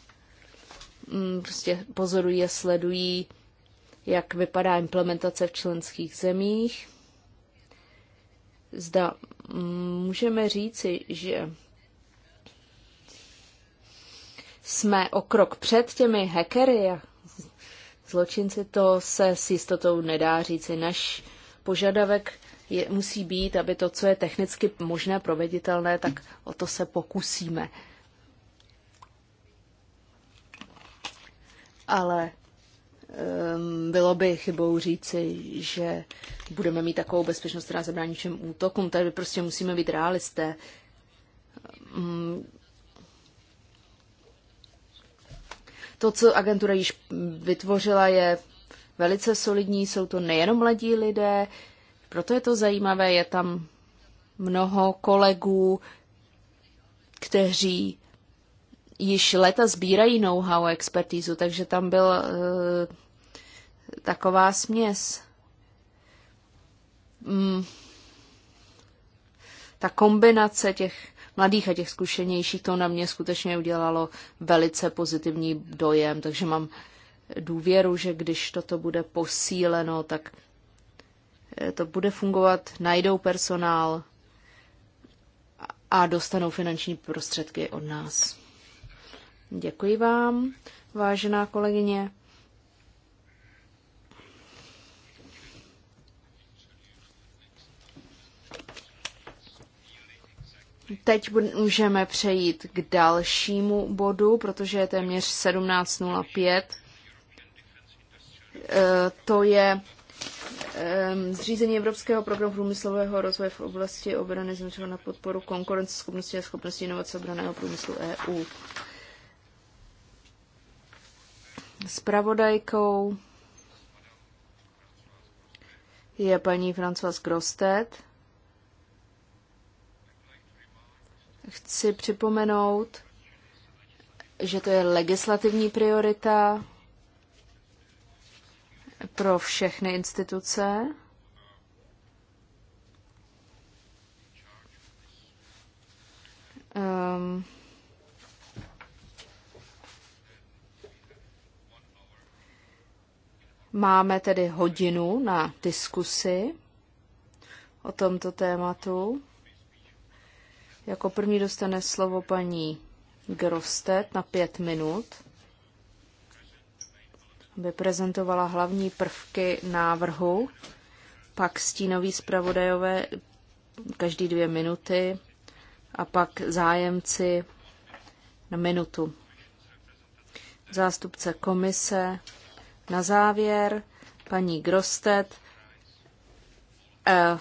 mm, prostě pozorují a sledují, jak vypadá implementace v členských zemích. Zda mm, můžeme říci, že jsme o krok před těmi hackery a zločinci, to se s jistotou nedá říci. Naš požadavek je, musí být, aby to, co je technicky možné proveditelné, tak o to se pokusíme. Ale um, bylo by chybou říci, že budeme mít takovou bezpečnost, která zabrání všem útokům. Tady prostě musíme být realisté. Um, To, co agentura již vytvořila, je velice solidní, jsou to nejenom mladí lidé, proto je to zajímavé, je tam mnoho kolegů, kteří již leta sbírají know-how a expertízu, takže tam byl eh, taková směs. Mm, ta kombinace těch mladých a těch zkušenějších, to na mě skutečně udělalo velice pozitivní dojem, takže mám důvěru, že když toto bude posíleno, tak eh, to bude fungovat, najdou personál a dostanou finanční prostředky od nás. Děkuji vám, vážená kolegyně. teď můžeme přejít k dalšímu bodu, protože je téměř 17.05. E, to je zřízení Evropského programu průmyslového rozvoje v oblasti obrany změřeno na podporu konkurenceschopnosti a schopnosti inovace obraného průmyslu EU. Spravodajkou je paní Françoise Grostet. Chci připomenout, že to je legislativní priorita pro všechny instituce. Um, máme tedy hodinu na diskusi o tomto tématu. Jako první dostane slovo paní Grostet na pět minut, aby prezentovala hlavní prvky návrhu, pak stínový zpravodajové každý dvě minuty a pak zájemci na minutu. Zástupce komise na závěr, paní Grostet eh,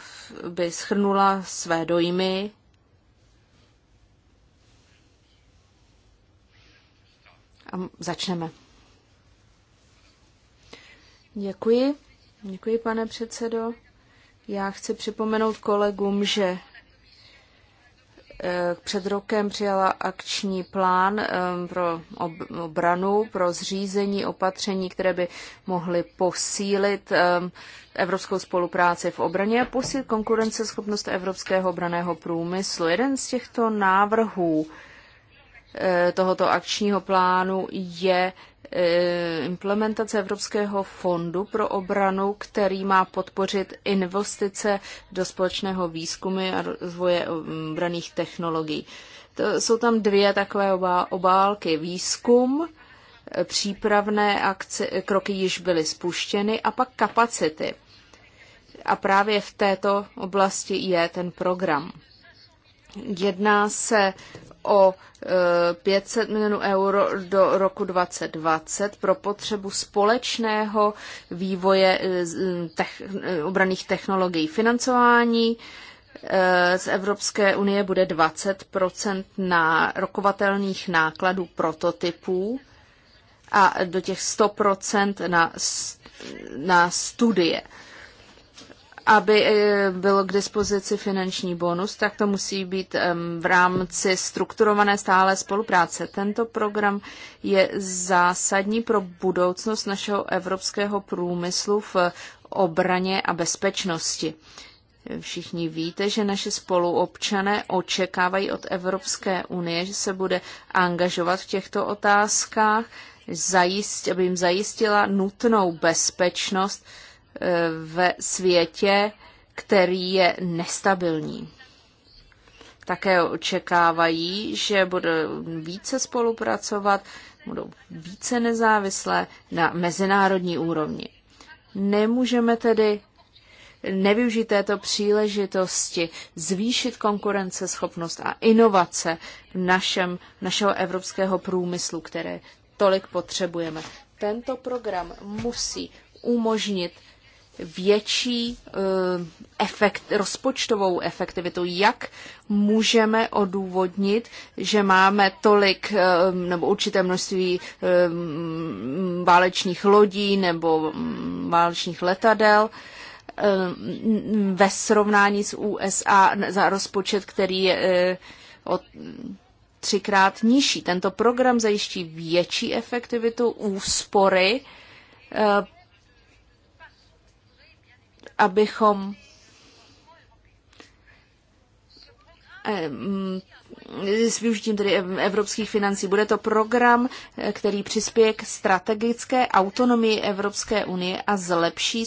by schrnula své dojmy A začneme. Děkuji. Děkuji, pane předsedo. Já chci připomenout kolegům, že eh, před rokem přijala akční plán eh, pro obranu, pro zřízení opatření, které by mohly posílit eh, evropskou spolupráci v obraně a posílit konkurenceschopnost evropského obraného průmyslu. Jeden z těchto návrhů Eh, tohoto akčního plánu je eh, implementace Evropského fondu pro obranu, který má podpořit investice do společného výzkumu a rozvoje eh, obraných technologií. To jsou tam dvě takové obálky. Výzkum, přípravné akce, kroky již byly spuštěny a pak kapacity. A právě v této oblasti je ten program. Jedná se o 500 e, milionů euro do roku 2020 pro potřebu společného vývoje e, e, tech, obraných technologií. Financování z Evropské unie bude 20 na rokovatelných nákladů prototypů a do těch 100 na, na studie aby eh, byl k dispozici finanční bonus, tak to musí být v rámci strukturované stále spolupráce. Tento program je zásadní pro budoucnost našeho evropského průmyslu v obraně a bezpečnosti. Všichni víte, že naše spoluobčané očekávají od Evropské unie, že se bude angažovat v těchto otázkách, zajist, aby jim zajistila nutnou bezpečnost, ve světě, který je nestabilní. Také očekávají, že budou více spolupracovat, budou více nezávislé na mezinárodní úrovni. Nemůžeme tedy nevyužít této příležitosti zvýšit konkurenceschopnost a inovace v našem, našeho evropského průmyslu, které tolik potřebujeme. Tento program musí umožnit větší eh, efekt, rozpočtovou efektivitu. Jak můžeme odůvodnit, že máme tolik eh, nebo určité množství eh, válečných lodí nebo mm, válečných letadel ve srovnání s USA za rozpočet, který je od třikrát nižší. Tento program zajiští větší efektivitu úspory abychom eh, s využitím tedy evropských financí. Bude to program, eh, který přispěje k strategické autonomii Evropské unie a zlepší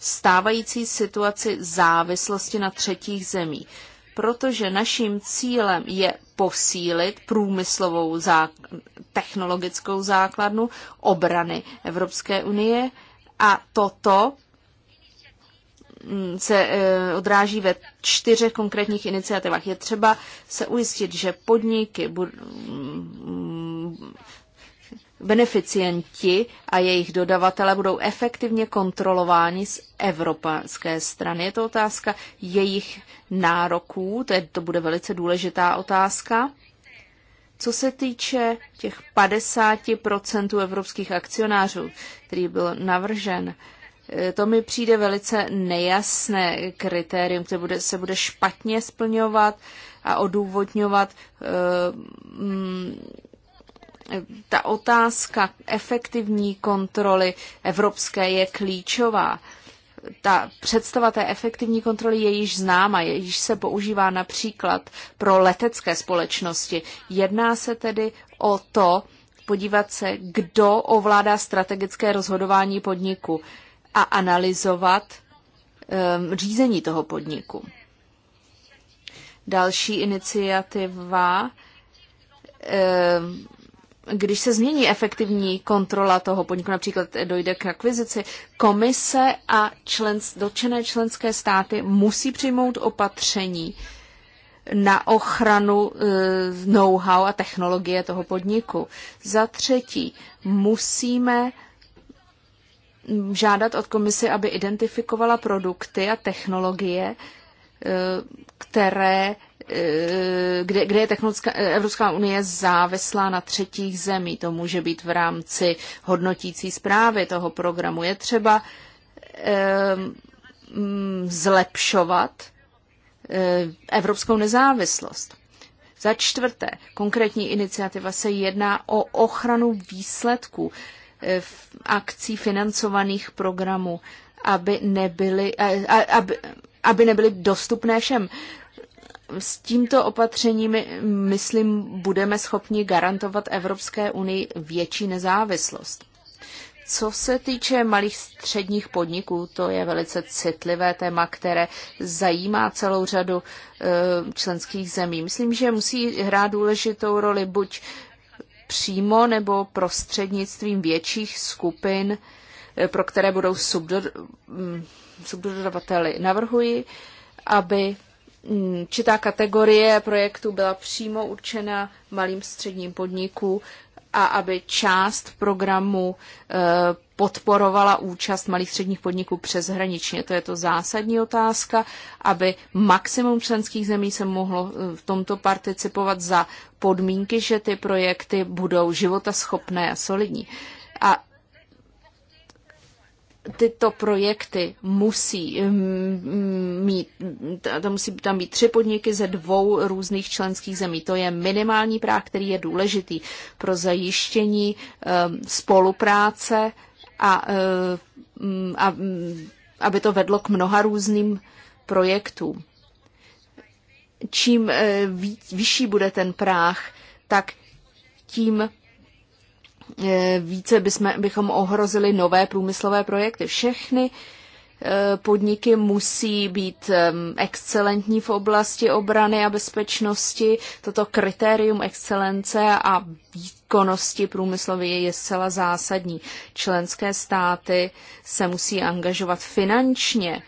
stávající situaci závislosti na třetích zemí. Protože naším cílem je posílit průmyslovou zá- technologickou základnu obrany Evropské unie a toto Mm, se eh, odráží ve čtyřech konkrétních iniciativách. Je třeba se ujistit, že podniky, mm, beneficienti a jejich dodavatele budou efektivně kontrolováni z evropské strany. Je to otázka jejich nároků, to, je, to bude velice důležitá otázka. Co se týče těch 50% evropských akcionářů, který byl navržen, Eh, to mi přijde velice nejasné kritérium, které bude, se bude špatně splňovat a odůvodňovat. Eh, mm, ta otázka efektivní kontroly evropské je klíčová. Ta představa té efektivní kontroly je již známa, je již se používá například pro letecké společnosti. Jedná se tedy o to, podívat se, kdo ovládá strategické rozhodování podniku a analyzovat um, řízení toho podniku. Další iniciativa, um, když se změní efektivní kontrola toho podniku, například dojde k akvizici, komise a člen, dotčené členské státy musí přijmout opatření na ochranu eh, know-how a technologie toho podniku. Za třetí, musíme žádat od komise, aby identifikovala produkty a technologie, e, které, e, kde, kde je e, Evropská unie závislá na třetích zemí. To může být v rámci hodnotící zprávy toho programu. Je třeba mm, zlepšovat evropskou nezávislost. Za čtvrté, konkrétní iniciativa se jedná o ochranu výsledků. Eh, akcí financovaných programů, aby nebyly, aby, aby nebyly dostupné všem. S tímto opatřením, myslím, budeme schopni garantovat Evropské unii větší nezávislost. Co se týče malých středních podniků, to je velice citlivé téma, které zajímá celou řadu eh, členských zemí. Myslím, že musí hrát důležitou roli buď přímo nebo prostřednictvím větších skupin, eh, pro které budou subdodavateli. Mm, Navrhuji, aby mm, čitá kategorie projektu byla přímo určena malým středním podniku a aby část programu eh, podporovala účast malých středních podniků přeshraničně. To je to zásadní otázka, aby maximum členských zemí se mohlo eh, v tomto participovat za podmínky, že ty projekty budou životaschopné a solidní. A tyto projekty musí eh, mít, to musí tam být tři podniky ze dvou různých členských zemí. To je minimální práh, který je důležitý pro zajištění eh, spolupráce a, e, a aby to vedlo k mnoha různým projektům. Čím e, vyšší bude ten práh, tak tím e, více bychom, bychom ohrozili nové průmyslové projekty. Všechny E, podniky musí být excelentní v oblasti obrany a bezpečnosti. Toto kritérium excelence a výkonnosti průmyslově je zcela zásadní. Členské státy se musí angažovat finančně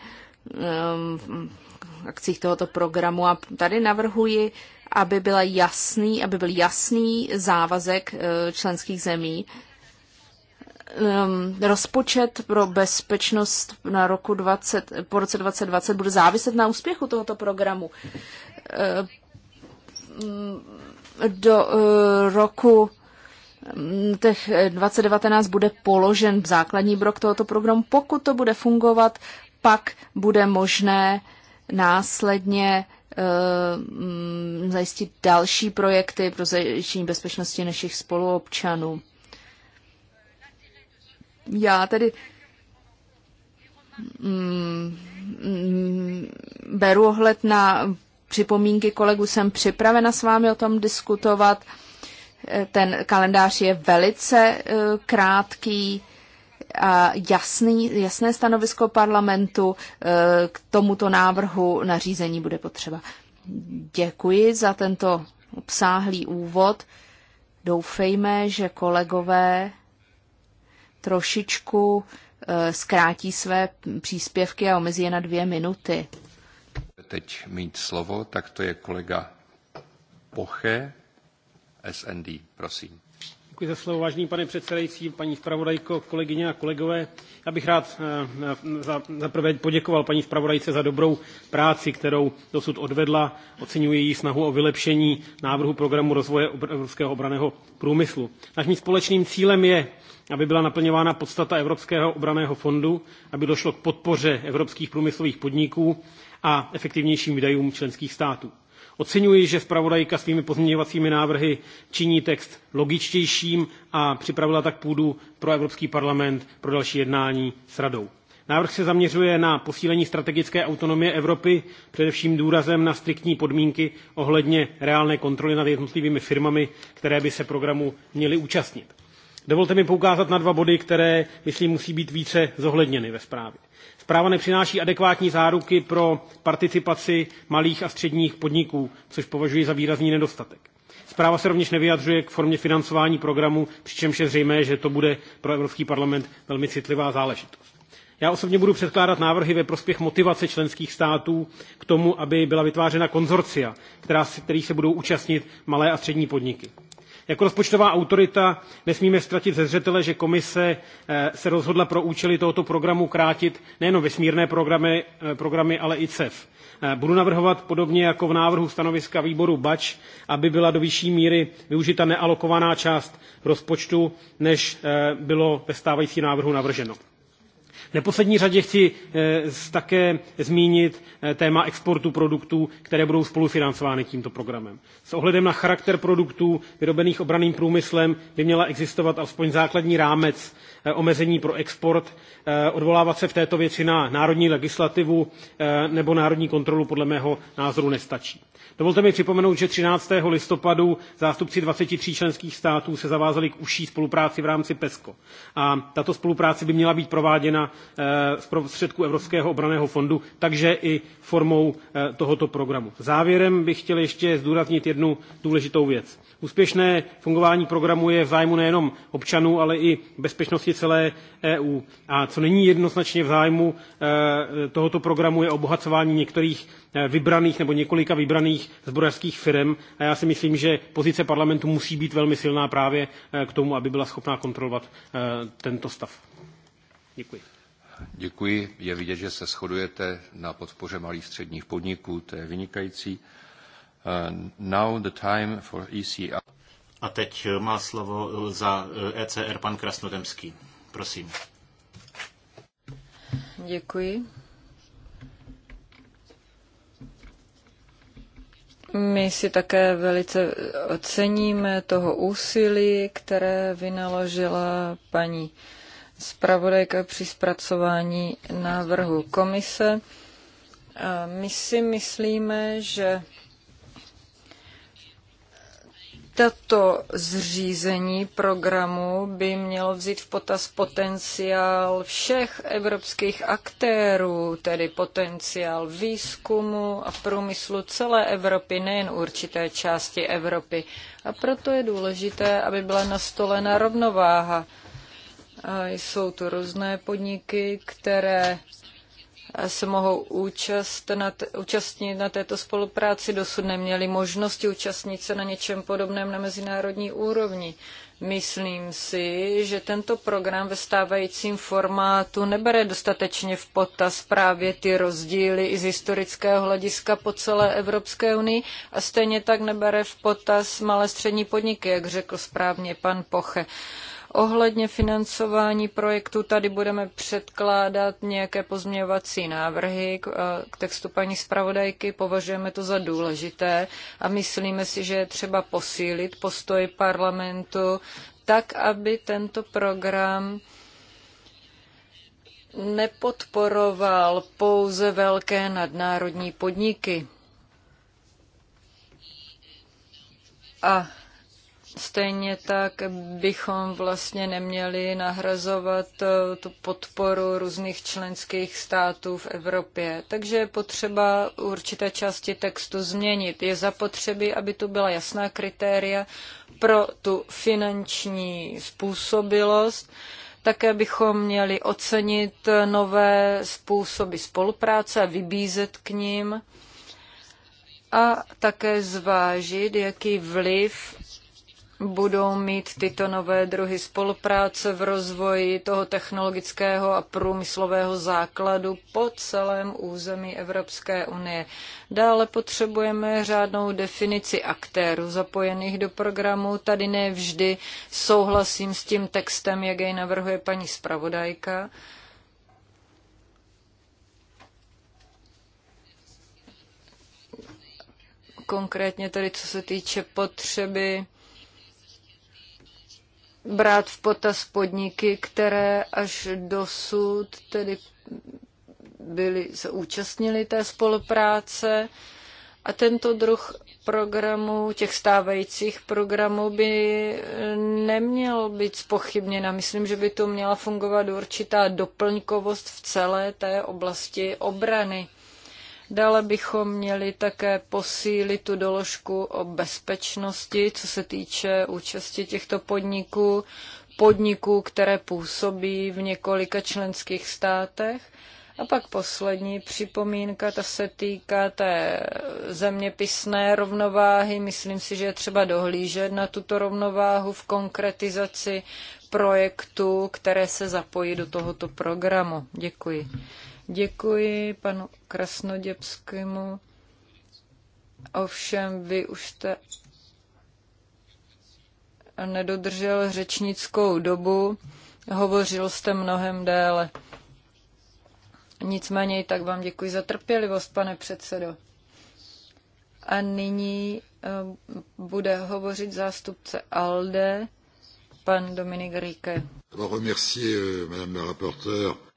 v akcích tohoto programu a tady navrhuji, aby, byla jasný, aby byl jasný závazek e, členských zemí, um, rozpočet pro bezpečnost na roku 20, po roce 2020 bude záviset na úspěchu tohoto programu. Uh, mm, do uh, roku mm, těch 2019 bude položen základní brok tohoto programu. Pokud to bude fungovat, pak bude možné následně uh, mm, zajistit další projekty pro zajištění bezpečnosti našich spoluobčanů. Já tedy mm, mm, beru ohled na připomínky kolegu, jsem připravena s vámi o tom diskutovat. Ten kalendář je velice eh, krátký a jasný, jasné stanovisko parlamentu eh, k tomuto návrhu nařízení bude potřeba. Děkuji za tento obsáhlý úvod. Doufejme, že kolegové trošičku eh, zkrátí své příspěvky a omezí je na dvě minuty. Teď mít slovo, tak to je kolega Poche, SND, prosím. Děkuji za slovo, vážný pane předsedající, paní zpravodajko, kolegyně a kolegové. Já bych rád eh, za prvé poděkoval paní zpravodajce za dobrou práci, kterou dosud odvedla. Oceňuji její snahu o vylepšení návrhu programu rozvoje evropského obraného průmyslu. Naším společným cílem je aby byla naplňována podstata Evropského obraného fondu, aby došlo k podpoře evropských průmyslových podniků a efektivnějším výdajům členských států. Oceňuji, že zpravodajka svými pozměňovacími návrhy činí text logičtějším a připravila tak půdu pro Evropský parlament pro další jednání s radou. Návrh se zaměřuje na posílení strategické autonomie Evropy, především důrazem na striktní podmínky ohledně reálné kontroly nad jednotlivými firmami, které by se programu měly účastnit. Dovolte mi poukázat na dva body, které, myslím, musí být více zohledněny ve zprávě. Zpráva nepřináší adekvátní záruky pro participaci malých a středních podniků, což považuji za výrazný nedostatek. Zpráva se rovněž nevyjadřuje k formě financování programu, přičemž je zřejmé, že to bude pro Evropský parlament velmi citlivá záležitost. Já osobně budu předkládat návrhy ve prospěch motivace členských států k tomu, aby byla vytvářena konzorcia, která, kterých se budou účastnit malé a střední podniky. Jako rozpočtová autorita nesmíme ztratit ze zřetele, že komise eh, se rozhodla pro účely tohoto programu krátit nejen vesmírné programy, eh, programy, ale i CEF. Eh, budu navrhovat podobně jako v návrhu stanoviska výboru BAČ, aby byla do vyšší míry využita nealokovaná část rozpočtu, než bylo ve stávajícím návrhu navrženo. V neposlední řadě chci eh, také zmínit eh, téma exportu produktů, které budou spolufinancovány tímto programem. S ohledem na charakter produktů vyrobených obraným průmyslem by měla existovat alespoň základní rámec eh, omezení pro export, odvolávat se v této věci na národní legislativu nebo národní kontrolu podle mého názoru nestačí. Dovolte mi připomenout, že 13. listopadu zástupci 23 členských států se zavázali k užší spolupráci v rámci PESCO. A tato spolupráce by měla být prováděna z eh, prostředků Evropského obraného fondu, takže i formou eh, tohoto programu. Závěrem bych chtěl ještě zdůraznit jednu důležitou věc. Úspěšné fungování programu je v zájmu nejenom občanů, ale i bezpečnosti celé EU. A co není jednoznačně v zájmu eh, tohoto programu, je obohacování některých vybraných nebo několika vybraných zbrojařských firm. A já si myslím, že pozice parlamentu musí být velmi silná právě k tomu, aby byla schopná kontrolovat tento stav. Děkuji. Děkuji. Je vidět, že se shodujete na podpoře malých středních podniků. To je vynikající. Eh, now the time for ECR. A teď eh, má slovo eh, za ECR e pan Krasnodemský. Prosím. Děkuji. My si také velice oceníme toho úsilí, které vynaložila paní zpravodajka při zpracování návrhu komise. My si myslíme, že tato zřízení programu by mělo vzít v potaz potenciál všech evropských aktérů, tedy potenciál výzkumu a průmyslu celé Evropy, nejen určité části Evropy. A proto je důležité, aby byla nastolena rovnováha jsou to různé podniky, které se mohou účastnit na této spolupráci. Dosud neměli možnosti účastnit se na něčem podobném na mezinárodní úrovni. Myslím si, že tento program ve stávajícím formátu nebere dostatečně v potaz právě ty rozdíly i z historického hlediska po celé Evropské unii a stejně tak nebere v potaz malé střední podniky, jak řekl správně pan Poche. Uh, Ohledně financování projektu tady budeme předkládat nějaké pozměňovací návrhy k, eh, k textu paní zpravodajky. Považujeme to za důležité a myslíme si, že je třeba posílit postoj parlamentu tak, aby tento program nepodporoval pouze velké nadnárodní podniky. A Stejně tak bychom vlastně neměli nahrazovat eh, tu podporu různých členských států v Evropě. Takže je potřeba určité části textu změnit. Je zapotřebí, aby tu byla jasná kritéria pro tu finanční způsobilost. Také bychom měli ocenit nové způsoby spolupráce a vybízet k nim a také zvážit, jaký vliv budou mít tyto nové druhy spolupráce v rozvoji toho technologického a průmyslového základu po celém území Evropské unie. Dále potřebujeme řádnou definici aktérů zapojených do programu. Tady nevždy souhlasím s tím textem, jak jej navrhuje paní zpravodajka. konkrétně tedy co se týče potřeby brát v potaz podniky, které až dosud tedy byly, se účastnili té spolupráce a tento druh programů, těch stávajících programů by neměl být spochybněna. Myslím, že by tu měla fungovat určitá doplňkovost v celé té oblasti obrany. Dále bychom měli také posílit tu doložku o bezpečnosti, co se týče účasti těchto podniků, podniků, které působí v několika členských státech. A pak poslední připomínka, ta se týká té zeměpisné rovnováhy. Myslím si, že je třeba dohlížet na tuto rovnováhu v konkretizaci projektů, které se zapojí do tohoto programu. Děkuji. Děkuji panu Krasnoděbskému. Ovšem, vy už jste nedodržel řečnickou dobu, hovořil jste mnohem déle. Nicméně i tak vám děkuji za trpělivost, pane předsedo. A nyní eh, bude hovořit zástupce ALDE, pan Dominik Rike. Euh,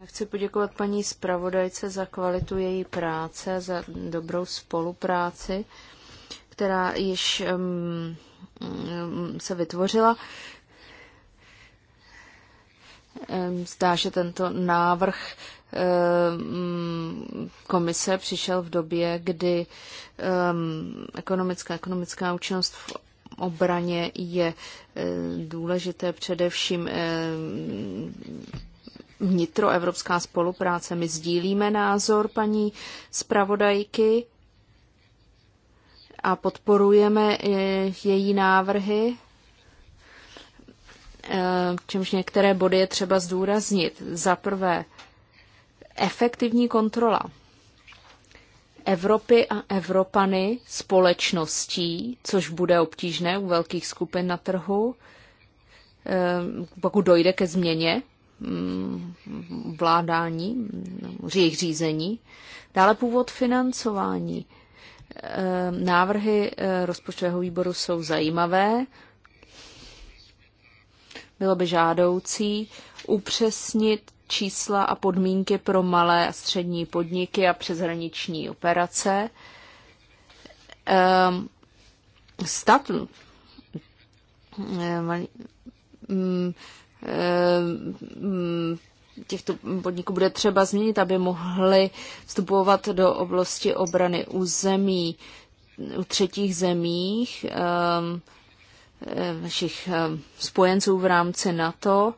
chci poděkovat paní zpravodajce za kvalitu její práce, za dobrou spolupráci, která již um, um se vytvořila. Um, zdá, že tento návrh um, komise přišel v době, kdy um, ekonomická, ekonomická účinnost v obraně je eh, důležité především eh, vnitroevropská spolupráce. My sdílíme názor paní zpravodajky a podporujeme eh, její návrhy, čímž některé body je třeba zdůraznit. Za prvé, efektivní kontrola Evropy a Evropany společností, což bude obtížné u velkých skupin na trhu, eh, pokud dojde ke změně mm, vládání, mm, jejich řízení. Dále původ financování. Eh, návrhy eh, rozpočtového výboru jsou zajímavé. Bylo by žádoucí upřesnit čísla a podmínky pro malé a střední podniky a přeshraniční operace. Um, těchto podniků bude třeba změnit, aby mohly vstupovat do oblasti obrany území u třetích zemích, e, našich spojenců v rámci NATO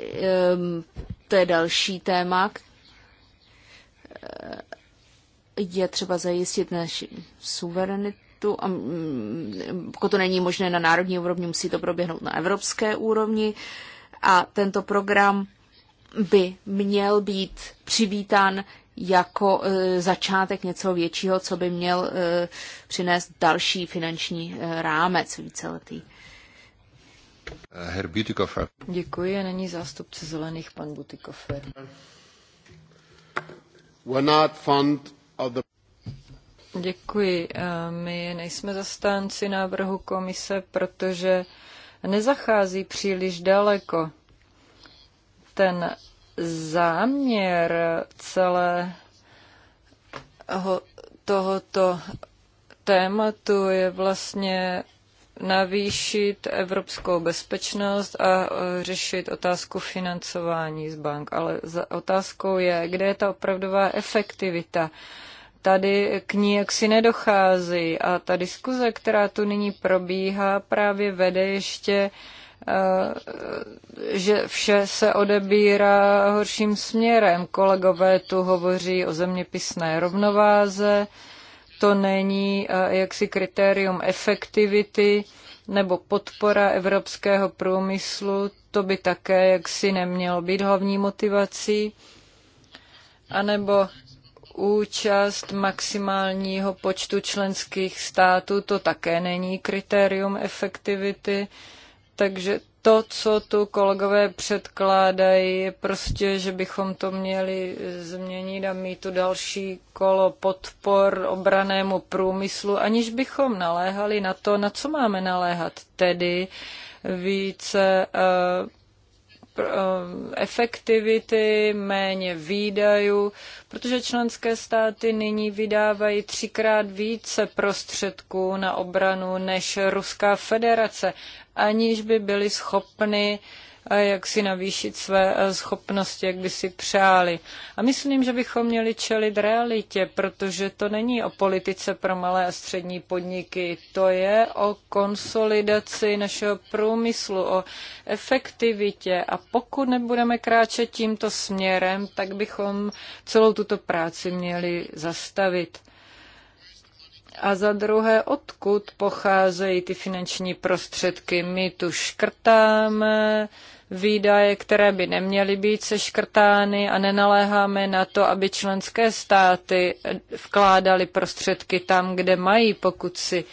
Ehm, to je další téma. Eh, je třeba zajistit naši suverenitu a mm, pokud to není možné na národní úrovni, musí to proběhnout na evropské úrovni a tento program by měl být přivítán jako e, začátek něco většího, co by měl e, přinést další finanční e, rámec víceletý. Herr Bütikofer. Děkuji a není zástupce zelených pan Butikofer. We're not fond of the... Děkuji. Eh, my nejsme zastánci návrhu komise, protože nezachází příliš daleko. Ten záměr celého tohoto tématu je vlastně navýšit evropskou bezpečnost a e, řešit otázku financování z bank. Ale otázkou je, kde je ta opravdová efektivita. Tady k ní jaksi nedochází a ta diskuze, která tu nyní probíhá, právě vede ještě e, že vše se odebírá horším směrem. Kolegové tu hovoří o zeměpisné rovnováze, to není eh, jaksi kritérium efektivity nebo podpora evropského průmyslu, to by také jaksi nemělo být hlavní motivací, anebo účast maximálního počtu členských států, to také není kritérium efektivity, takže to, co tu kolegové předkládají, je prostě, že bychom to měli změnit a mít tu další kolo podpor obranému průmyslu, aniž bychom naléhali na to, na co máme naléhat, tedy více uh, Eh, efektivity, méně výdajů, protože členské státy nyní vydávají třikrát více prostředků na obranu než Ruská federace, aniž by byly schopny uh, jak si navýšit své eh, schopnosti, jak by si přáli. A myslím, že bychom měli čelit realitě, protože to není o politice pro malé a střední podniky, to je o konsolidaci našeho průmyslu, o efektivitě. A pokud nebudeme kráčet tímto směrem, tak bychom celou tuto práci měli zastavit. A za druhé, odkud pocházejí ty finanční prostředky? My tu škrtáme, výdaje, které by neměly být seškrtány a nenaléháme na to, aby členské státy vkládaly prostředky tam, kde mají, pokud si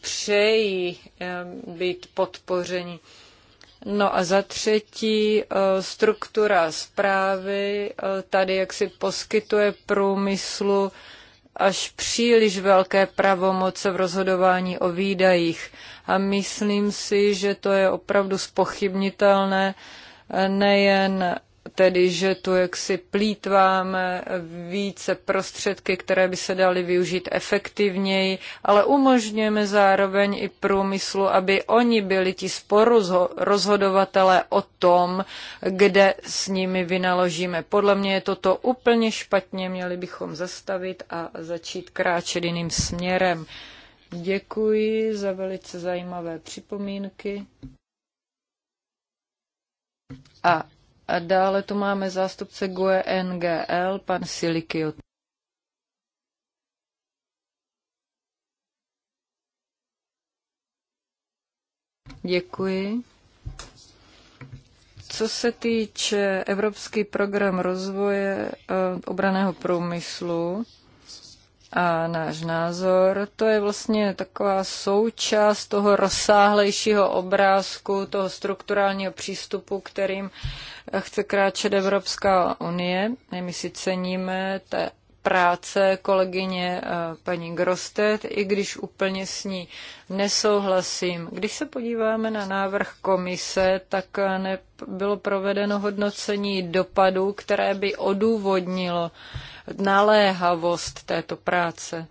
přejí eh, být podpořeni. No a za třetí, eh, struktura zprávy eh, tady jak si poskytuje průmyslu až příliš velké pravomoce v rozhodování o výdajích. A myslím si, že to je opravdu spochybnitelné nejen tedy že tu jaksi plítváme více prostředky, které by se daly využít efektivněji, ale umožňujeme zároveň i průmyslu, aby oni byli ti rozhodovatelé o tom, kde s nimi vynaložíme. Podle mě je toto úplně špatně, měli bychom zastavit a začít kráčet jiným směrem. Děkuji za velice zajímavé připomínky. A a dále tu máme zástupce GUE NGL, pan Silikiot. Děkuji. Co se týče Evropský program rozvoje eh, obraného průmyslu, a náš názor, to je vlastně taková součást toho rozsáhlejšího obrázku, toho strukturálního přístupu, kterým chce kráčet Evropská unie. My si ceníme té práce kolegyně eh, paní Grostet, i když úplně s ní nesouhlasím. Když se podíváme na návrh komise, tak eh, nebylo provedeno hodnocení dopadů, které by odůvodnilo uh, naléhavost této práce.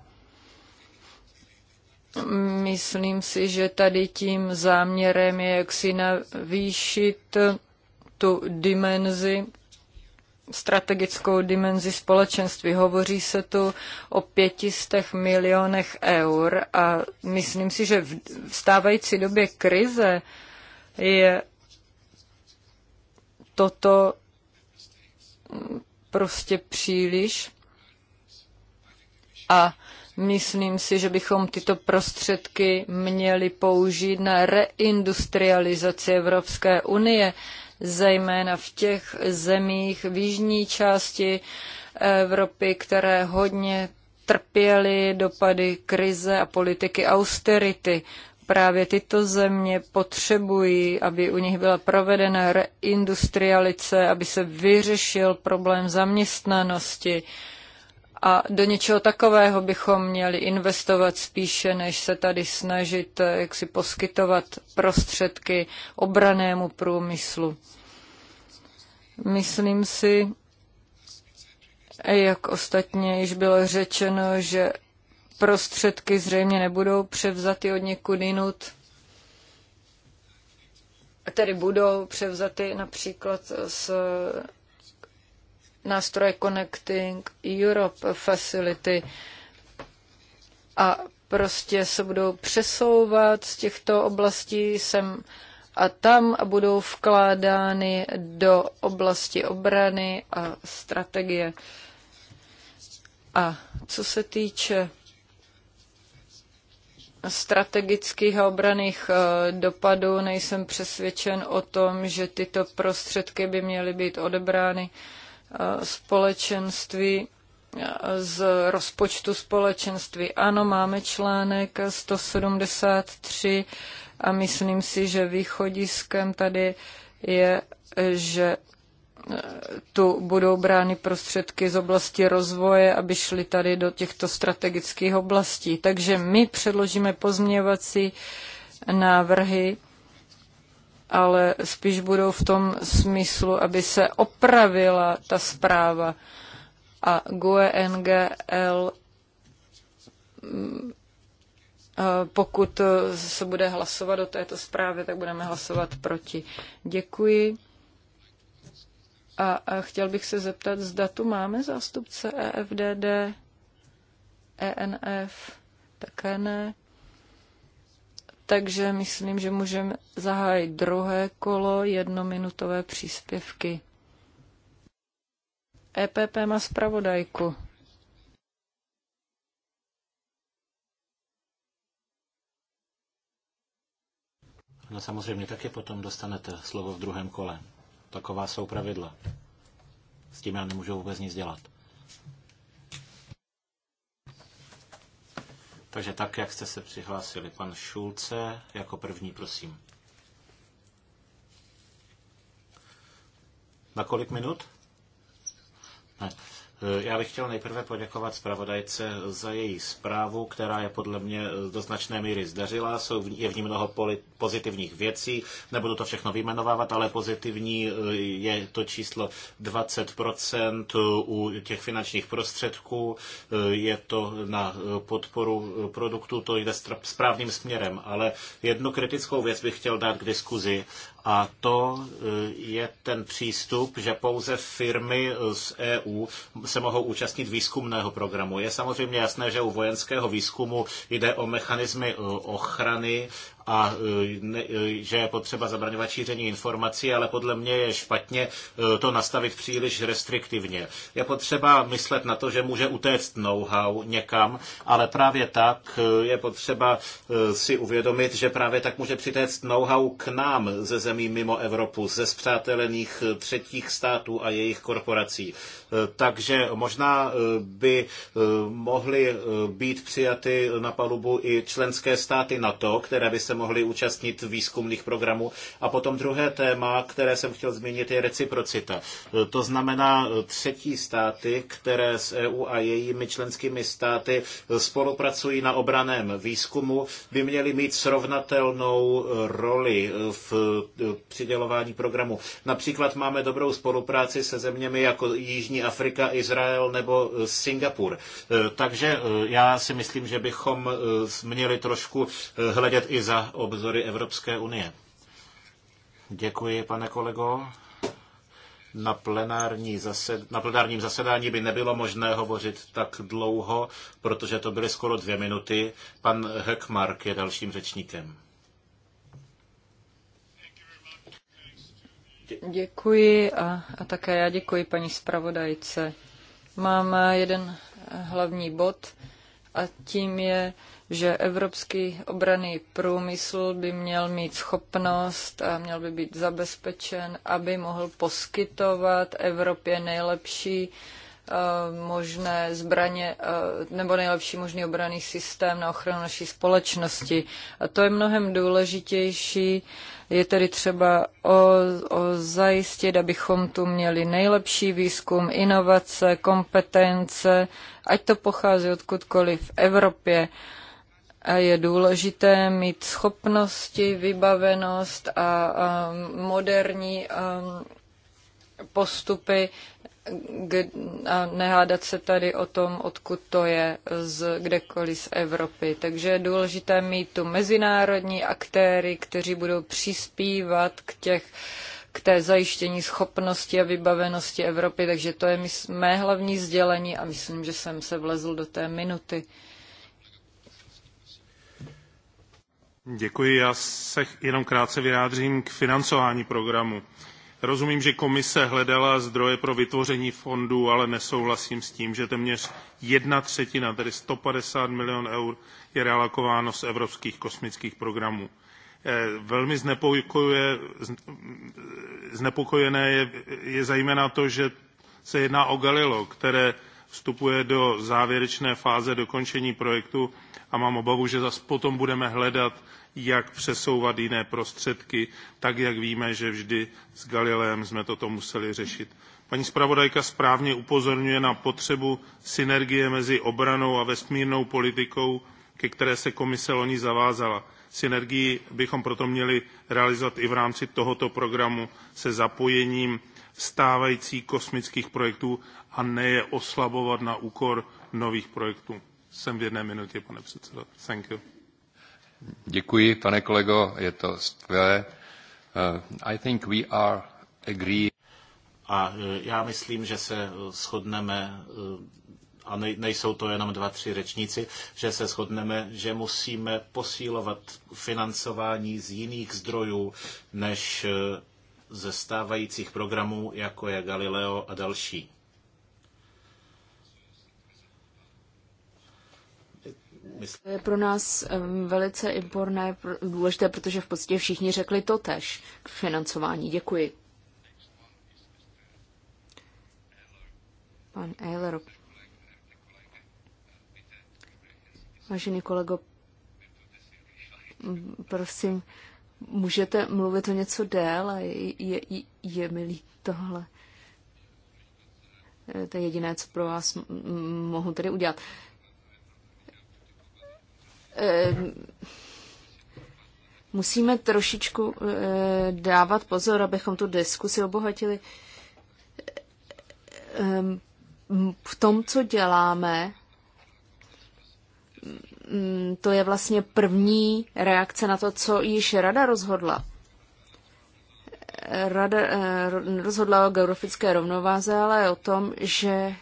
Myslím si, že tady tím záměrem je jaksi navýšit tu dimenzi, strategickou dimenzi společenství. Hovoří se tu o pětistech milionech eur a myslím si, že v stávající době krize je toto prostě příliš. A myslím si, že bychom tyto prostředky měli použít na reindustrializaci Evropské unie, zejména v těch zemích v jižní části Evropy, které hodně trpěly dopady krize a politiky austerity právě tyto země potřebují, aby u nich byla provedena reindustrializace, aby se vyřešil problém zaměstnanosti. A do něčeho takového bychom měli investovat spíše, než se tady snažit, eh, jak si poskytovat prostředky obranému průmyslu. Myslím si, jak ostatně již bylo řečeno, že prostředky zřejmě nebudou převzaty od někud jinut, tedy budou převzaty například z nástroje Connecting Europe Facility a prostě se budou přesouvat z těchto oblastí sem a tam a budou vkládány do oblasti obrany a strategie. A co se týče strategických a obraných eh, dopadů nejsem přesvědčen o tom, že tyto prostředky by měly být odebrány eh, společenství eh, z rozpočtu společenství. Ano, máme článek 173 a myslím si, že východiskem tady je, že tu budou brány prostředky z oblasti rozvoje, aby šly tady do těchto strategických oblastí. Takže my předložíme pozměvací návrhy, ale spíš budou v tom smyslu, aby se opravila ta zpráva. A GUE NGL eh, pokud se bude hlasovat o této zprávě, tak budeme hlasovat proti. Děkuji. A, a chtěl bych se zeptat, zda tu máme zástupce EFDD, ENF, také ne. Takže myslím, že můžeme zahájit druhé kolo jednominutové příspěvky. EPP má zpravodajku. No samozřejmě také potom dostanete slovo v druhém kole. Taková jsou pravidla. S tím já nemůžu vůbec nic dělat. Takže tak, jak jste se přihlásili, pan Šulce, jako první, prosím. Na kolik minut? Ne. Eh, já bych chtěl nejprve poděkovat zpravodajce za její zprávu, která je podle mě eh, do značné míry zdařila. Jsou, je v ní mnoho pozitivních věcí. Nebudu to všechno vyjmenovávat, ale pozitivní eh, je to číslo 20% u těch finančních prostředků. Je to na podporu produktů, to jde správným směrem. Ale jednu kritickou věc bych chtěl dát k diskuzi a to e, je ten přístup, že pouze firmy e, z EU se mohou účastnit výzkumného programu. Je samozřejmě jasné, že u vojenského výzkumu jde o mechanismy e, ochrany a e, ne, e, že je potřeba zabraňovat šíření informací, ale podle mě je špatně e, to nastavit příliš restriktivně. Je potřeba myslet na to, že může utéct know-how někam, ale právě tak je potřeba si uvědomit, že právě tak může přitéct know-how k nám ze zemí mimo Evropu, ze spřátelených třetích států a jejich korporací takže možná eh, by eh, mohly eh, být přijaty na palubu i členské státy NATO, které by se mohly účastnit výzkumných programů. A potom druhé téma, které jsem chtěl zmínit, je reciprocita. To znamená třetí státy, které s EU a jejími členskými státy spolupracují na obraném výzkumu, by měly mít srovnatelnou roli v přidělování programu. Například máme dobrou spolupráci se zeměmi jako Jižní Jižní Afrika, Izrael nebo eh, Singapur. Eh, takže eh, já si myslím, že bychom měli trošku hledět i za obzory Evropské unie. Děkuji, pane kolego na, plenární zased, na plenárním zasedání by nebylo možné hovořit tak dlouho, protože to byly skoro dvě minuty. Pan Heckmark je dalším řečníkem. Děkuji a, a také já děkuji paní zpravodajce. Mám jeden hlavní bod a tím je, že evropský obraný průmysl by měl mít schopnost a měl by být zabezpečen, aby mohl poskytovat Evropě nejlepší eh, možné zbraně eh, nebo nejlepší možný obraný systém na ochranu naší společnosti. A to je mnohem důležitější je tedy třeba o, o zajistit, abychom tu měli nejlepší výzkum, inovace, kompetence, ať to pochází odkudkoliv v Evropě. A je důležité mít schopnosti, vybavenost a, a moderní a, postupy a nehádat se tady o tom, odkud to je z kdekoliv z Evropy. Takže je důležité mít tu mezinárodní aktéry, kteří budou přispívat k těch k té zajištění schopnosti a vybavenosti Evropy, takže to je mé hlavní sdělení a myslím, že jsem se vlezl do té minuty. Děkuji, já se jenom krátce vyjádřím k financování programu. Rozumím, že komise hledala zdroje pro vytvoření fondu, ale nesouhlasím s tím, že téměř jedna třetina, tedy 150 milion eur, je realokováno z evropských kosmických programů. Eh, velmi znepokojuje, znepokojené je, je zejména to, že se jedná o Galileo, které vstupuje do závěrečné fáze dokončení projektu a mám obavu, že zase potom budeme hledat jak přesouvat jiné prostředky, tak jak víme, že vždy s Galileem jsme toto museli řešit. Paní zpravodajka správně upozorňuje na potřebu synergie mezi obranou a vesmírnou politikou, ke které se komise loni zavázala. Synergii bychom proto měli realizovat i v rámci tohoto programu se zapojením stávajících kosmických projektů a ne je oslabovat na úkor nových projektů. Jsem v jedné minutě, pane předsedo. Thank you. Děkuji, pane kolego, je to skvělé. Uh, eh, I think we are agree. A eh, já myslím, že se eh, shodneme a nejsou to jenom dva, tři řečníci, že se shodneme, že musíme posílovat financování z jiných zdrojů než ze stávajících programů, jako je Galileo a další. To je pro nás velice imporné, důležité, protože v podstatě všichni řekli to tež k financování. Děkuji. Pan Eiler. Vážený kolego, prosím, můžete mluvit o něco déle, je, je, je, je milý tohle. E, to je jediné, co pro vás mohu tady udělat. Eh, musíme trošičku eh, dávat pozor, abychom tu diskusi obohatili eh, v tom, co děláme, mm, to je vlastně první reakce na to, co již rada rozhodla. Rada rozhodla o geografické rovnováze, ale o tom, že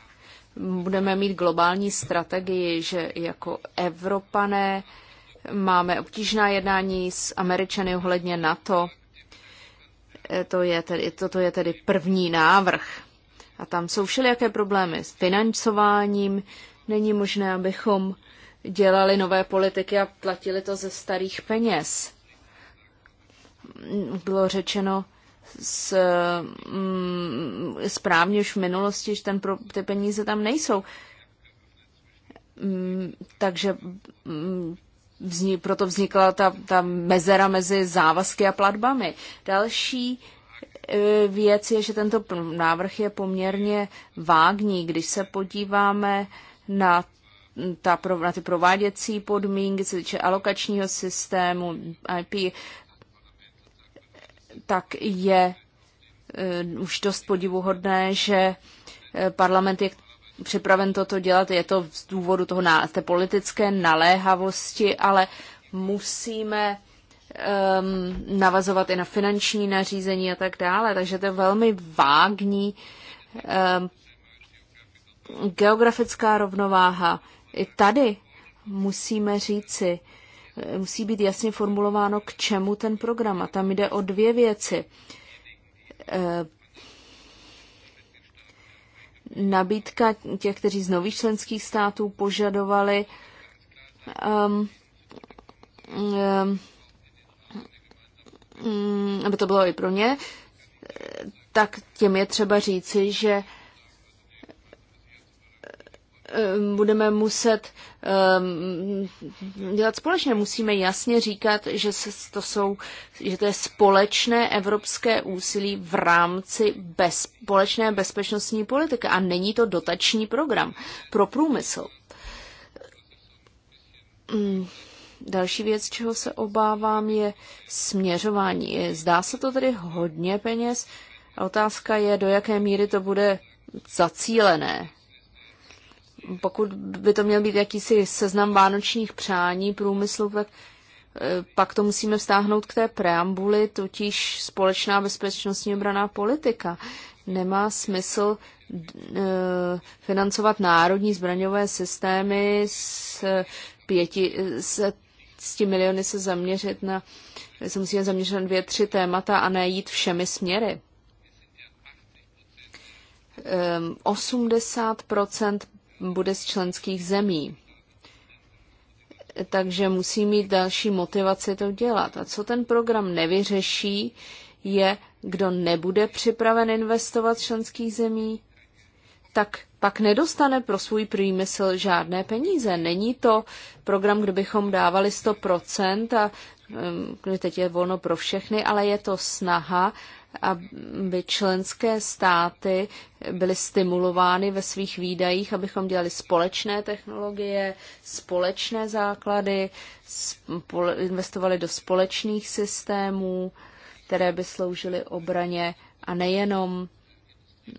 budeme mít globální strategii, že jako Evropané máme obtížná jednání s Američany ohledně NATO. E, to je tedy, toto je tedy první návrh. A tam jsou všelijaké problémy s financováním. Není možné, abychom dělali nové politiky a platili to ze starých peněz. Bylo řečeno, s, mm, správně už v minulosti, že ten pro, ty peníze tam nejsou. Mm, takže mm, vzni, proto vznikla ta, ta mezera mezi závazky a platbami. Další e, věc je, že tento návrh je poměrně vágní. Když se podíváme na, ta, na ty prováděcí podmínky, se týče alokačního systému IP, tak je eh, už dost podivuhodné, že eh, parlament je připraven toto dělat. Je to z důvodu toho, té politické naléhavosti, ale musíme um, navazovat i na finanční nařízení a tak dále. Takže to je velmi vágní um, geografická rovnováha. I tady musíme říci, musí být jasně formulováno, k čemu ten program. A tam jde o dvě věci. Eh, nabídka těch, kteří z nových členských států požadovali um, um, aby to bylo i pro ně, eh, tak těm je třeba říci, že Eh, budeme muset eh, dělat společně. Musíme jasně říkat, že, se to jsou, že to je společné evropské úsilí v rámci bez, společné bezpečnostní politiky a není to dotační program pro průmysl. Hmm. Další věc, čeho se obávám, je směřování. Zdá se to tedy hodně peněz. Otázka je, do jaké míry to bude zacílené pokud by to měl být jakýsi seznam vánočních přání průmyslu, tak e, pak to musíme vztáhnout k té preambuli, totiž společná bezpečnostní obraná politika. Nemá smysl e, financovat národní zbraňové systémy s pěti, s, s tím miliony se zaměřit na, se musíme zaměřit na dvě, tři témata a nejít všemi směry. 80% ehm, bude z členských zemí. Takže musí mít další motivaci to dělat. A co ten program nevyřeší, je, kdo nebude připraven investovat z členských zemí, tak pak nedostane pro svůj průmysl žádné peníze. Není to program, kde bychom dávali 100% a um, teď je volno pro všechny, ale je to snaha aby členské státy byly stimulovány ve svých výdajích, abychom dělali společné technologie, společné základy, investovali do společných systémů, které by sloužily obraně a nejenom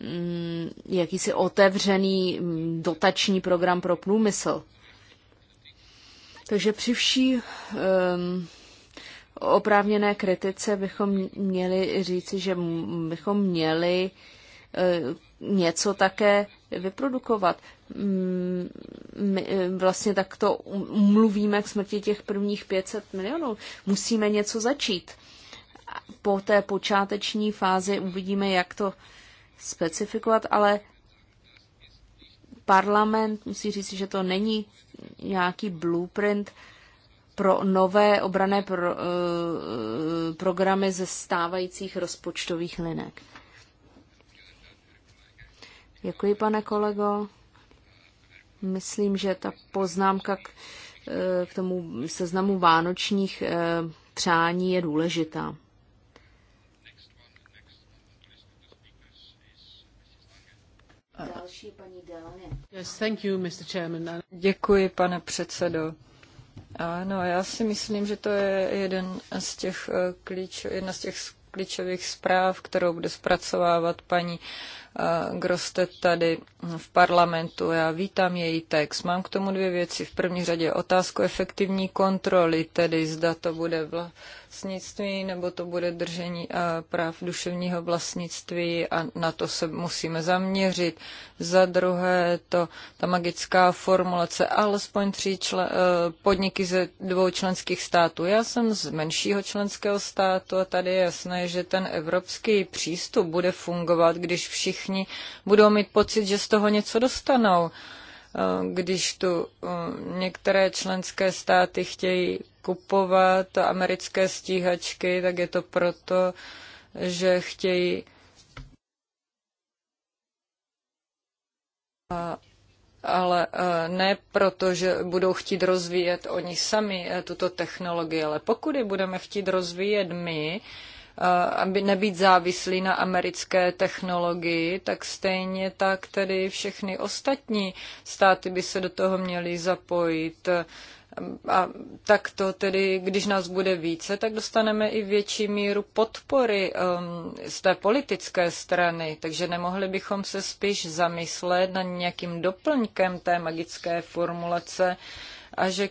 mm, jakýsi otevřený mm, dotační program pro průmysl. Takže při vší um, oprávněné kritice bychom měli říci, že bychom měli e, něco také vyprodukovat. Mm, my e, vlastně tak to um-, mluvíme k smrti těch prvních 500 milionů. Musíme něco začít. Po té počáteční fázi uvidíme, jak to specifikovat, ale parlament musí říct, že to není nějaký blueprint, pro nové obrané pro, uh, programy ze stávajících rozpočtových linek. Děkuji, pane kolego. Myslím, že ta poznámka k, eh, k tomu seznamu vánočních uh, přání je důležitá. Další paní Delany. Děkuji, pane předsedo. Ano, já si myslím, že to je jeden z těch eh, klíč, jedna z těch klíčových zpráv, kterou bude zpracovávat paní Eh, Grostet tady v parlamentu. Já vítám její text. Mám k tomu dvě věci. V první řadě otázku efektivní kontroly, tedy zda to bude vlastnictví nebo to bude držení eh, práv duševního vlastnictví a na to se musíme zaměřit. Za druhé to ta magická formulace alespoň tři eh, podniky ze dvou členských států. Já jsem z menšího členského státu a tady je jasné, že ten evropský přístup bude fungovat, když všichni všichni budou mít pocit, že z toho něco dostanou. Eh, když tu eh, některé členské státy chtějí kupovat americké stíhačky, tak je to proto, že chtějí eh, ale ne proto, že budou chtít rozvíjet oni sami tuto technologii, ale pokud ji budeme chtít rozvíjet my, Eh, aby nebýt závislí na americké technologii, tak stejně tak tedy všechny ostatní státy by se do toho měly zapojit. Eh, a tak to tedy, když nás bude více, tak dostaneme i větší míru podpory um, z té politické strany. Takže nemohli bychom se spíš zamyslet nad nějakým doplňkem té magické formulace a že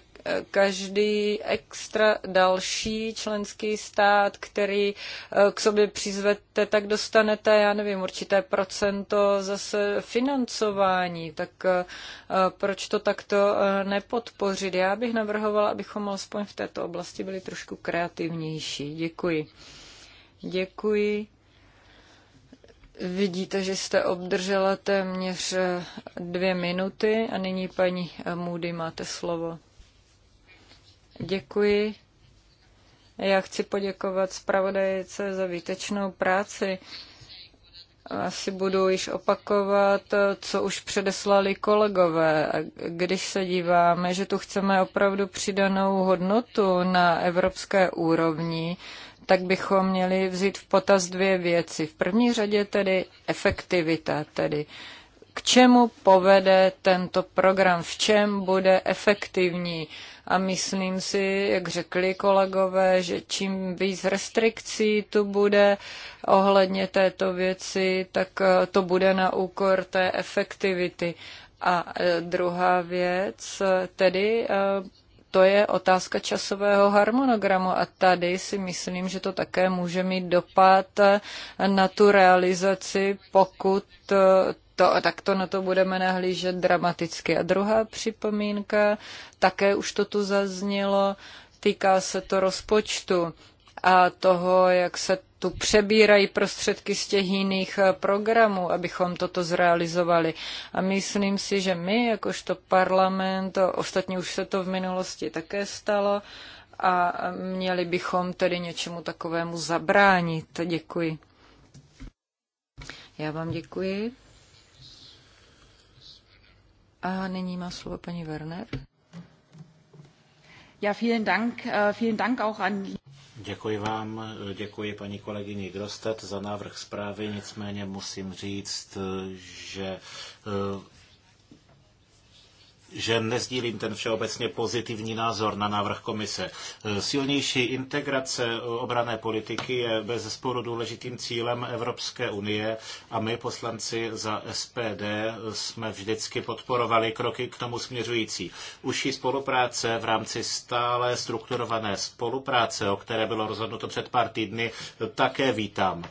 každý extra další členský stát, který eh, k sobě přizvete, tak dostanete, já nevím, určité procento zase financování. Tak eh, proč to takto eh, nepodpořit? Já bych navrhovala, abychom alespoň v této oblasti byli trošku kreativnější. Děkuji. Děkuji. Vidíte, že jste obdržela téměř dvě minuty a nyní paní Moody máte slovo. Děkuji. Já chci poděkovat zpravodajce za výtečnou práci. Asi budu již opakovat, co už předeslali kolegové. Když se díváme, že tu chceme opravdu přidanou hodnotu na evropské úrovni, tak bychom měli vzít v potaz dvě věci. V první řadě tedy efektivita, tedy k čemu povede tento program, v čem bude efektivní. A myslím si, jak řekli kolegové, že čím víc restrikcí tu bude ohledně této věci, tak eh, to bude na úkor té efektivity. A eh, druhá věc, eh, tedy to je otázka časového harmonogramu a tady si myslím, že to také může mít dopad na tu realizaci, pokud to, tak to na to budeme nahlížet dramaticky. A druhá připomínka, také už to tu zaznělo, týká se to rozpočtu a toho, jak se tu přebírají prostředky z těch jiných eh, programů, abychom toto zrealizovali. A myslím si, že my, jakožto parlament, ostatně už se to v minulosti také stalo, a eh, měli bychom tedy něčemu takovému zabránit. Děkuji. Já vám děkuji. A nyní má slovo paní Werner. Ja, vielen Dank, äh, vielen Dank auch an... Děkuji vám, äh, děkuji paní kolegyni Grostet za návrh zprávy, nicméně musím říct, äh, že že nezdílím ten všeobecně pozitivní názor na návrh komise. Silnější integrace obrané politiky je bez sporu důležitým cílem Evropské unie a my poslanci za SPD jsme vždycky podporovali kroky k tomu směřující. Užší spolupráce v rámci stále strukturované spolupráce, o které bylo rozhodnuto před pár týdny, také vítám.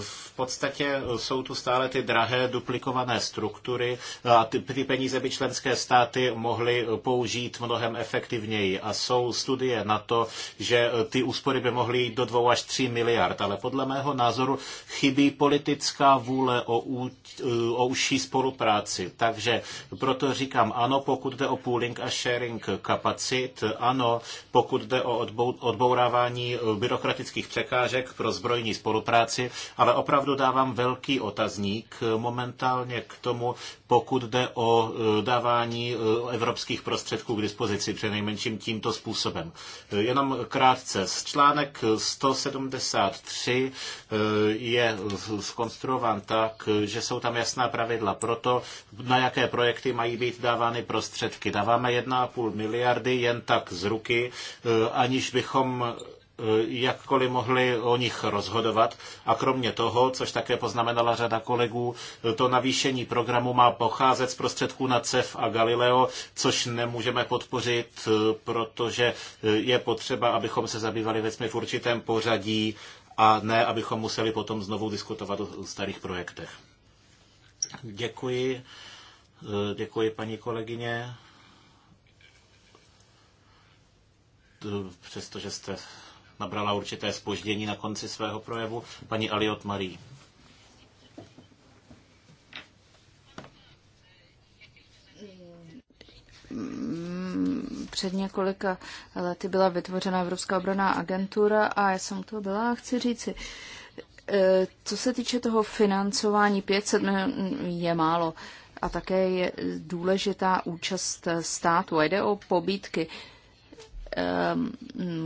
V podstatě e, jsou tu stále ty drahé duplikované struktury a ty, ty peníze by členské státy mohly e, použít mnohem efektivněji. A jsou studie na to, že e, ty úspory by mohly jít do 2 až 3 miliard, ale podle mého názoru chybí politická vůle o, ú, o užší spolupráci. Takže proto říkám ano, pokud jde o pooling a sharing kapacit, ano, pokud jde o odbou, odbourávání byrokratických překážek pro zbrojní spolupráci, ale opravdu opravdu dávám velký otazník momentálně k tomu, pokud jde o e, dávání e, evropských prostředků k dispozici, přinejmenším tímto způsobem. E, jenom krátce. Článek 173 je skonstruován tak, že jsou tam jasná pravidla pro to, na jaké projekty mají být dávány prostředky. Dáváme 1,5 miliardy jen tak z ruky, aniž bychom jakkoliv mohli o nich rozhodovat. A kromě toho, což také poznamenala řada kolegů, to navýšení programu má pocházet z prostředků na CEF a Galileo, což nemůžeme podpořit, protože je potřeba, abychom se zabývali věcmi v určitém pořadí a ne, abychom museli potom znovu diskutovat o starých projektech. Děkuji. Děkuji, paní kolegyně. Přestože jste nabrala určité spoždění na konci svého projevu. Paní Aliot Marie. před několika lety byla vytvořena Evropská obraná agentura a já jsem to byla a chci říci, eh, co se týče toho financování, 500 je málo a také je důležitá účast státu. A jde o pobítky. Ehm,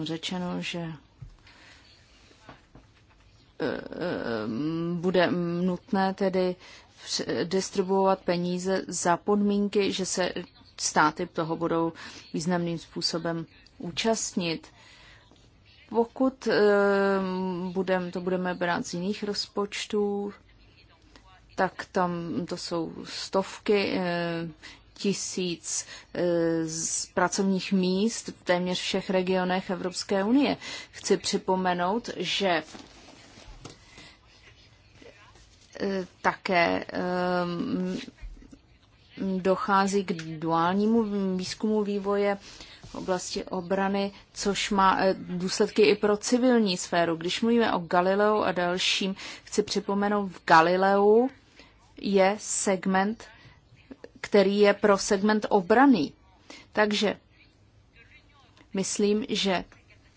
řečeno, že Eh, bude nutné tedy distribuovat peníze za podmínky, že se státy toho budou významným způsobem účastnit. Pokud eh, budem, to budeme brát z jiných rozpočtů, tak tam to jsou stovky eh, tisíc z pracovních míst v téměř všech regionech Evropské unie. Chci připomenout, že Eh, také ehm, dochází k duálnímu výzkumu vývoje v oblasti obrany, což má eh, důsledky i pro civilní sféru. Když mluvíme o Galileu a dalším, chci připomenout, v Galileu je segment, který je pro segment obrany. Takže myslím, že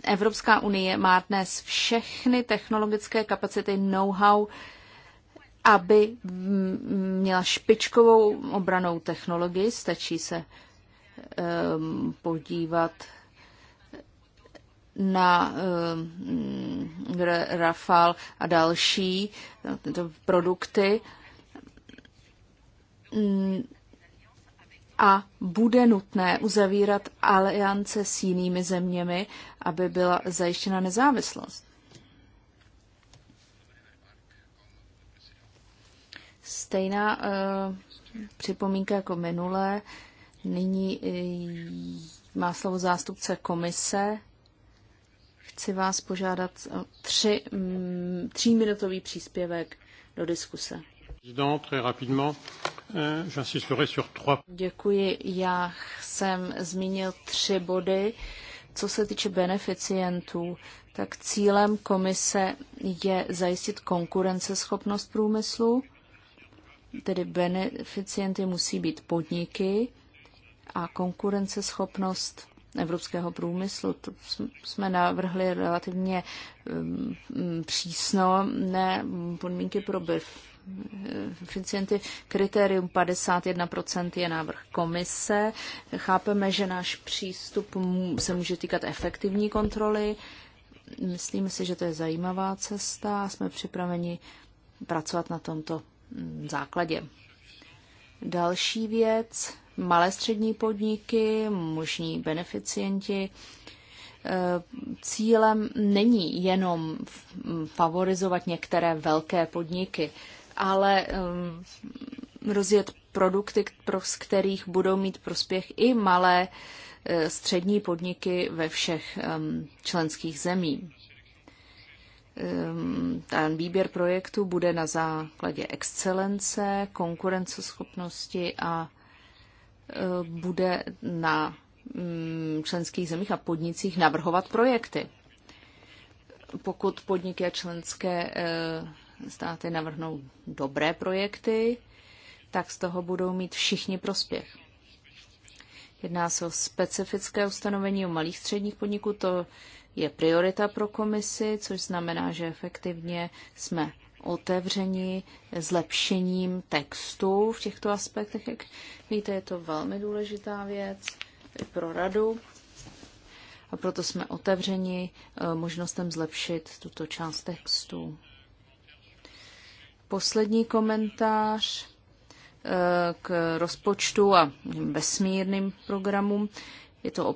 Evropská unie má dnes všechny technologické kapacity, know-how, aby měla špičkovou obranou technologii, stačí se um, podívat na um, Rafal a další eh, tyto produkty mm, a bude nutné uzavírat aliance s jinými zeměmi, aby byla zajištěna nezávislost. Stejná uh, připomínka jako minulé. Nyní uh, má slovo zástupce komise. Chci vás požádat o tři, um, tříminutový příspěvek do diskuse. Eh, Děkuji. Já jsem zmínil tři body. Co se týče beneficientů, tak cílem komise je zajistit konkurenceschopnost průmyslu tedy beneficienty musí být podniky a konkurenceschopnost evropského průmyslu. To jsme navrhli relativně um, um, přísno ne podmínky pro beneficienty. Kritérium 51% je návrh komise. Chápeme, že náš přístup se může týkat efektivní kontroly. Myslíme si, že to je zajímavá cesta a jsme připraveni pracovat na tomto základě. Další věc, malé střední podniky, možní beneficienti. E, cílem není jenom favorizovat některé velké podniky, ale e, rozjet produkty, pro z kterých budou mít prospěch i malé e, střední podniky ve všech členských zemích. Ehm, ten výběr projektu bude na základě excelence, konkurenceschopnosti a e, bude na mm, členských zemích a podnicích navrhovat projekty. Pokud podniky a členské e, státy navrhnou dobré projekty, tak z toho budou mít všichni prospěch. Jedná se o specifické ustanovení o malých středních podniků, to je priorita pro komisi, což znamená, že efektivně jsme otevření zlepšením textu v těchto aspektech. Jak víte, je to velmi důležitá věc i pro radu. A proto jsme otevřeni eh, možnostem zlepšit tuto část textu. Poslední komentář eh, k rozpočtu a vesmírným programům. Je to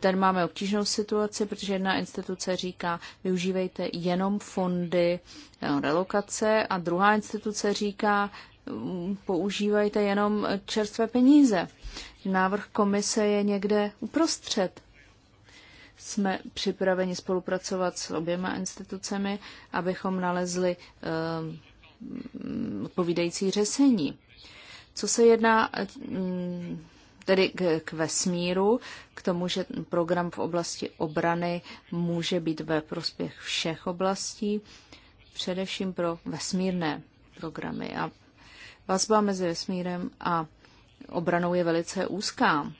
ten máme obtížnou situaci, protože jedna instituce říká, využívejte jenom fondy eh, relokace a druhá instituce říká, mm, používajte jenom čerstvé peníze. Návrh komise je někde uprostřed. Jsme připraveni spolupracovat s oběma institucemi, abychom nalezli um, odpovídající řešení. Co se jedná eh, mm, tedy k, k vesmíru, k tomu, že program v oblasti obrany může být ve prospěch všech oblastí, především pro vesmírné programy. A vazba mezi vesmírem a obranou je velice úzká.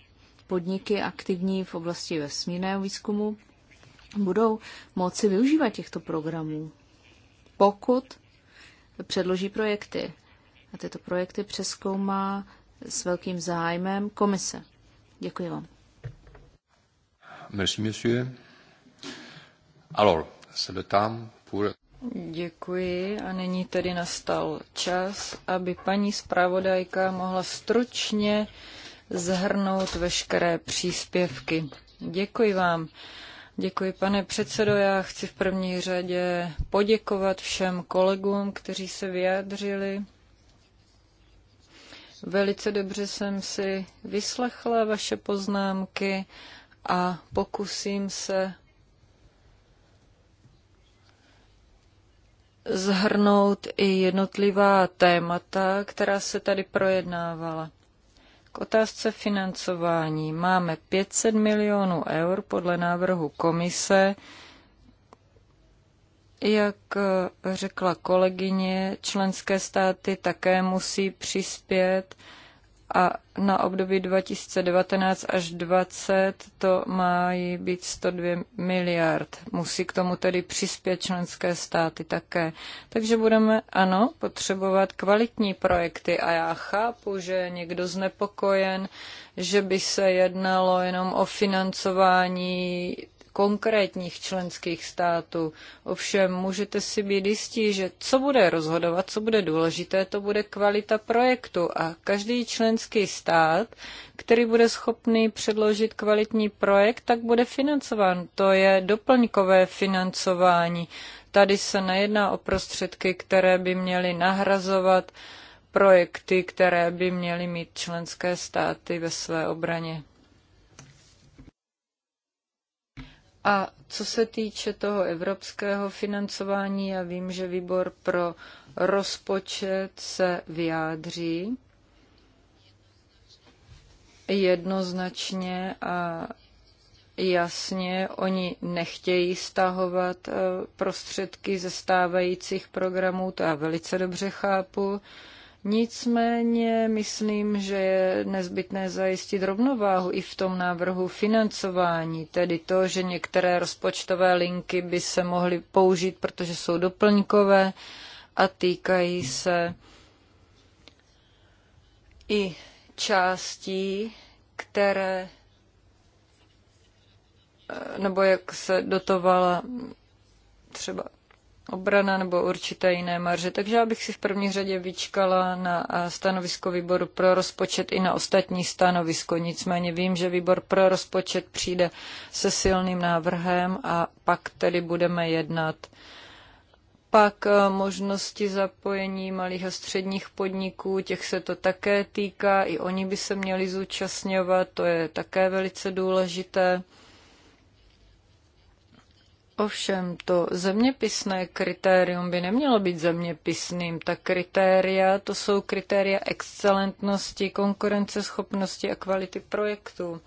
Podniky aktivní v oblasti vesmírného výzkumu budou moci využívat těchto programů, pokud předloží projekty. A tyto projekty přeskoumá s velkým zájmem komise. Děkuji vám. Merci, monsieur. Alors, c'est le temps pour... Děkuji a nyní tedy nastal čas, aby paní zpravodajka mohla stručně zhrnout veškeré příspěvky. Děkuji vám. Děkuji, pane předsedo. Já chci v první řadě poděkovat všem kolegům, kteří se vyjádřili Velice dobře jsem si vyslechla vaše poznámky a pokusím se zhrnout i jednotlivá témata, která se tady projednávala. K otázce financování máme 500 milionů eur podle návrhu komise, jak eh, řekla kolegyně, členské státy také musí přispět a na období 2019 až 2020 to mají být 102 miliard. Musí k tomu tedy přispět členské státy také. Takže budeme, ano, potřebovat kvalitní projekty a já chápu, že je někdo znepokojen, že by se jednalo jenom o financování konkrétních členských států. Ovšem můžete si být jistí, že co bude rozhodovat, co bude důležité, to bude kvalita projektu a každý členský stát, který bude schopný předložit kvalitní projekt, tak bude financován. To je doplňkové financování. Tady se nejedná o prostředky, které by měly nahrazovat projekty, které by měly mít členské státy ve své obraně. A co se týče toho evropského financování, já vím, že výbor pro rozpočet se vyjádří jednoznačně a jasně, oni nechtějí stahovat eh, prostředky ze stávajících programů, to já velice dobře chápu. Nicméně myslím, že je nezbytné zajistit rovnováhu i v tom návrhu financování, tedy to, že některé rozpočtové linky by se mohly použít, protože jsou doplňkové a týkají se i částí, které eh, nebo jak se dotovala třeba obrana nebo určité jiné marže. Takže já bych si v první řadě vyčkala na eh, stanovisko výboru pro rozpočet i na ostatní stanovisko. Nicméně vím, že výbor pro rozpočet přijde se silným návrhem a pak tedy budeme jednat. Pak eh, možnosti zapojení malých a středních podniků, těch se to také týká, i oni by se měli zúčastňovat, to je také velice důležité. Ovšem to zeměpisné kritérium by nemělo být zeměpisným. Ta kritéria, to jsou kritéria excelentnosti, konkurenceschopnosti a kvality projektu.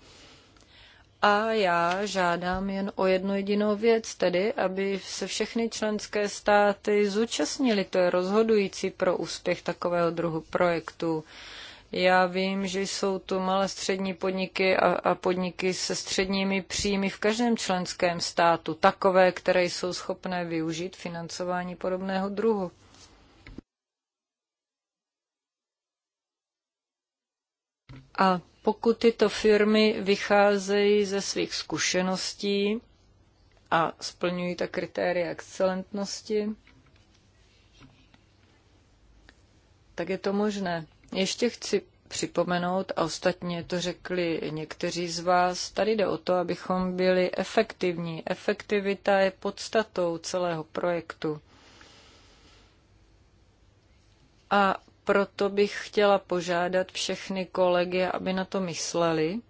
A já žádám jen o jednu jedinou věc, tedy aby se všechny členské státy zúčastnili. To je rozhodující pro úspěch takového druhu projektu. Já vím, že jsou tu malé střední podniky a, a podniky se středními příjmy v každém členském státu, takové, které jsou schopné využít financování podobného druhu. A pokud tyto firmy vycházejí ze svých zkušeností a splňují ta kritéria excelentnosti, tak je to možné. Ještě chci připomenout, a ostatně to řekli někteří z vás, tady jde o to, abychom byli efektivní. Efektivita je podstatou celého projektu. A proto bych chtěla požádat všechny kolegy, aby na to mysleli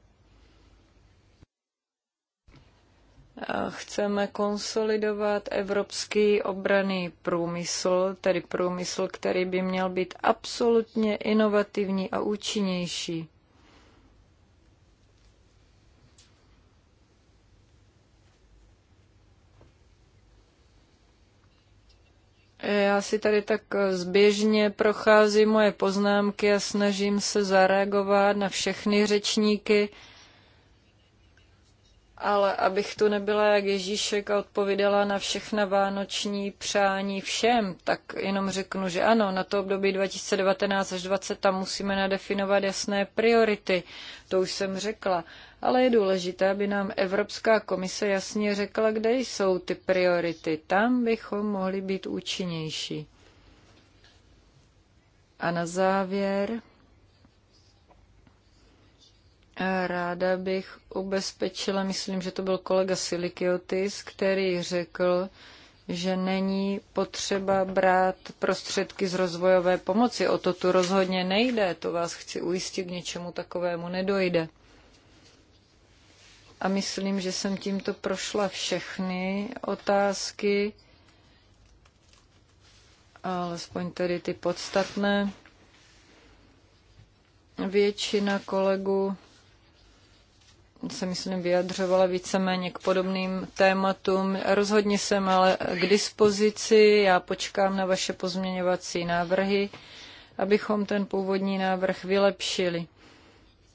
Chceme konsolidovat evropský obraný průmysl, tedy průmysl, který by měl být absolutně inovativní a účinnější. Já si tady tak zběžně procházím moje poznámky a snažím se zareagovat na všechny řečníky ale abych tu nebyla jak Ježíšek a odpovídala na všechna vánoční přání všem, tak jenom řeknu, že ano, na to období 2019 až 2020 tam musíme nadefinovat jasné priority, to už jsem řekla. Ale je důležité, aby nám Evropská komise jasně řekla, kde jsou ty priority. Tam bychom mohli být účinnější. A na závěr Ráda bych ubezpečila, myslím, že to byl kolega Silikiotis, který řekl, že není potřeba brát prostředky z rozvojové pomoci. O to tu rozhodně nejde, to vás chci ujistit, k něčemu takovému nedojde. A myslím, že jsem tímto prošla všechny otázky, alespoň tedy ty podstatné. Většina kolegů se, myslím, vyjadřovala víceméně k podobným tématům. Rozhodně jsem ale k dispozici, já počkám na vaše pozměňovací návrhy, abychom ten původní návrh vylepšili.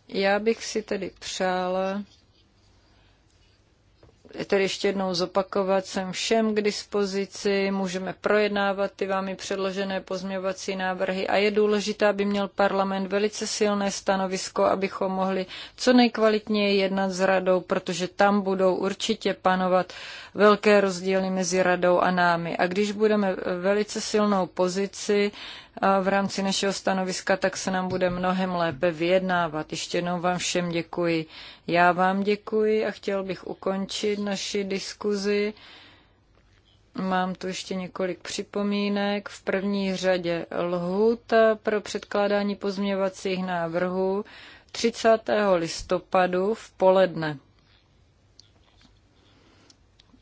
Já bych si tedy přála, tedy ještě jednou zopakovat, jsem všem k dispozici, můžeme projednávat ty vámi předložené pozměňovací návrhy a je důležité, aby měl parlament velice silné stanovisko, abychom mohli co nejkvalitněji jednat s radou, protože tam budou určitě panovat uh, velké rozdíly mezi radou a námi. A když budeme velice silnou pozici eh, v rámci našeho stanoviska, tak se nám bude mnohem lépe vyjednávat. Ještě jednou vám všem děkuji. Já vám děkuji a chtěl bych ukončit naši diskuzi. Mám tu ještě několik připomínek. V první řadě lhůta pro předkládání pozměvacích návrhů 30. listopadu v poledne.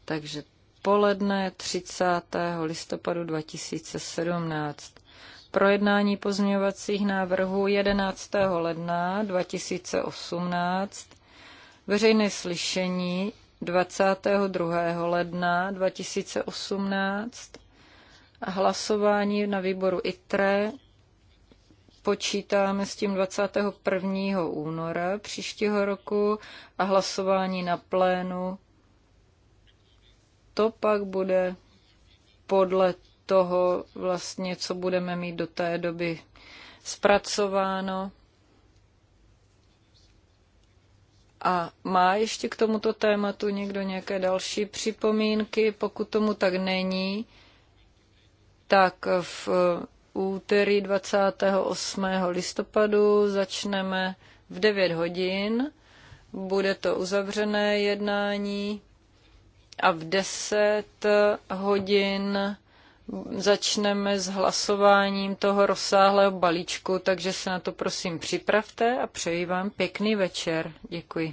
Takže poledne 30. listopadu 2017. Projednání pozměňovacích návrhů 11. ledna 2018. Veřejné slyšení 22. ledna 2018 a hlasování na výboru ITRE počítáme s tím 21. února příštího roku a hlasování na plénu to pak bude podle toho vlastně, co budeme mít do té doby zpracováno. A má ještě k tomuto tématu někdo nějaké další připomínky? Pokud tomu tak není, tak v úterý 28. listopadu začneme v 9 hodin. Bude to uzavřené jednání a v 10 hodin začneme s hlasováním toho rozsáhlého balíčku, takže se na to prosím připravte a přeji vám pěkný večer. Děkuji.